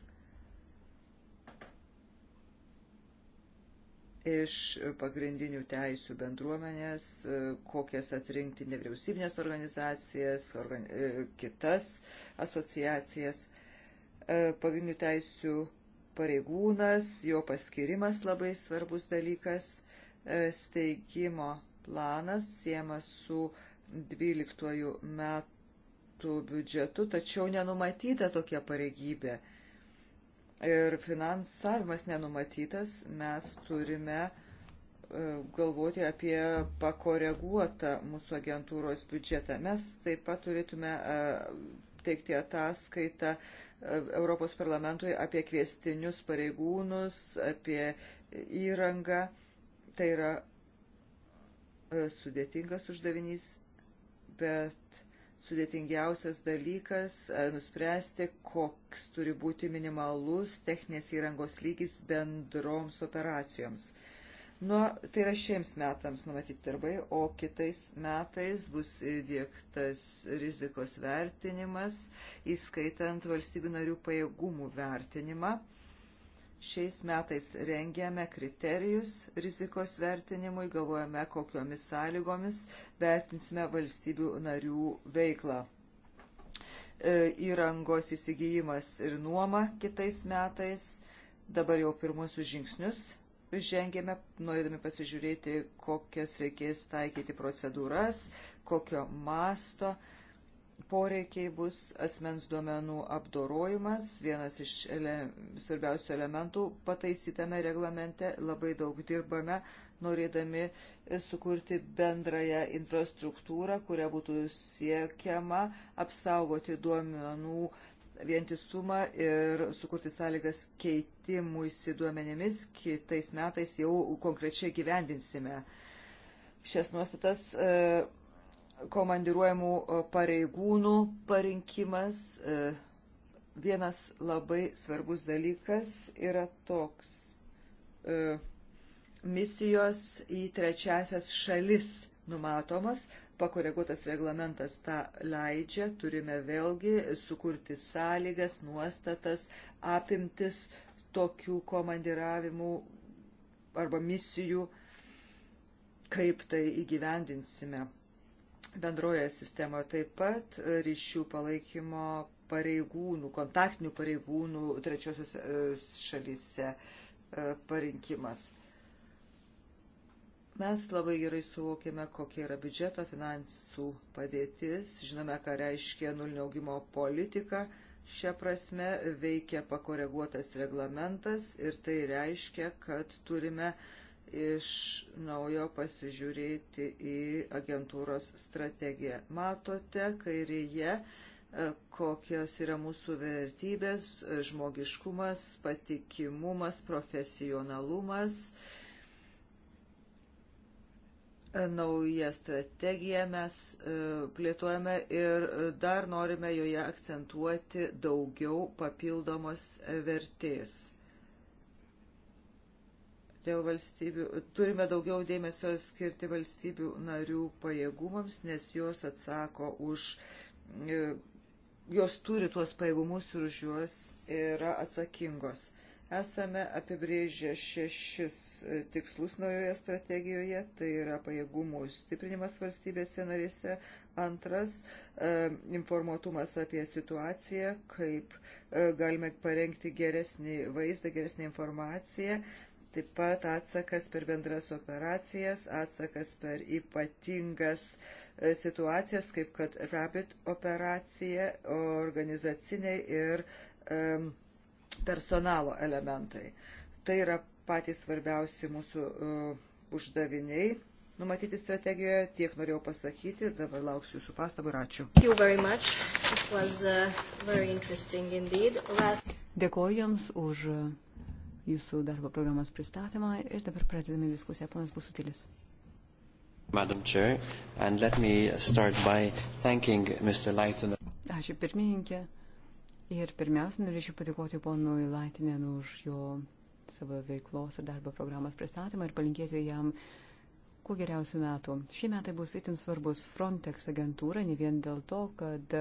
iš pagrindinių teisų bendruomenės, e, kokias atrinkti nevyriausybinės organizacijas, organ, e, kitas asociacijas. E, pagrindinių teisų pareigūnas, jo paskirimas labai svarbus dalykas, steigimo planas siemas su 12 metų biudžetu, tačiau nenumatyta tokia pareigybė ir finansavimas nenumatytas, mes turime e, galvoti apie pakoreguotą mūsų agentūros biudžetą. Mes taip pat turėtume e, teikti ataskaitą e, Europos parlamentui apie kvestinius pareigūnus, apie įrangą. Tai yra sudėtingas uždavinys, bet sudėtingiausias dalykas e, - nuspręsti, koks turi būti minimalus techninės įrangos lygis bendroms operacijoms. Nu, tai yra šiems metams numatyti darbai, o kitais metais bus įdėktas rizikos vertinimas, įskaitant valstybių narių pajėgumų vertinimą. Šiais metais rengiame kriterijus rizikos vertinimui, galvojame, kokiomis sąlygomis vertinsime valstybių narių veiklą. E, įrangos įsigijimas ir nuoma kitais metais. Dabar jau pirmusius žingsnius žengėme, norėdami pasižiūrėti, kokias reikės taikyti procedūras, kokio masto. E, poreikiai bus asmens duomenų apdorojimas, vienas iš ele, svarbiausių elementų pataisytame reglamente, labai daug dirbame, norėdami sukurti bendrąją infrastruktūrą, kuria būtų siekiama apsaugoti duomenų vientisumą ir sukurti sąlygas keitimuisi duomenimis, kitais metais jau konkrečiai gyvendinsime šias nuostatas. E, komandiruojamų e, pareigūnų parinkimas. E, vienas labai svarbus dalykas yra toks e, misijos į trečiasias šalis numatomas, pakoreguotas reglamentas tą leidžia, turime vėlgi sukurti sąlygas, nuostatas, apimtis tokių komandiravimų arba misijų, kaip tai įgyvendinsime bendroje sistemoje taip pat ryšių palaikymo pareigūnų, kontaktinių pareigūnų trečiosios e, šalyse e, parinkimas. Mes labai gerai suvokėme, kokia yra biudžeto finansų padėtis, žinome, ką reiškia nulinio augimo politika, šią prasme veikia pakoreguotas reglamentas ir tai reiškia, kad turime uh, iš naujo pasižiūrėti į agentūros strategiją. Matote kairėje, e, kokios yra mūsų vertybės - žmogiškumas, patikimumas, profesionalumas. E, naują strategiją mes e, plėtojame ir dar norime joje akcentuoti daugiau papildomos vertės dėl valstybių, turime daugiau dėmesio skirti valstybių narių pajėgumams, nes jos atsako už, e, jos turi tuos pajėgumus ir už juos yra atsakingos. Esame apibrėžę šešis e, tikslus naujoje strategijoje, tai yra pajėgumų stiprinimas valstybėse narėse, antras e, - informuotumas apie situaciją, kaip galime parengti geresnį vaizdą, geresnį informaciją, taip pat atsakas per bendras operacijas, atsakas per ypatingas e, situacijas, kaip kad Rabbit operacija, organizaciniai ir um, personalo elementai. Tai yra patys svarbiausi mūsų uh, uždaviniai numatyti strategijoje. Tiek norėjau pasakyti, dabar lauksiu jūsų pastabų ir ačiū. Was, uh, Dėkoju Jums už jūsų darbo programos pristatymą ir dabar pradedame diskusiją. Ponas Busutilis. Madam Chair, and let me start by thanking Mr. Leighton. Ačiū pirmininkė. Ir pirmiausia, norėčiau patikoti ponui Laitinėn už jo savo veiklos ir darbo programos pristatymą ir palinkėti jam kuo geriausių metų. Šie metai bus itin svarbus Frontex agentūra, ne vien dėl to, kad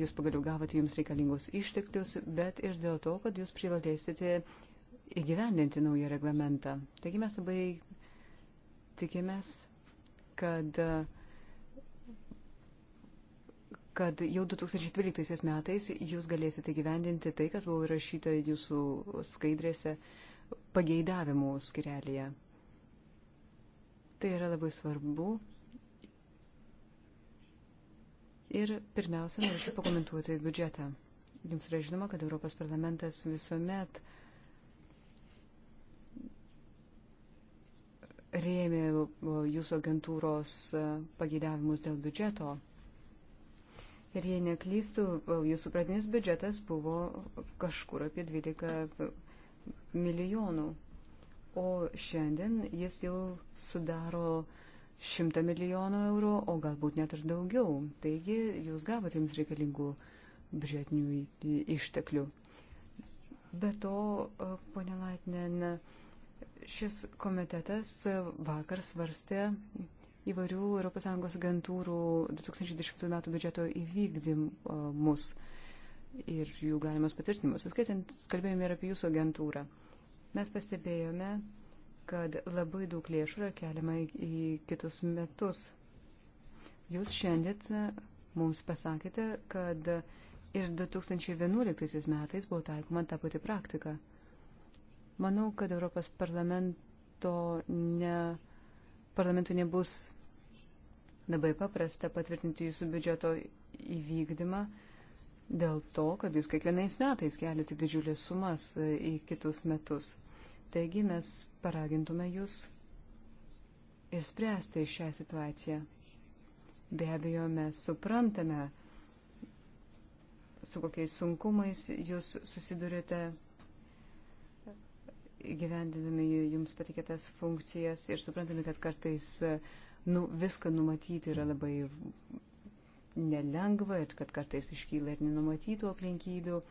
jūs pagaliau gavote jums reikalingus išteklius, bet ir dėl to, kad jūs privalėsite įgyvendinti naują reglamentą. Taigi mes labai tikimės, kad, kad jau 2012 metais jūs galėsite įgyvendinti tai, kas buvo įrašyta jūsų skaidrėse pageidavimų skirelėje. Tai yra labai svarbu. Ir pirmiausia, norėčiau pakomentuoti biudžetą. Jums yra žinoma, kad Europos parlamentas visuomet uh, rėmė jūsų agentūros e, pageidavimus dėl biudžeto. Ir jei neklystų, jūsų pradinis biudžetas buvo kažkur apie 12 milijonų, o šiandien jis jau sudaro 100 milijonų eurų, o galbūt net ir daugiau. Taigi jūs gavote jums reikalingų biudžetinių išteklių. Be to, ponė Laitinen, Šis komitetas vakar svarstė įvairių ES agentūrų 2010 m. biudžeto įvykdymus ir jų galimas patvirtinimus. Skaitant, kalbėjome ir apie jūsų agentūrą. Mes pastebėjome, kad labai daug lėšų yra keliama į kitus metus. Jūs šiandien mums pasakėte, kad ir 2011 metais buvo taikoma ta pati praktika. Manau, kad Europos parlamento ne, parlamentu nebus labai paprasta patvirtinti jūsų biudžeto įvykdymą dėl to, kad jūs kiekvienais metais keliate didžiulės sumas e, į kitus metus. Taigi mes paragintume jūs ir spręsti šią situaciją. Be abejo, mes suprantame, su kokiais sunkumais jūs susidurite gyvendinami jums patikėtas funkcijas ir suprantami, kad kartais e, nu, viską numatyti yra labai nelengva ir kad kartais iškyla ir nenumatytų aplinkybių.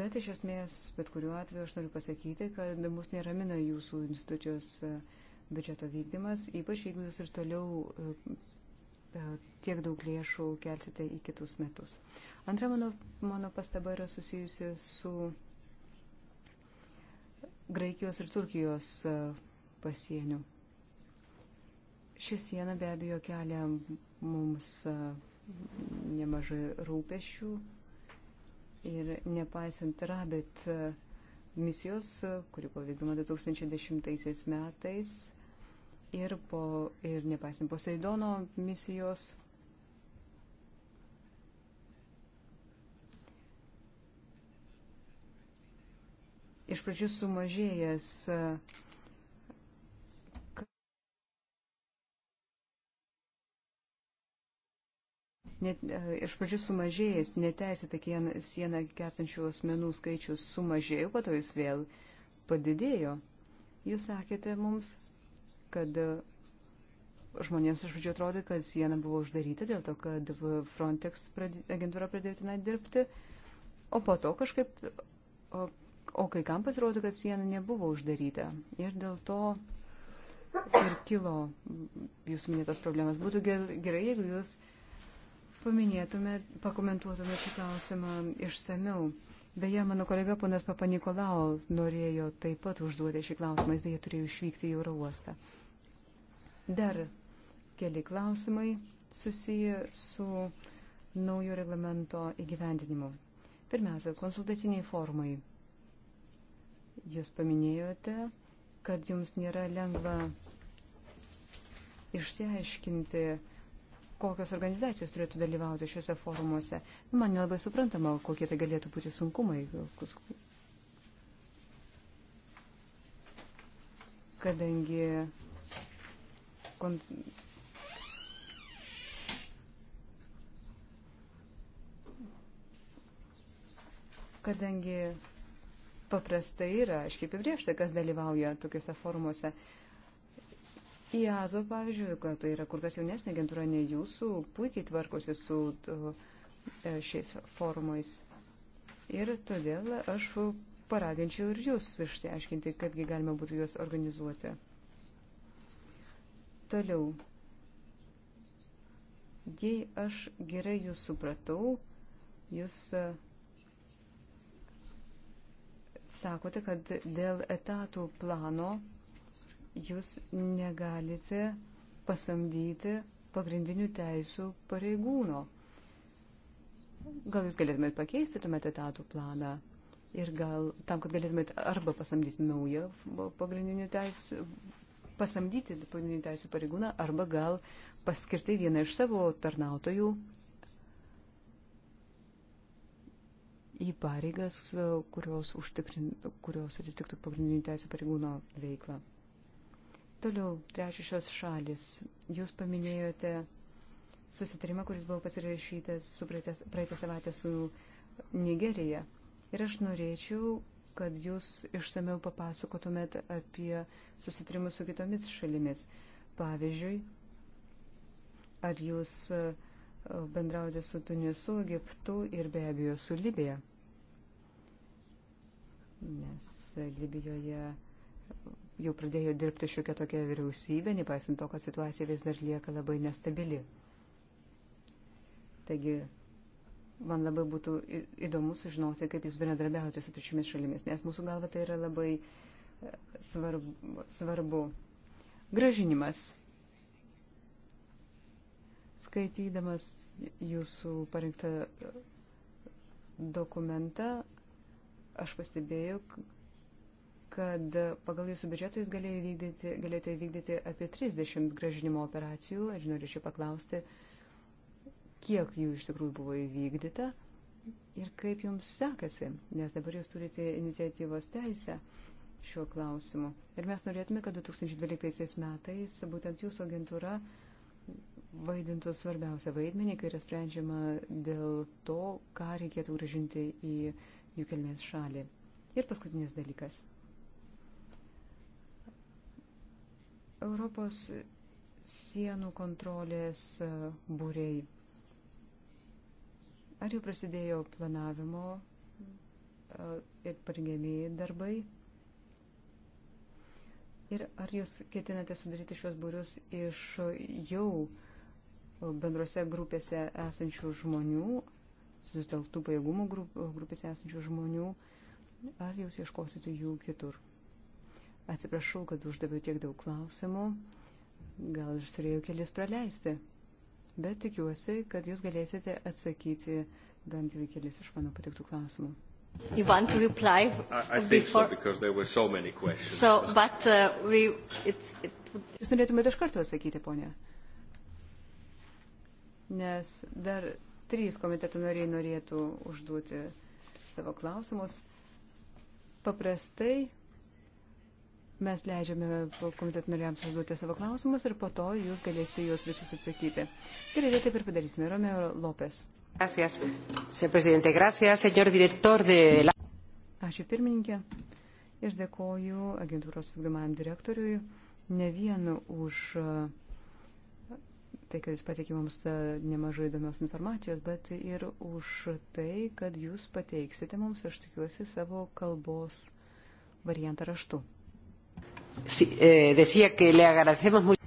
Bet iš esmės, bet kuriuo atveju aš noriu pasakyti, kad mus neramina jūsų institucijos e, biudžeto vykdymas, ypač jeigu jūs ir toliau e, tiek daug lėšų kelsite į kitus metus. Antra mano, mano pastaba yra susijusi su Graikijos ir Turkijos e, pasienio. Ši siena be abejo kelia mums e, nemažai rūpešių ir nepaisant rabit e, misijos, kuri buvo vykdoma 2010 metais ir, po, ir nepaisant Poseidono misijos, iš pradžių sumažėjęs. Net, iš pradžių sumažėjęs neteisėtai sieną kertančių asmenų skaičius sumažėjo, po to jis vėl padidėjo. Jūs sakėte mums, kad žmonėms iš pradžių atrodė, kad siena buvo uždaryta dėl to, kad Frontex pradė, agentūra pradėjo tenai dirbti, o po to kažkaip o kai kam pasirodo, kad siena nebuvo uždaryta. Ir dėl to ir kilo jūsų minėtos problemas. Būtų gerai, jeigu jūs paminėtumėt, pakomentuotumėt šį klausimą išsameu. Beje, mano kolega ponas Papa Nikolau norėjo taip pat užduoti šį klausimą, jis dėja turėjo išvykti į oro uostą. Dar keli klausimai susiję su naujo reglamento įgyvendinimu. Pirmiausia, konsultaciniai formai. Jūs paminėjote, kad jums nėra lengva išsiaiškinti, kokios organizacijos turėtų dalyvauti šiuose forumuose. Man nelabai suprantama, kokie tai galėtų būti sunkumai, kadangi kont... kadangi paprastai yra aiškiai apibriešta, kas dalyvauja tokiuose forumuose. IAZO, pavyzdžiui, kad tai yra kur kas jaunesnė agentūra, ne jūsų, puikiai tvarkosi su e, šiais forumais. Ir todėl aš paraginčiau ir jūs išsiaiškinti, kaipgi galima būtų juos organizuoti. Toliau. Jei aš gerai jūs supratau, jūs sakote, kad dėl etatų plano jūs negalite pasamdyti pagrindinių teisų pareigūno. Gal jūs galėtumėt pakeisti tuomet etatų planą ir gal tam, kad galėtumėt arba pasamdyti naują pagrindinių teisų, pasamdyti pagrindinių teisų pareigūną, arba gal paskirti vieną iš savo tarnautojų į pareigas, e, kurios, užtikrin, kurios atitiktų pagrindinių teisų pareigūno veiklą. Toliau, trečiosios šalis. Jūs paminėjote susitarimą, kuris buvo pasirašytas praeitą savaitę su Nigerija. Ir aš norėčiau, kad jūs išsameu papasakotumėt apie susitarimus su kitomis šalimis. Pavyzdžiui, ar jūs uh, bendrauti su Tunisu, Egiptu ir be abejo su Libija. Nes Libijoje jau pradėjo dirbti šiokia tokia vyriausybė, nepaisant to, kad situacija vis dar lieka labai nestabili. Taigi, man labai būtų įdomu sužinoti, kaip jūs bendradarbiaujate su trečiomis šalimis, nes mūsų galva tai yra labai e, svarbu. svarbu. Gražinimas Skaitydamas jūsų parinktą dokumentą, aš pastebėjau, kad pagal jūsų biudžetą jūs galėjote įvykdyti apie 30 gražinimo operacijų ir norėčiau paklausti, kiek jų iš tikrųjų buvo įvykdyta ir kaip jums sekasi, nes dabar jūs turite iniciatyvos teisę šiuo klausimu. Ir mes norėtume, kad 2012 metais būtent jūsų agentūra uh, vaidintų svarbiausią vaidmenį, kai yra sprendžiama dėl to, ką reikėtų gražinti į jų kilmės šalį. Ir paskutinis dalykas. Europos sienų kontrolės e, būrei. Ar jau prasidėjo planavimo e, ir parengėmiai darbai? Ir ar jūs ketinate sudaryti šios būrius iš jau uh, bendrose grupėse esančių žmonių, susitelktų pajėgumų grupėse esančių žmonių, ar jūs ieškosite jų kitur? Atsiprašau, kad uždaviau tiek daug klausimų, gal aš turėjau kelis praleisti, bet tikiuosi, kad jūs galėsite atsakyti bent jau kelis iš mano patiktų klausimų. You want to reply I, I before? I think so, because there were so many questions. So, but uh, we, it's, it... Jūs norėtumėte iš karto atsakyti, ponė? nes dar trys komiteto nariai norėtų užduoti savo klausimus. Paprastai mes leidžiame komiteto nariams užduoti savo klausimus ir po to jūs galėsite juos visus atsakyti. Gerai, tai taip ir padarysime. Romeo Lopes. Gracias, señor presidente. Gracias, señor director de la. Ačiū pirmininkė ir dėkoju agentūros vykdomajam direktoriui ne vien už uh, tai, kad jis pateikė mums e, nemažai įdomios informacijos, bet ir už tai, kad jūs pateiksite mums, aš tikiuosi, savo kalbos variantą raštu. Sí, eh, decía que le agradecemos mucho.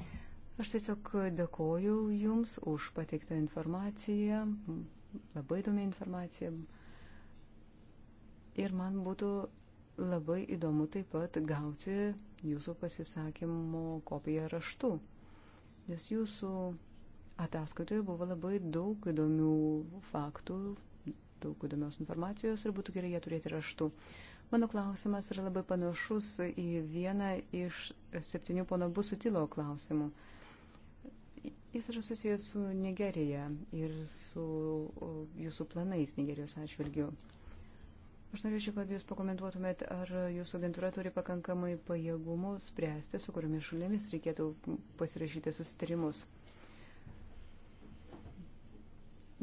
Aš tiesiog dėkoju Jums už pateiktą informaciją, labai įdomi informacija. Ir man būtų labai įdomu taip pat gauti Jūsų pasisakymo kopiją raštu, nes Jūsų ataskaitoje buvo labai daug įdomių faktų, daug įdomios informacijos ir būtų gerai ją turėti raštu. Mano klausimas yra labai panašus į vieną iš septynių pono Busutilo klausimų. Jis yra susijęs su Nigerija ir su jūsų planais Nigerijos atžvilgiu. Aš norėčiau, kad jūs pakomentuotumėt, ar jūsų agentūra turi pakankamai pajėgumų spręsti, su kuriomis šalimis reikėtų pasirašyti susitarimus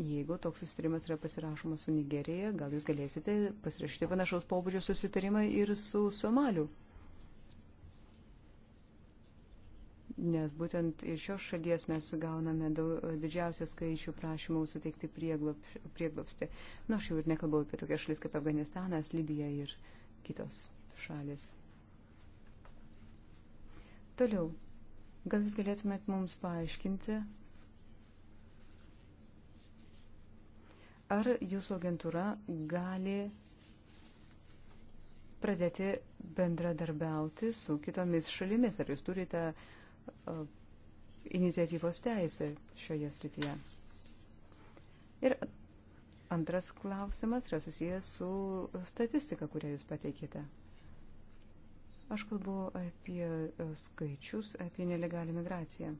jeigu toks susitarimas yra pasirašomas su Nigerija, gal jūs galėsite pasirašyti panašaus pobūdžio susitarimą ir su Somaliu. Nes būtent iš šios šalies mes gauname daug, didžiausią skaičių prašymų suteikti prieglop, prieglopstį. Na, nu, aš jau ir nekalbau apie tokias šalis kaip Afganistanas, Libija ir kitos šalis. Toliau, gal jūs galėtumėt mums paaiškinti, Ar jūsų agentūra gali pradėti bendradarbiauti su kitomis šalimis? Ar jūs turite uh, iniciatyvos teisę šioje srityje? Ir antras klausimas yra susijęs su statistika, kurią jūs pateikite. Aš kalbu apie skaičius, apie nelegalią migraciją.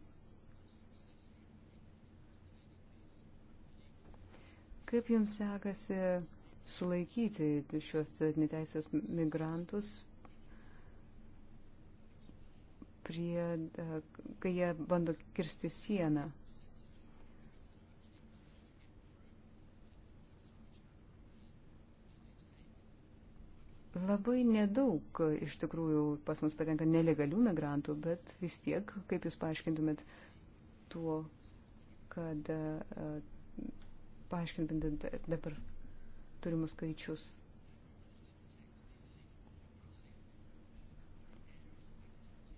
Kaip jums sekasi sulaikyti šios neteisės migrantus, prie, kai jie bando kirsti sieną? Labai nedaug iš tikrųjų pas mus patenka nelegalių migrantų, bet vis tiek, kaip jūs paaiškintumėt tuo, kad paaiškinant dabar turimus skaičius.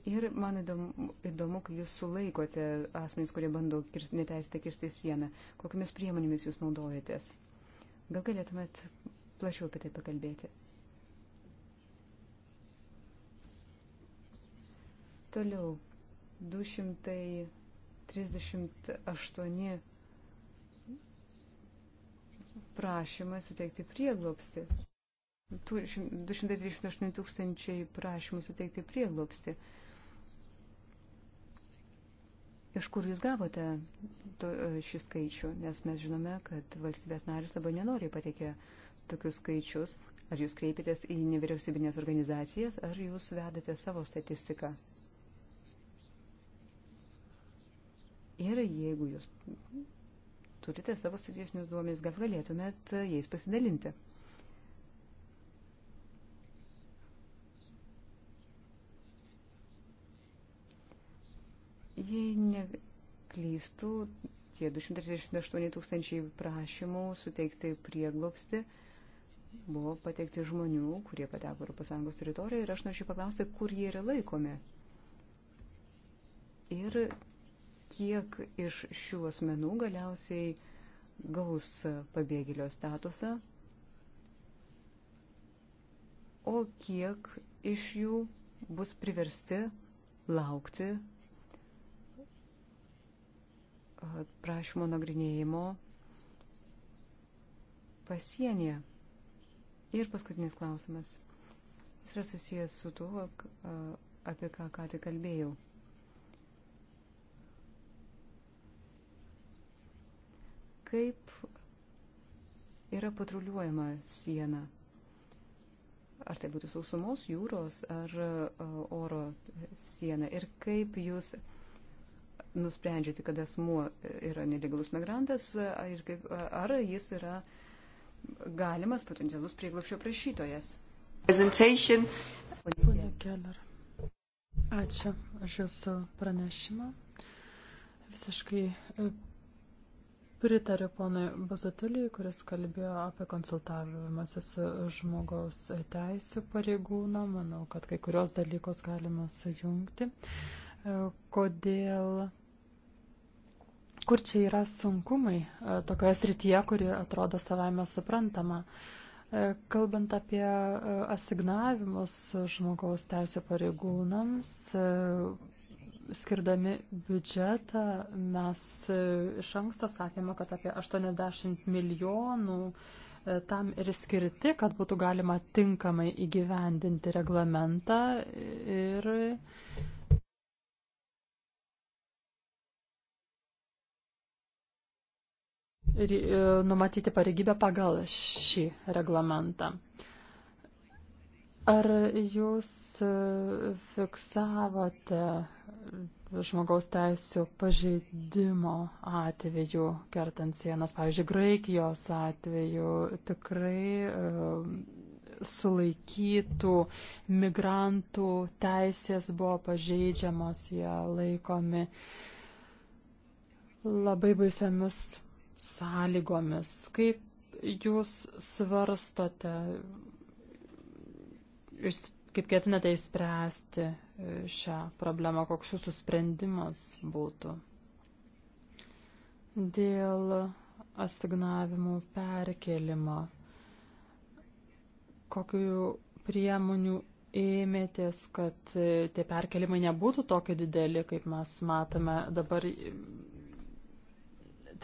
Ir man įdomu, įdomu kai jūs sulaikote asmenys, kurie bando kirst, neteisėtai kirsti sieną, kokiamis priemonėmis jūs naudojatės. Gal galėtumėt plačiau apie tai pakalbėti? Toliau 238 prašymai suteikti prieglopsti. 238 tūkstančiai prašymų suteikti prieglopsti. Iš kur jūs gavote to, e, šį skaičių? Nes mes žinome, kad valstybės narys labai nenori pateikė tokius skaičius. Ar jūs kreipitės į nevyriausybinės organizacijas, ar jūs vedate savo statistiką? Ir jeigu jūs turite savo statistinius duomenys, gal galėtumėt e, jais pasidalinti. Jei neklystų, tie 238 tūkstančiai prašymų suteikti prieglopsti buvo pateikti žmonių, kurie pateko Europos Sąjungos teritoriją ir aš norėčiau paklausti, kur jie yra laikomi. Ir kiek iš šių asmenų galiausiai gaus pabėgėlio statusą, o kiek iš jų bus priversti laukti prašymo nagrinėjimo pasienyje. Ir paskutinis klausimas. Jis yra susijęs su tuo, apie ką ką tik kalbėjau. kaip yra patruliuojama siena. Ar tai būtų sausumos, jūros ar e, oro siena. Ir kaip jūs nusprendžiate, kad asmuo yra nelegalus migrantas e, e, ar jis yra galimas potencialus prieglapšio prašytojas. Pone Keller, ačiū už Jūsų pranešimą. Visiškai Pritariu ponui Bazatuliui, kuris kalbėjo apie konsultavimąsi su žmogaus teisų pareigūno. Manau, kad kai kurios dalykos galima sujungti. E, kodėl? Kur čia yra sunkumai e, tokioje srityje, kuri atrodo savame suprantama? E, kalbant apie asignavimus žmogaus teisų pareigūnams, skirdami biudžetą mes e, iš anksto sakėme, kad apie 80 milijonų e, tam ir skirti, kad būtų galima tinkamai įgyvendinti reglamentą ir e, numatyti pareigybę pagal šį reglamentą. Ar jūs e, fiksavote žmogaus teisų pažeidimo atveju, kertant sienas, pavyzdžiui, Graikijos atveju, tikrai e, sulaikytų migrantų teisės buvo pažeidžiamos, jie laikomi labai baisiamis sąlygomis. Kaip jūs svarstote kaip ketinate įspręsti e, šią problemą, koks jūsų sprendimas būtų. Dėl asignavimų perkelimo, kokiu priemonių ėmėtės, kad e, tie perkelimai nebūtų tokie dideli, kaip mes matome dabar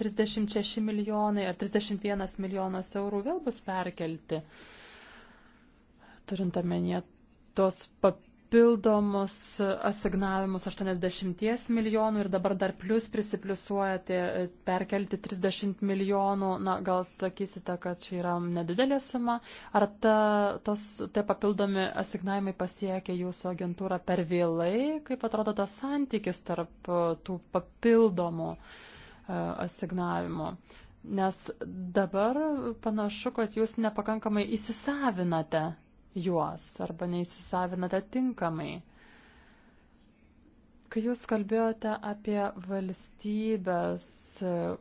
36 milijonai ar 31 milijonas eurų vėl bus perkelti. Uh, turint omenyje tos papildomus asignavimus 80 milijonų ir dabar dar plus prisipliusuojate e, perkelti 30 milijonų, na gal sakysite, kad čia yra nedidelė suma, ar ta, tos, tie papildomi asignavimai pasiekia jūsų agentūrą per vėlai, kaip atrodo tas santykis tarp e, tų papildomų e, asignavimų. Nes dabar panašu, kad jūs nepakankamai įsisavinate juos arba neįsisavinate tinkamai. Kai jūs kalbėjote apie valstybės,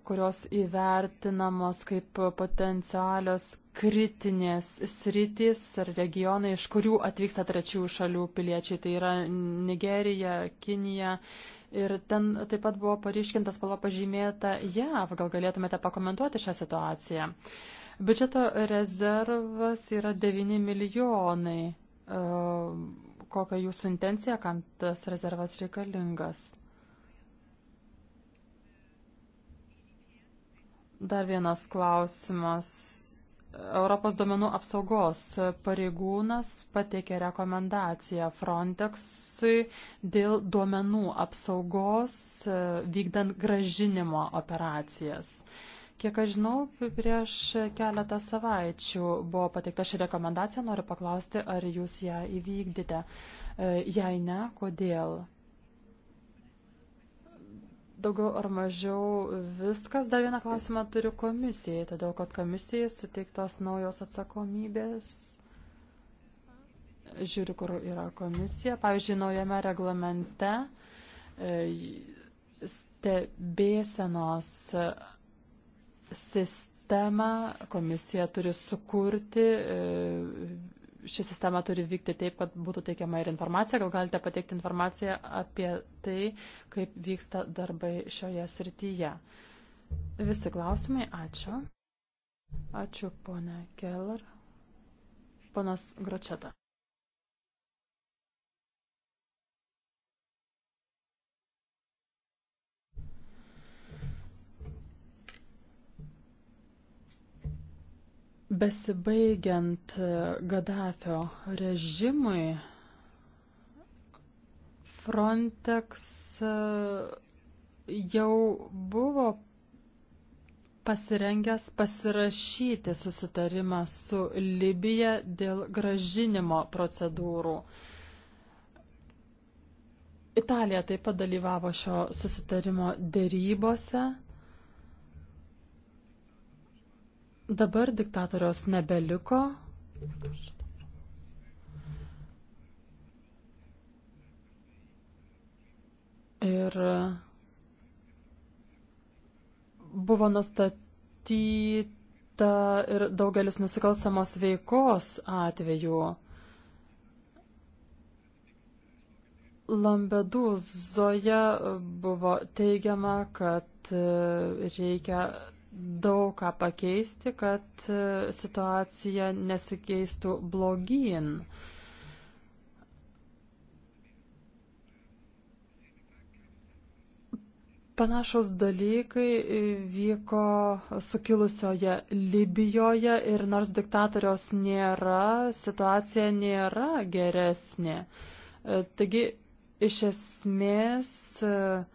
kurios įvertinamos kaip potencialios kritinės sritys ar regionai, iš kurių atvyksta trečiųjų šalių piliečiai, tai yra Nigerija, Kinija Ir ten taip pat buvo paryškintas spalva pažymėta JAV. Gal galėtumėte pakomentuoti šią situaciją? Uh, Biudžeto rezervas yra 9 milijonai. E, kokia jūsų intencija, kam tas rezervas reikalingas? Dar vienas klausimas. Europos domenų apsaugos pareigūnas pateikė rekomendaciją Frontexui dėl duomenų apsaugos e, vykdant gražinimo operacijas. Uh, Kiek aš žinau, prieš keletą savaičių buvo pateikta ši rekomendacija, noriu paklausti, ar jūs ją įvykdėte. E, jei ne, kodėl? Daugiau ar mažiau viskas. Dar vieną klausimą turiu komisijai, todėl kad komisijai suteiktos naujos atsakomybės. Žiūriu, kur yra komisija. Pavyzdžiui, naujame reglamente e, stebėsenos sistemą komisija turi sukurti. E, ši sistema turi vykti taip, kad būtų teikiama ir informacija. Gal galite pateikti informaciją apie tai, kaip vyksta darbai šioje srityje. Visi klausimai, ačiū. Ačiū, ponia Keller. Ponas Gročeta. Besibaigiant e, Gaddafio režimui, Frontex e, jau buvo pasirengęs pasirašyti susitarimą su Libija dėl gražinimo procedūrų. Italija taip pat dalyvavo šio susitarimo dėrybose. Dabar diktatorios nebeliko. Ir buvo nustatyta ir daugelis nusikalstamos veikos atvejų. Lambedūzoje buvo teigiama, kad reikia daug ką pakeisti, kad e, situacija nesikeistų blogyn. Panašaus dalykai e, vyko sukilusioje Libijoje ir nors diktatoriaus nėra, situacija nėra geresnė. E, taigi, iš esmės, uh,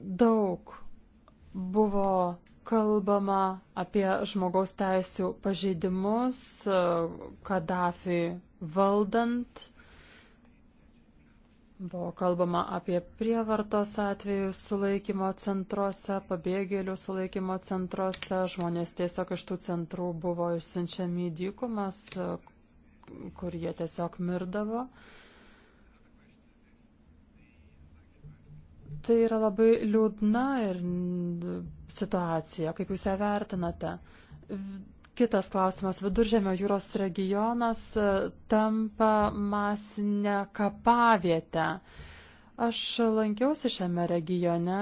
Daug buvo kalbama apie žmogaus teisų pažeidimus Kadafi valdant. Buvo kalbama apie prievartos atvejus sulaikymo centruose, pabėgėlių sulaikymo centruose. Žmonės tiesiog iš tų centrų buvo išsiunčiami į dykumas, kur jie tiesiog mirdavo. Uh, Tai yra labai liūdna ir situacija, kaip jūs ją vertinate. Kitas klausimas. Viduržėmio jūros regionas e, tampa masinę kapavietę. Aš lankiausi šiame regione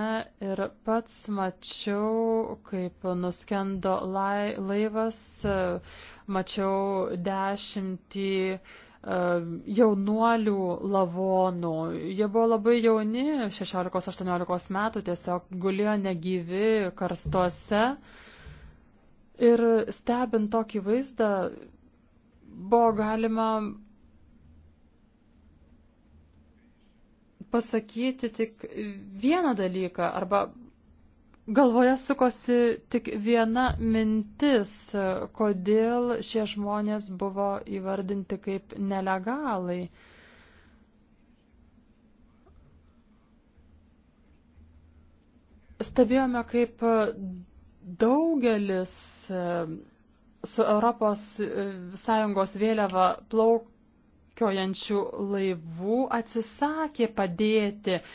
ir pats mačiau, kaip nuskendo laivas, e, mačiau dešimtį jaunuolių lavonų. Jie buvo labai jauni, 16-18 metų, tiesiog gulėjo negyvi karstuose. Ir stebint tokį vaizdą, buvo galima pasakyti tik vieną dalyką arba Galvoje sukosi tik viena mintis, kodėl šie žmonės buvo įvardinti kaip nelegalai. Stebėjome, kaip daugelis e, su Europos e, Sąjungos vėliava plaukiojančių laivų atsisakė padėti uh,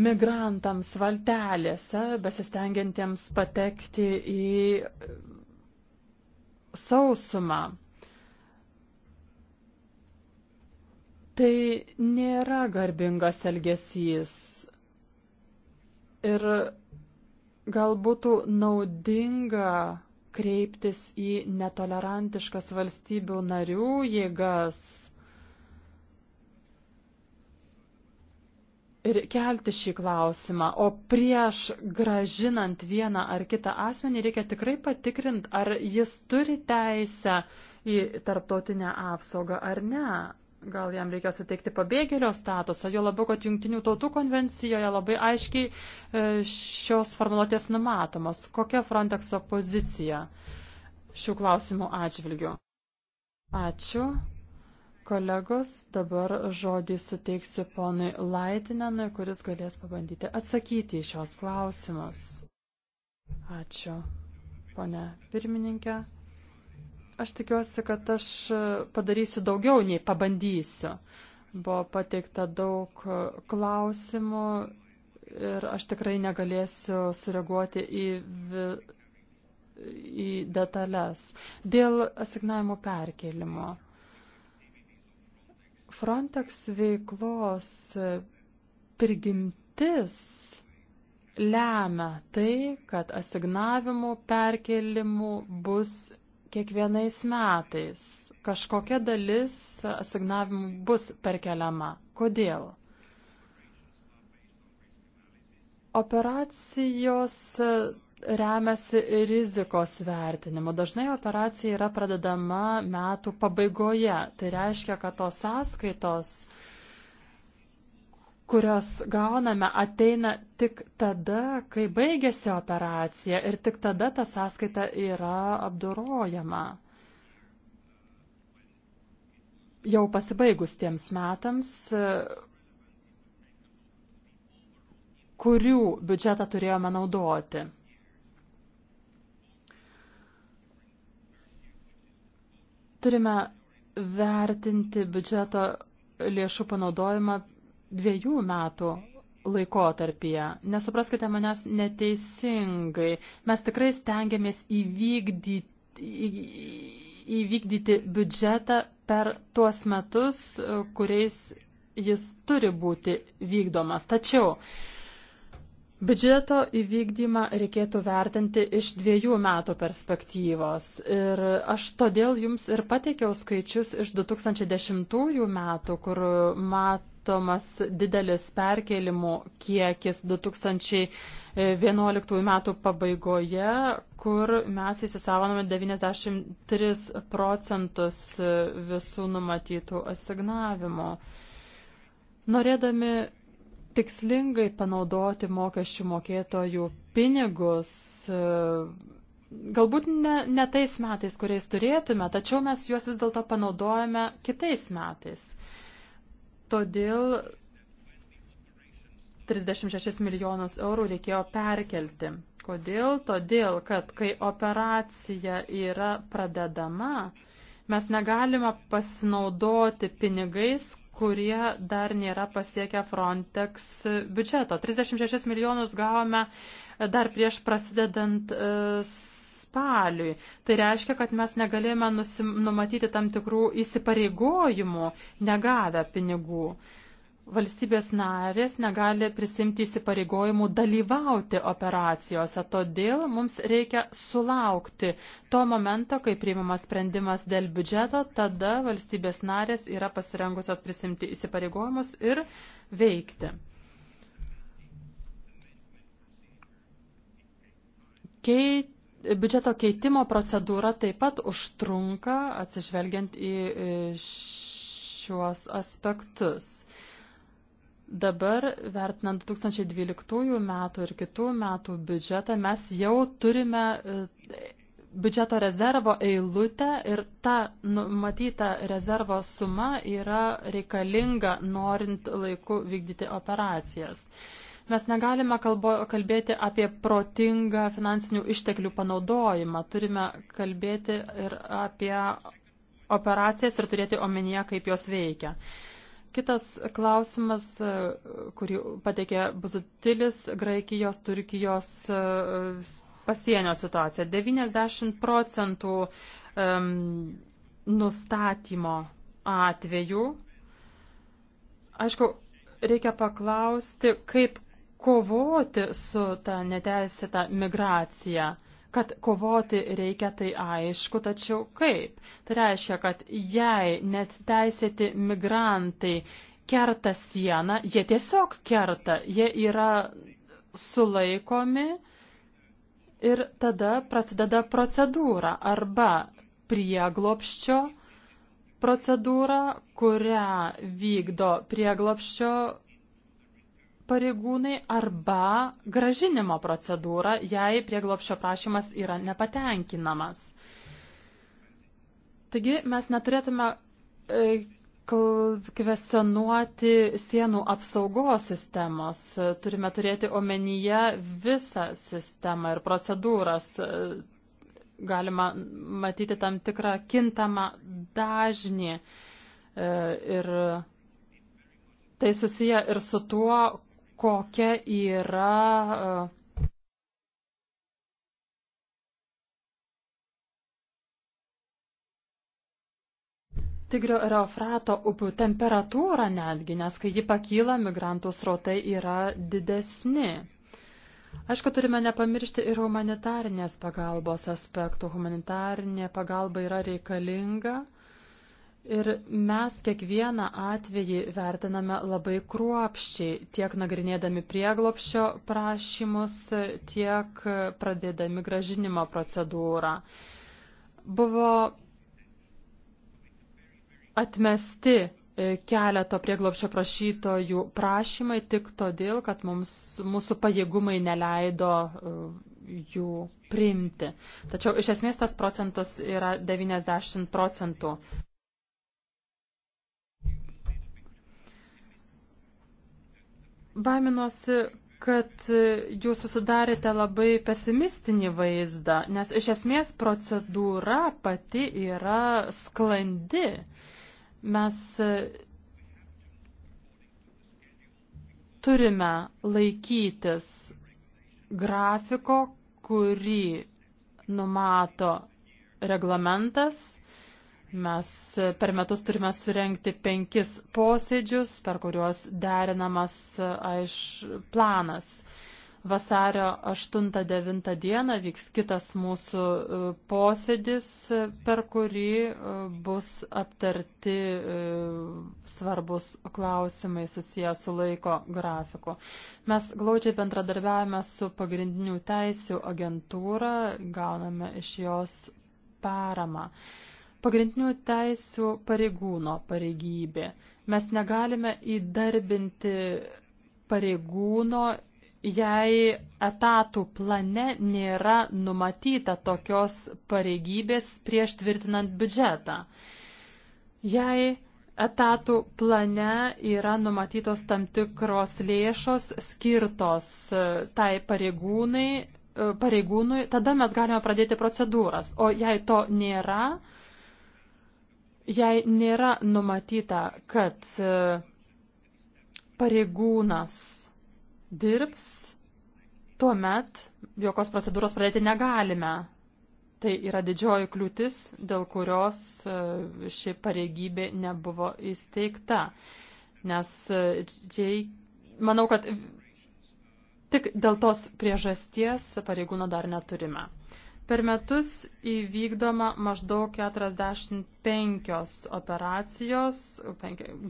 migrantams valtelėse, besistengiantiems patekti į sausumą. Tai nėra garbingas elgesys. Ir gal būtų naudinga kreiptis į netolerantiškas valstybių narių jėgas ir kelti šį klausimą. O prieš gražinant vieną ar kitą asmenį reikia tikrai patikrinti, ar jis turi teisę į tarptautinę apsaugą ar ne. Gal jam reikia suteikti pabėgėlio statusą, jo labiau, kad Junktinių tautų konvencijoje labai aiškiai e, šios formuluotės numatomas. Kokia Frontexo pozicija šių klausimų atžvilgių? Ačiū. Kolegos, dabar žodį suteiksiu ponui Laitinenui, kuris galės pabandyti atsakyti į šios klausimus. Ačiū, ponė pirmininkė. Aš tikiuosi, kad aš padarysiu daugiau nei pabandysiu. Buvo pateikta daug klausimų ir aš tikrai negalėsiu sureaguoti į, į detalės. Dėl asignavimo perkelimo. Frontex veiklos prigimtis lemia tai, kad asignavimų perkelimų bus kiekvienais metais. Kažkokia dalis asignavimų bus perkeliama. Kodėl? Operacijos remiasi rizikos vertinimu. Dažnai operacija yra pradedama metų pabaigoje. Tai reiškia, kad tos sąskaitos, kurias gauname, ateina tik tada, kai baigėsi operacija ir tik tada ta sąskaita yra apdorojama. Jau pasibaigus tiems metams, kurių biudžetą turėjome naudoti. Turime vertinti biudžeto lėšų panaudojimą dviejų metų laikotarpyje. Nesupraskite manęs neteisingai. Mes tikrai stengiamės įvykdyti, įvykdyti biudžetą per tuos metus, kuriais jis turi būti vykdomas. Tačiau Biudžeto įvykdymą reikėtų vertinti iš dviejų metų perspektyvos. Ir aš todėl jums ir pateikiau skaičius iš 2010 metų, kur matomas didelis perkelimų kiekis 2011 metų pabaigoje, kur mes įsisavinome 93 procentus visų numatytų asignavimų. Norėdami tikslingai panaudoti mokesčių mokėtojų pinigus. E, galbūt ne, ne tais metais, kuriais turėtume, tačiau mes juos vis dėlto panaudojame kitais metais. Todėl 36 milijonus eurų reikėjo perkelti. Kodėl? Todėl, kad kai operacija yra pradedama, mes negalime pasinaudoti pinigais, kurie dar nėra pasiekę Frontex biudžeto. 36 milijonus gavome e, dar prieš prasidedant e, spaliui. Tai reiškia, kad mes negalėjome numatyti tam tikrų įsipareigojimų negavę pinigų. Uh, valstybės narės negali prisimti įsipareigojimų dalyvauti operacijose. Todėl mums reikia sulaukti to momento, kai priimamas sprendimas dėl biudžeto, tada valstybės narės yra pasirengusios prisimti įsipareigojimus ir veikti. Keit, biudžeto keitimo procedūra taip pat užtrunka atsižvelgiant į e, šiuos aspektus. Dabar, vertinant 2012 metų ir kitų metų biudžetą, mes jau turime e, biudžeto rezervo eilutę ir ta numatyta rezervo suma yra reikalinga norint laiku vykdyti operacijas mes negalime kalbo, kalbėti apie protingą finansinių išteklių panaudojimą. Turime kalbėti ir apie operacijas ir turėti omenyje, kaip jos veikia. Kitas klausimas, e, kurį pateikė Buzutilis, Graikijos, Turkijos e, pasienio situacija. 90 procentų um, nustatymo atvejų. Aišku, reikia paklausti, kaip kovoti su ta neteisėta migracija. Uh, Kad kovoti reikia tai aišku, tačiau kaip? Tai reiškia, kad jei net teisėti migrantai kerta sieną, jie tiesiog kerta, jie yra sulaikomi ir tada prasideda procedūra arba prieglopščio procedūra, kurią vykdo prieglopščio pareigūnai arba gražinimo procedūra, jei prieglopščio prašymas yra nepatenkinamas. Taigi mes neturėtume e, kvesionuoti sienų apsaugos sistemos. Turime turėti omenyje visą sistemą ir procedūras. Galima matyti tam tikrą kintamą dažnį e, ir tai susiję ir su tuo, kokia yra e, Tigrio ir Eufrato upių temperatūra netgi, nes kai ji pakyla, migrantų srautai yra didesni. Aišku, turime nepamiršti ir humanitarinės pagalbos aspektų. Humanitarinė pagalba yra reikalinga. Ir mes kiekvieną atvejį vertiname labai kruopščiai, tiek nagrinėdami prieglopščio prašymus, tiek pradėdami gražinimo procedūrą. Buvo atmesti e, keleto prieglopščio prašytojų prašymai tik todėl, kad mums, mūsų pajėgumai neleido e, jų priimti. Tačiau iš esmės tas procentas yra 90 procentų Baiminosi, kad jūs susidarėte labai pesimistinį vaizdą, nes iš esmės procedūra pati yra sklandi. Mes turime laikytis grafiko, kurį numato reglamentas Mes per metus turime surenkti penkis posėdžius, per kuriuos derinamas aiš planas. Vasario 8-9 dieną vyks kitas mūsų e, posėdis, e, per kurį e, bus aptarti svarbus klausimai susijęs su laiko grafiku. Mes glaudžiai bendradarbiavame su pagrindinių teisių agentūra, gauname iš jos paramą pagrindinių teisų pareigūno pareigybė. Mes negalime įdarbinti pareigūno, jei etatų plane nėra numatyta tokios pareigybės prieš tvirtinant biudžetą. Jei etatų plane yra numatytos tam tikros lėšos skirtos e, tai pareigūnai, e, pareigūnui, tada mes galime pradėti procedūras. O jei to nėra, jei nėra numatyta, kad e, pareigūnas dirbs, tuomet jokios procedūros pradėti negalime. Tai yra didžioji kliūtis, dėl kurios e, ši pareigybė nebuvo įsteigta. Nes e, jei, manau, kad tik dėl tos priežasties pareigūno dar neturime. Per metus įvykdoma maždaug 45 operacijos,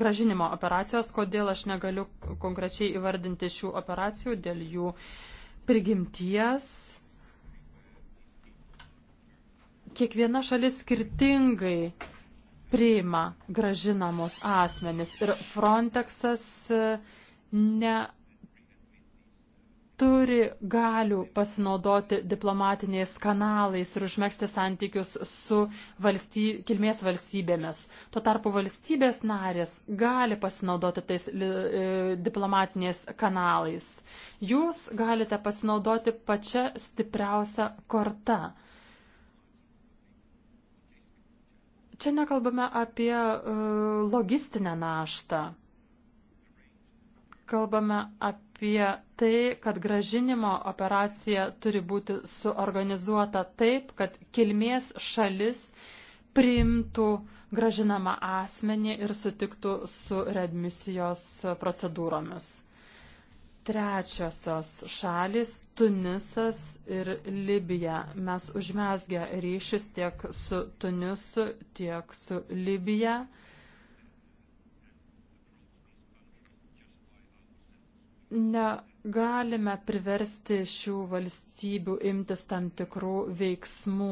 gražinimo operacijos, kodėl aš negaliu konkrečiai įvardinti šių operacijų dėl jų prigimties, kiekviena šalis skirtingai priima gražinamus asmenis ir Frontexas ne turi galių pasinaudoti diplomatiniais kanalais ir užmėgsti santykius su valsty, kilmės valstybėmis. Tuo tarpu valstybės narės gali pasinaudoti tais li, e, diplomatiniais kanalais. Jūs galite pasinaudoti pačią stipriausią kortą. Čia nekalbame apie uh, logistinę naštą kalbame apie tai, kad gražinimo operacija turi būti suorganizuota taip, kad kilmės šalis priimtų gražinamą asmenį ir sutiktų su redmisijos procedūromis. Trečiosios šalis - Tunisas ir Libija. Mes užmesgę ryšius tiek su Tunisu, tiek su Libija. negalime priversti šių valstybių imtis tam tikrų veiksmų.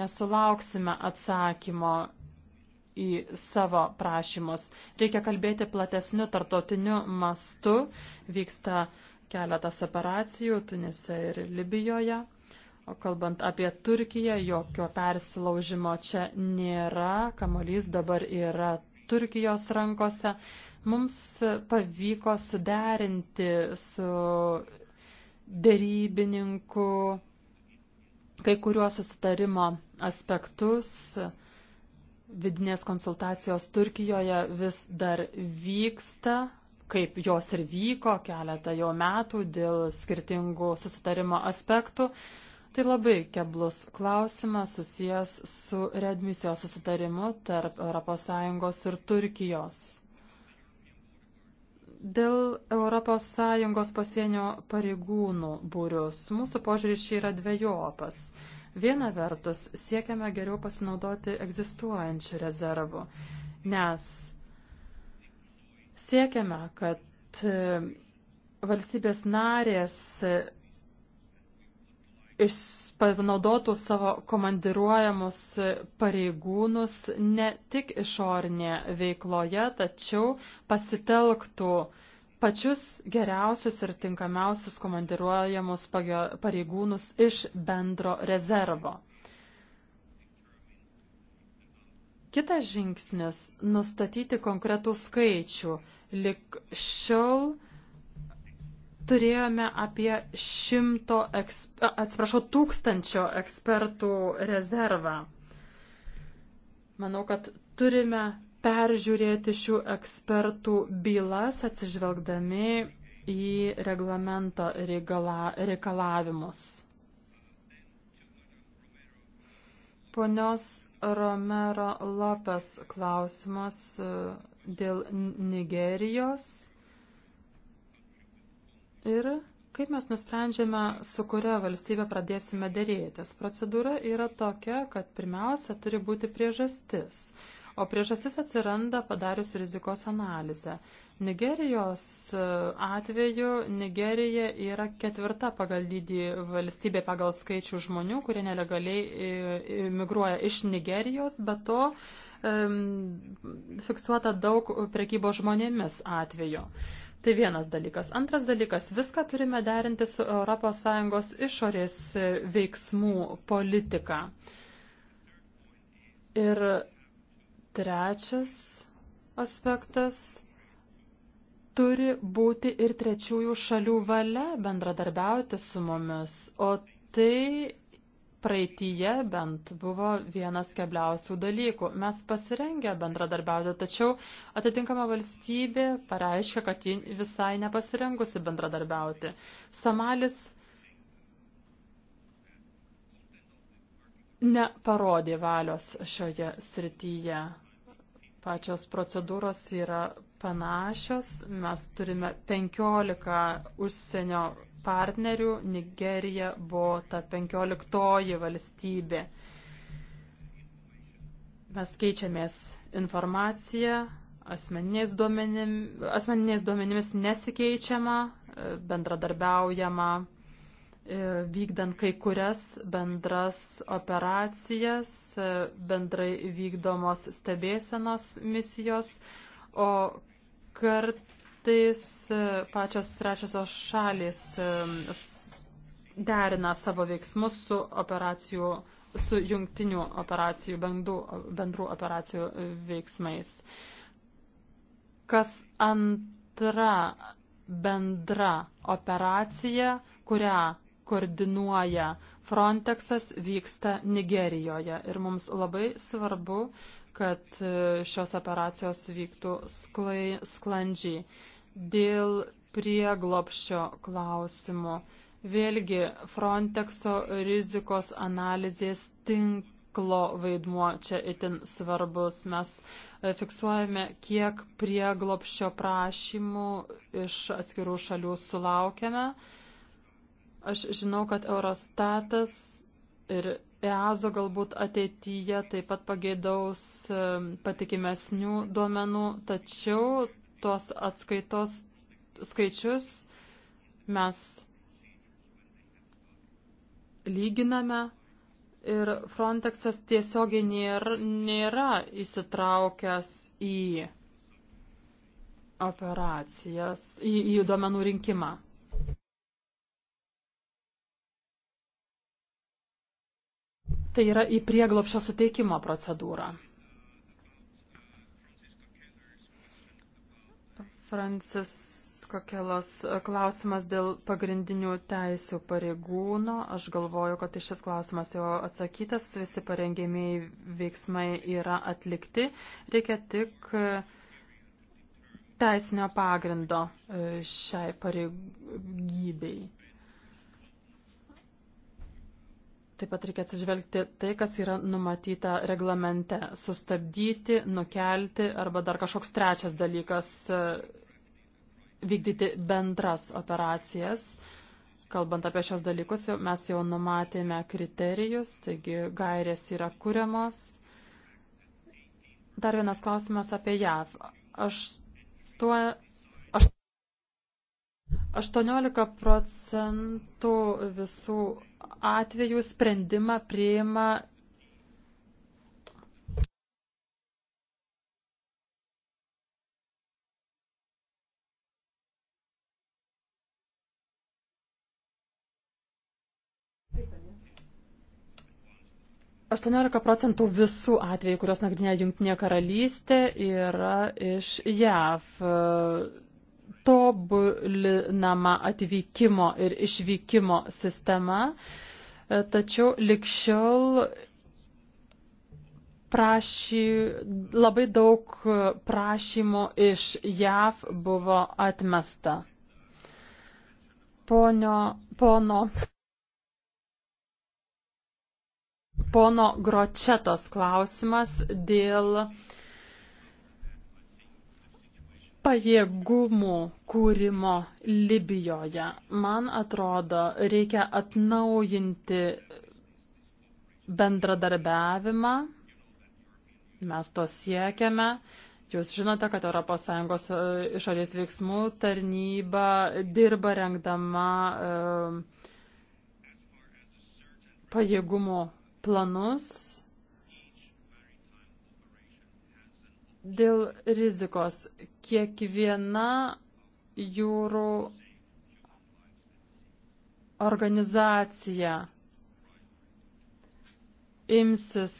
Nesulauksime atsakymo į savo prašymus. Reikia kalbėti platesniu tartotiniu mastu. Vyksta keletas operacijų Tunise ir Libijoje. O kalbant apie Turkiją, jokio persilaužimo čia nėra. Kamolys dabar yra Turkijos rankose. Mums pavyko suderinti su dėrybininku kai kuriuos susitarimo aspektus. Vidinės konsultacijos Turkijoje vis dar vyksta, kaip jos ir vyko keletą jo metų dėl skirtingų susitarimo aspektų. Tai labai keblus klausimas susijęs su redmisijos susitarimu tarp ES ir Turkijos. Dėl ES pasienio pareigūnų būrius mūsų požiūris čia yra dviejopas. Viena vertus siekiame geriau pasinaudoti egzistuojančių rezervų, nes siekiame, kad e, valstybės narės panaudotų savo komandiruojamus pareigūnus ne tik išorinėje veikloje, tačiau pasitelktų pačius geriausius ir tinkamiausius komandiruojamus pareigūnus iš bendro rezervo. Kitas žingsnis - nustatyti konkretų skaičių. Lik šiol uh, turėjome apie šimto, atsiprašau, tūkstančio ekspertų rezervą. Manau, kad turime peržiūrėti šių ekspertų bylas atsižvelgdami į reglamento reikala, reikalavimus. Ponios Romero Lopes klausimas e, dėl Nigerijos ir kaip mes nusprendžiame, su kuria valstybė pradėsime dėrėtis. Procedūra yra tokia, kad pirmiausia turi būti priežastis, o priežastis atsiranda padarius rizikos analizę. Nigerijos e, atveju Nigerija yra ketvirta pagal dydį valstybė pagal skaičių žmonių, kurie nelegaliai e, migruoja iš Nigerijos, bet to um, fiksuota daug prekybo žmonėmis atveju. Uh, Tai vienas dalykas. Antras dalykas, viską turime derinti su ES išorės veiksmų politika. Ir trečias aspektas turi būti ir trečiųjų šalių valia bendradarbiauti su mumis, o tai praeitįje bent buvo vienas kebliausių dalykų. Mes pasirengę bendradarbiauti, tačiau atitinkama valstybė pareiškia, kad ji visai nepasirengusi bendradarbiauti. Samalis neparodė valios šioje srityje. Pačios procedūros yra panašios. Mes turime 15 užsienio partnerių Nigerija buvo ta penkioliktoji valstybė. Mes keičiamės informaciją, asmeniniais, duomenim, asmeniniais duomenimis nesikeičiama, bendradarbiaujama e, vykdant kai kurias bendras operacijas, e, bendrai vykdomos stebėsenos misijos, o kart kartais e, pačios trečiosios šalis e, derina savo veiksmus su operacijų su jungtinių operacijų, bendrų, bendrų operacijų e, veiksmais. Kas antra bendra operacija, kurią koordinuoja Frontexas, vyksta Nigerijoje. Ir mums labai svarbu, kad šios operacijos vyktų sklai, sklandžiai dėl prieglopščio klausimų. Vėlgi, Frontexo rizikos analizės tinklo vaidmuo čia itin svarbus. Mes e, fiksuojame, kiek prieglopščio prašymų iš atskirų šalių sulaukiame. Aš žinau, kad Eurostatas ir EASO galbūt ateityje taip pat pageidaus e, patikimesnių duomenų, tačiau tos atskaitos skaičius mes lyginame ir Frontexas tiesiogiai nėra, nėra įsitraukęs į operacijas, į, į duomenų rinkimą. Tai yra į prieglopšio suteikimo procedūrą. Francisco Kelos e, klausimas dėl pagrindinių teisų pareigūno. Aš galvoju, kad šis klausimas jau atsakytas, visi parengėmiai veiksmai yra atlikti. Reikia tik e, teisinio pagrindo e, šiai pareigybei. Taip pat reikia atsižvelgti tai, kas yra numatyta reglamente - sustabdyti, nukelti arba dar kažkoks trečias dalykas vykdyti bendras operacijas. Kalbant apie šios dalykus, mes jau numatėme kriterijus, taigi gairės yra kuriamos. Dar vienas klausimas apie JAV. Aš tuo 18 procentų visų atvejų sprendimą priima 18 procentų visų atvejų, kurios nagrinėja Junktinė karalystė, yra iš JAV tobulinama atvykimo ir išvykimo sistema, tačiau likščiau prašy, labai daug prašymų iš JAV buvo atmesta. Ponio, pono Pono Gročetos klausimas dėl pajėgumų kūrimo Libijoje. Man atrodo, reikia atnaujinti bendradarbiavimą. Mes to siekiame. Jūs žinote, kad ES e, išorės veiksmų tarnyba dirba rengdama e, pajėgumų planus dėl rizikos. Kiekviena jūrų organizacija imsis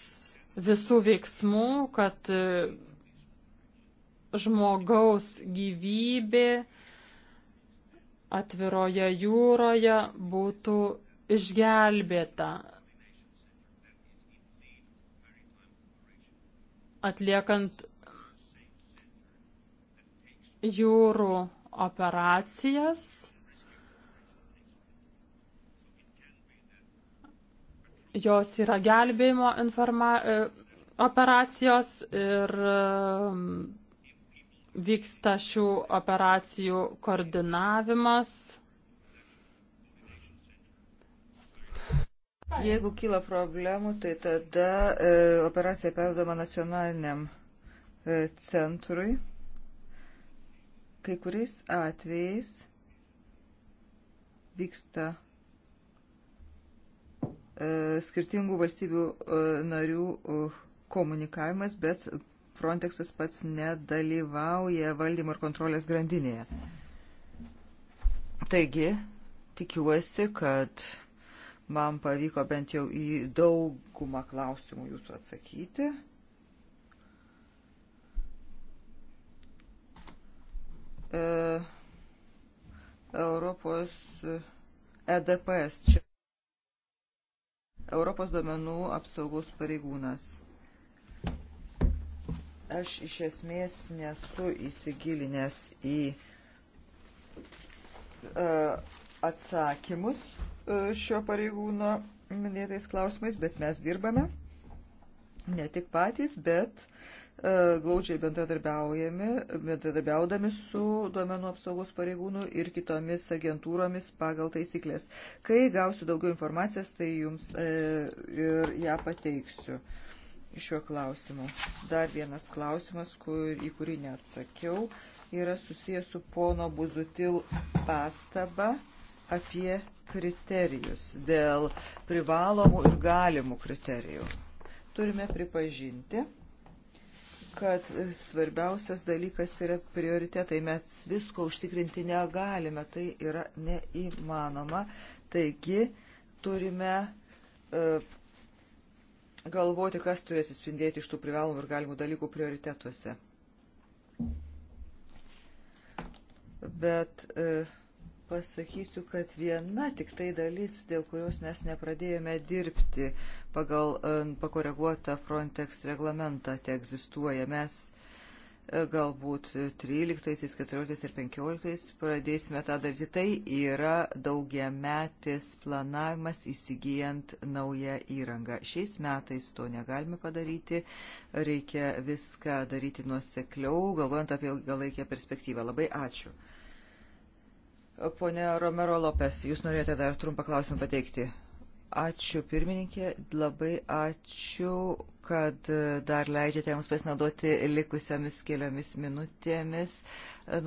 visų veiksmų, kad e, žmogaus gyvybė atviroje jūroje būtų išgelbėta. atliekant jūrų operacijas. Jos yra gelbėjimo informa e, operacijos ir e, vyksta šių operacijų koordinavimas. Jeigu kyla problemų, tai tada e, operacija perdodama nacionaliniam e, centrui. Kai kuriais atvejais vyksta e, skirtingų valstybių e, narių e, komunikavimas, bet Frontexas pats nedalyvauja valdymo ir kontrolės grandinėje. Taigi, tikiuosi, kad man pavyko bent jau į daugumą klausimų jūsų atsakyti. E, Europos EDPS čia. Europos duomenų apsaugos pareigūnas. Aš iš esmės nesu įsigilinęs į uh, e, atsakymus. Uh, E, šio pareigūno minėtais klausimais, bet mes dirbame ne tik patys, bet e, glaudžiai bendradarbiaujame, bendradarbiaudami su duomenų apsaugos pareigūnų ir kitomis agentūromis pagal taisyklės. Kai gausiu daugiau informacijos, tai jums e, ir ją pateiksiu šiuo klausimu. Dar vienas klausimas, kur, į kurį neatsakiau, yra susijęs su pono Buzutil pastaba apie kriterijus, dėl privalomų ir galimų kriterijų. Turime pripažinti, kad svarbiausias dalykas yra prioritetai. Mes visko užtikrinti negalime, tai yra neįmanoma. Taigi turime uh, galvoti, kas turi atsispindėti iš tų privalomų ir galimų dalykų prioritetuose. Bet uh, pasakysiu, kad viena tik tai dalis, dėl kurios mes nepradėjome dirbti pagal e, pakoreguotą Frontex reglamentą, tai egzistuoja. Mes e, galbūt 13, 14 ir 15 pradėsime tą daryti. Tai yra daugiametis planavimas įsigijant naują įrangą. Šiais metais to negalime padaryti. Reikia viską daryti nuosekliau, galvojant apie ilgalaikę perspektyvą. Labai ačiū. Pone Romero Lopes, jūs norėjote dar trumpą klausimą pateikti. Ačiū pirmininkė, labai ačiū, kad dar leidžiate mums pasinaudoti likusiamis keliomis minutėmis.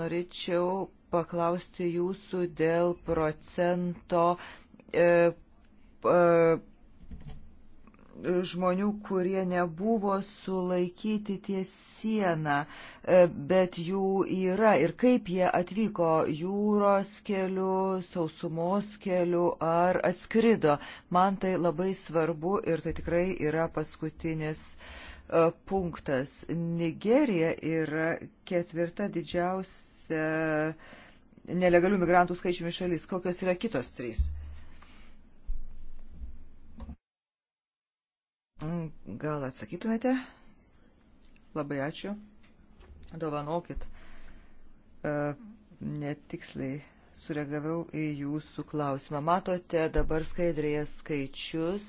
Norėčiau paklausti jūsų dėl procento. E, e, žmonių, kurie nebuvo sulaikyti ties sieną, e, bet jų yra ir kaip jie atvyko jūros keliu, sausumos keliu ar atskrido. Man tai labai svarbu ir tai tikrai yra paskutinis e, punktas. Nigerija yra ketvirta didžiausia nelegalių migrantų skaičiumi šalis. Kokios yra kitos trys? Mm, gal atsakytumėte? Labai ačiū. Dovanokit. E, netiksliai sureagavau į jūsų klausimą. Matote dabar skaidrėje skaičius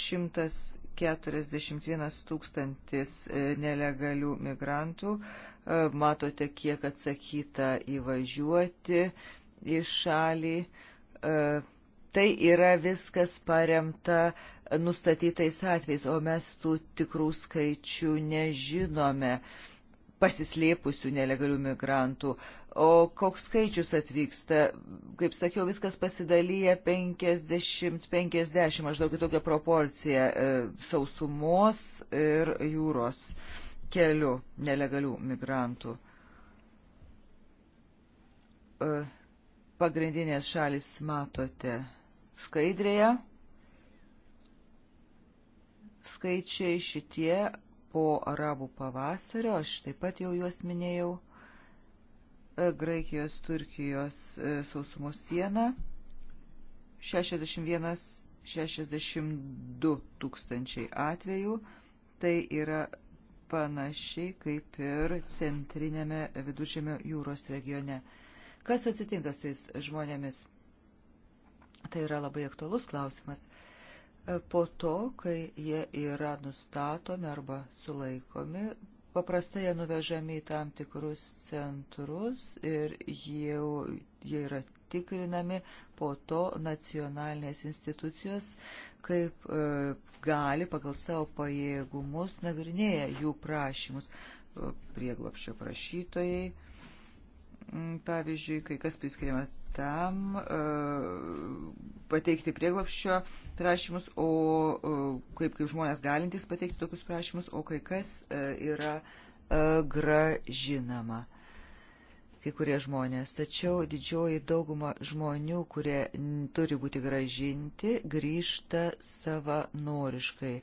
141 tūkstantis e, nelegalių migrantų. E, matote, kiek atsakyta įvažiuoti į šalį. Tai yra viskas paremta nustatytais atvejais, o mes tų tikrų skaičių nežinome pasislėpusių nelegalių migrantų. O koks skaičius atvyksta? Kaip sakiau, viskas pasidalyja 50-50, maždaug tokia proporcija e, sausumos ir jūros kelių nelegalių migrantų. E, pagrindinės šalis matote skaidrėje skaičiai šitie po arabų pavasario, aš taip pat jau juos minėjau, e, Graikijos, Turkijos e, sausumos siena 61-62 tūkstančiai atvejų, tai yra panašiai kaip ir centrinėme viduržėmio jūros regione. Kas atsitinka su tais žmonėmis? Tai yra labai aktualus klausimas po to, kai jie yra nustatomi arba sulaikomi, paprastai jie nuvežami į tam tikrus centrus ir jau jie yra tikrinami po to nacionalinės institucijos, kaip e, gali pagal savo pajėgumus nagrinėja jų prašymus e, prieglopščio prašytojai. Pavyzdžiui, kai kas priskiriamas tam e, pateikti prieglopščio prašymus, o e, kaip, kaip žmonės galintys pateikti tokius prašymus, o kai kas e, yra gražinama kai kurie žmonės. Tačiau didžioji dauguma žmonių, kurie turi būti gražinti, grįžta savanoriškai.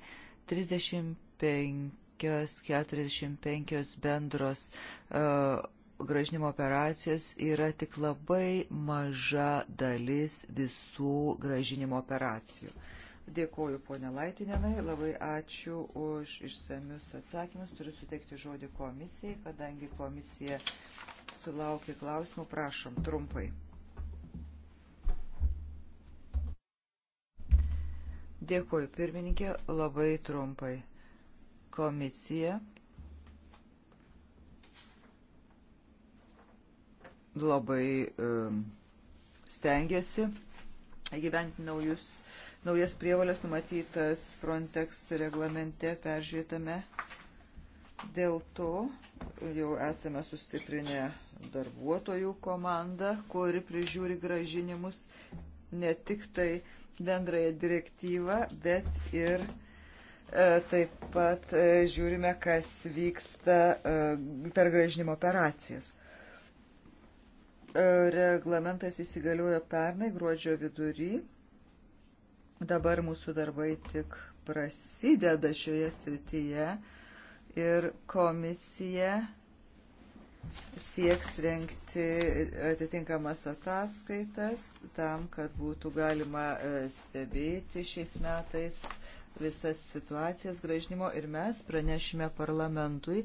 35-45 bendros uh, gražinimo operacijos yra tik labai maža dalis visų gražinimo operacijų. Dėkoju, ponė Laitinenai, labai ačiū už išsamius atsakymus. Turiu suteikti žodį komisijai, kadangi komisija sulaukė klausimų. Prašom, trumpai. Dėkoju, pirmininkė, labai trumpai. Komisija labai stengiasi įgyventi naujus, naujas prievalės numatytas Frontex reglamente peržiūrėtame. Dėl to jau esame sustiprinę darbuotojų komandą, kuri prižiūri gražinimus ne tik tai bendrąją direktyvą, bet ir e, taip pat e, žiūrime, kas vyksta e, per gražinimo operacijas. Reglamentas įsigaliojo pernai gruodžio vidury. Dabar mūsų darbai tik prasideda šioje srityje ir komisija sieks renkti atitinkamas ataskaitas tam, kad būtų galima e, stebėti šiais metais visas situacijas gražinimo ir mes pranešime parlamentui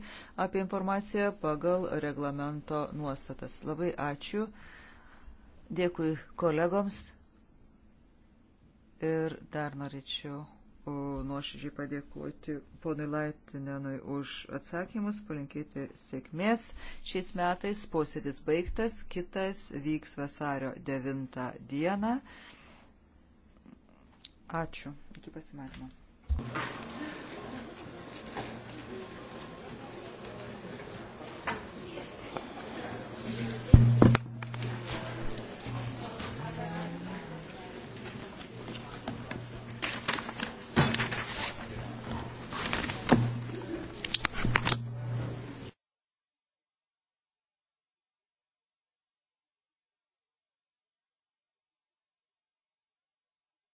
apie informaciją pagal reglamento nuostatas. Labai ačiū. Dėkui kolegoms. Ir dar norėčiau nuoširdžiai padėkoti ponui Laitinenui už atsakymus, palinkėti sėkmės. Šiais metais posėdis baigtas, kitas vyks vasario 9 dieną. Ačiū. Iki pasimatymo.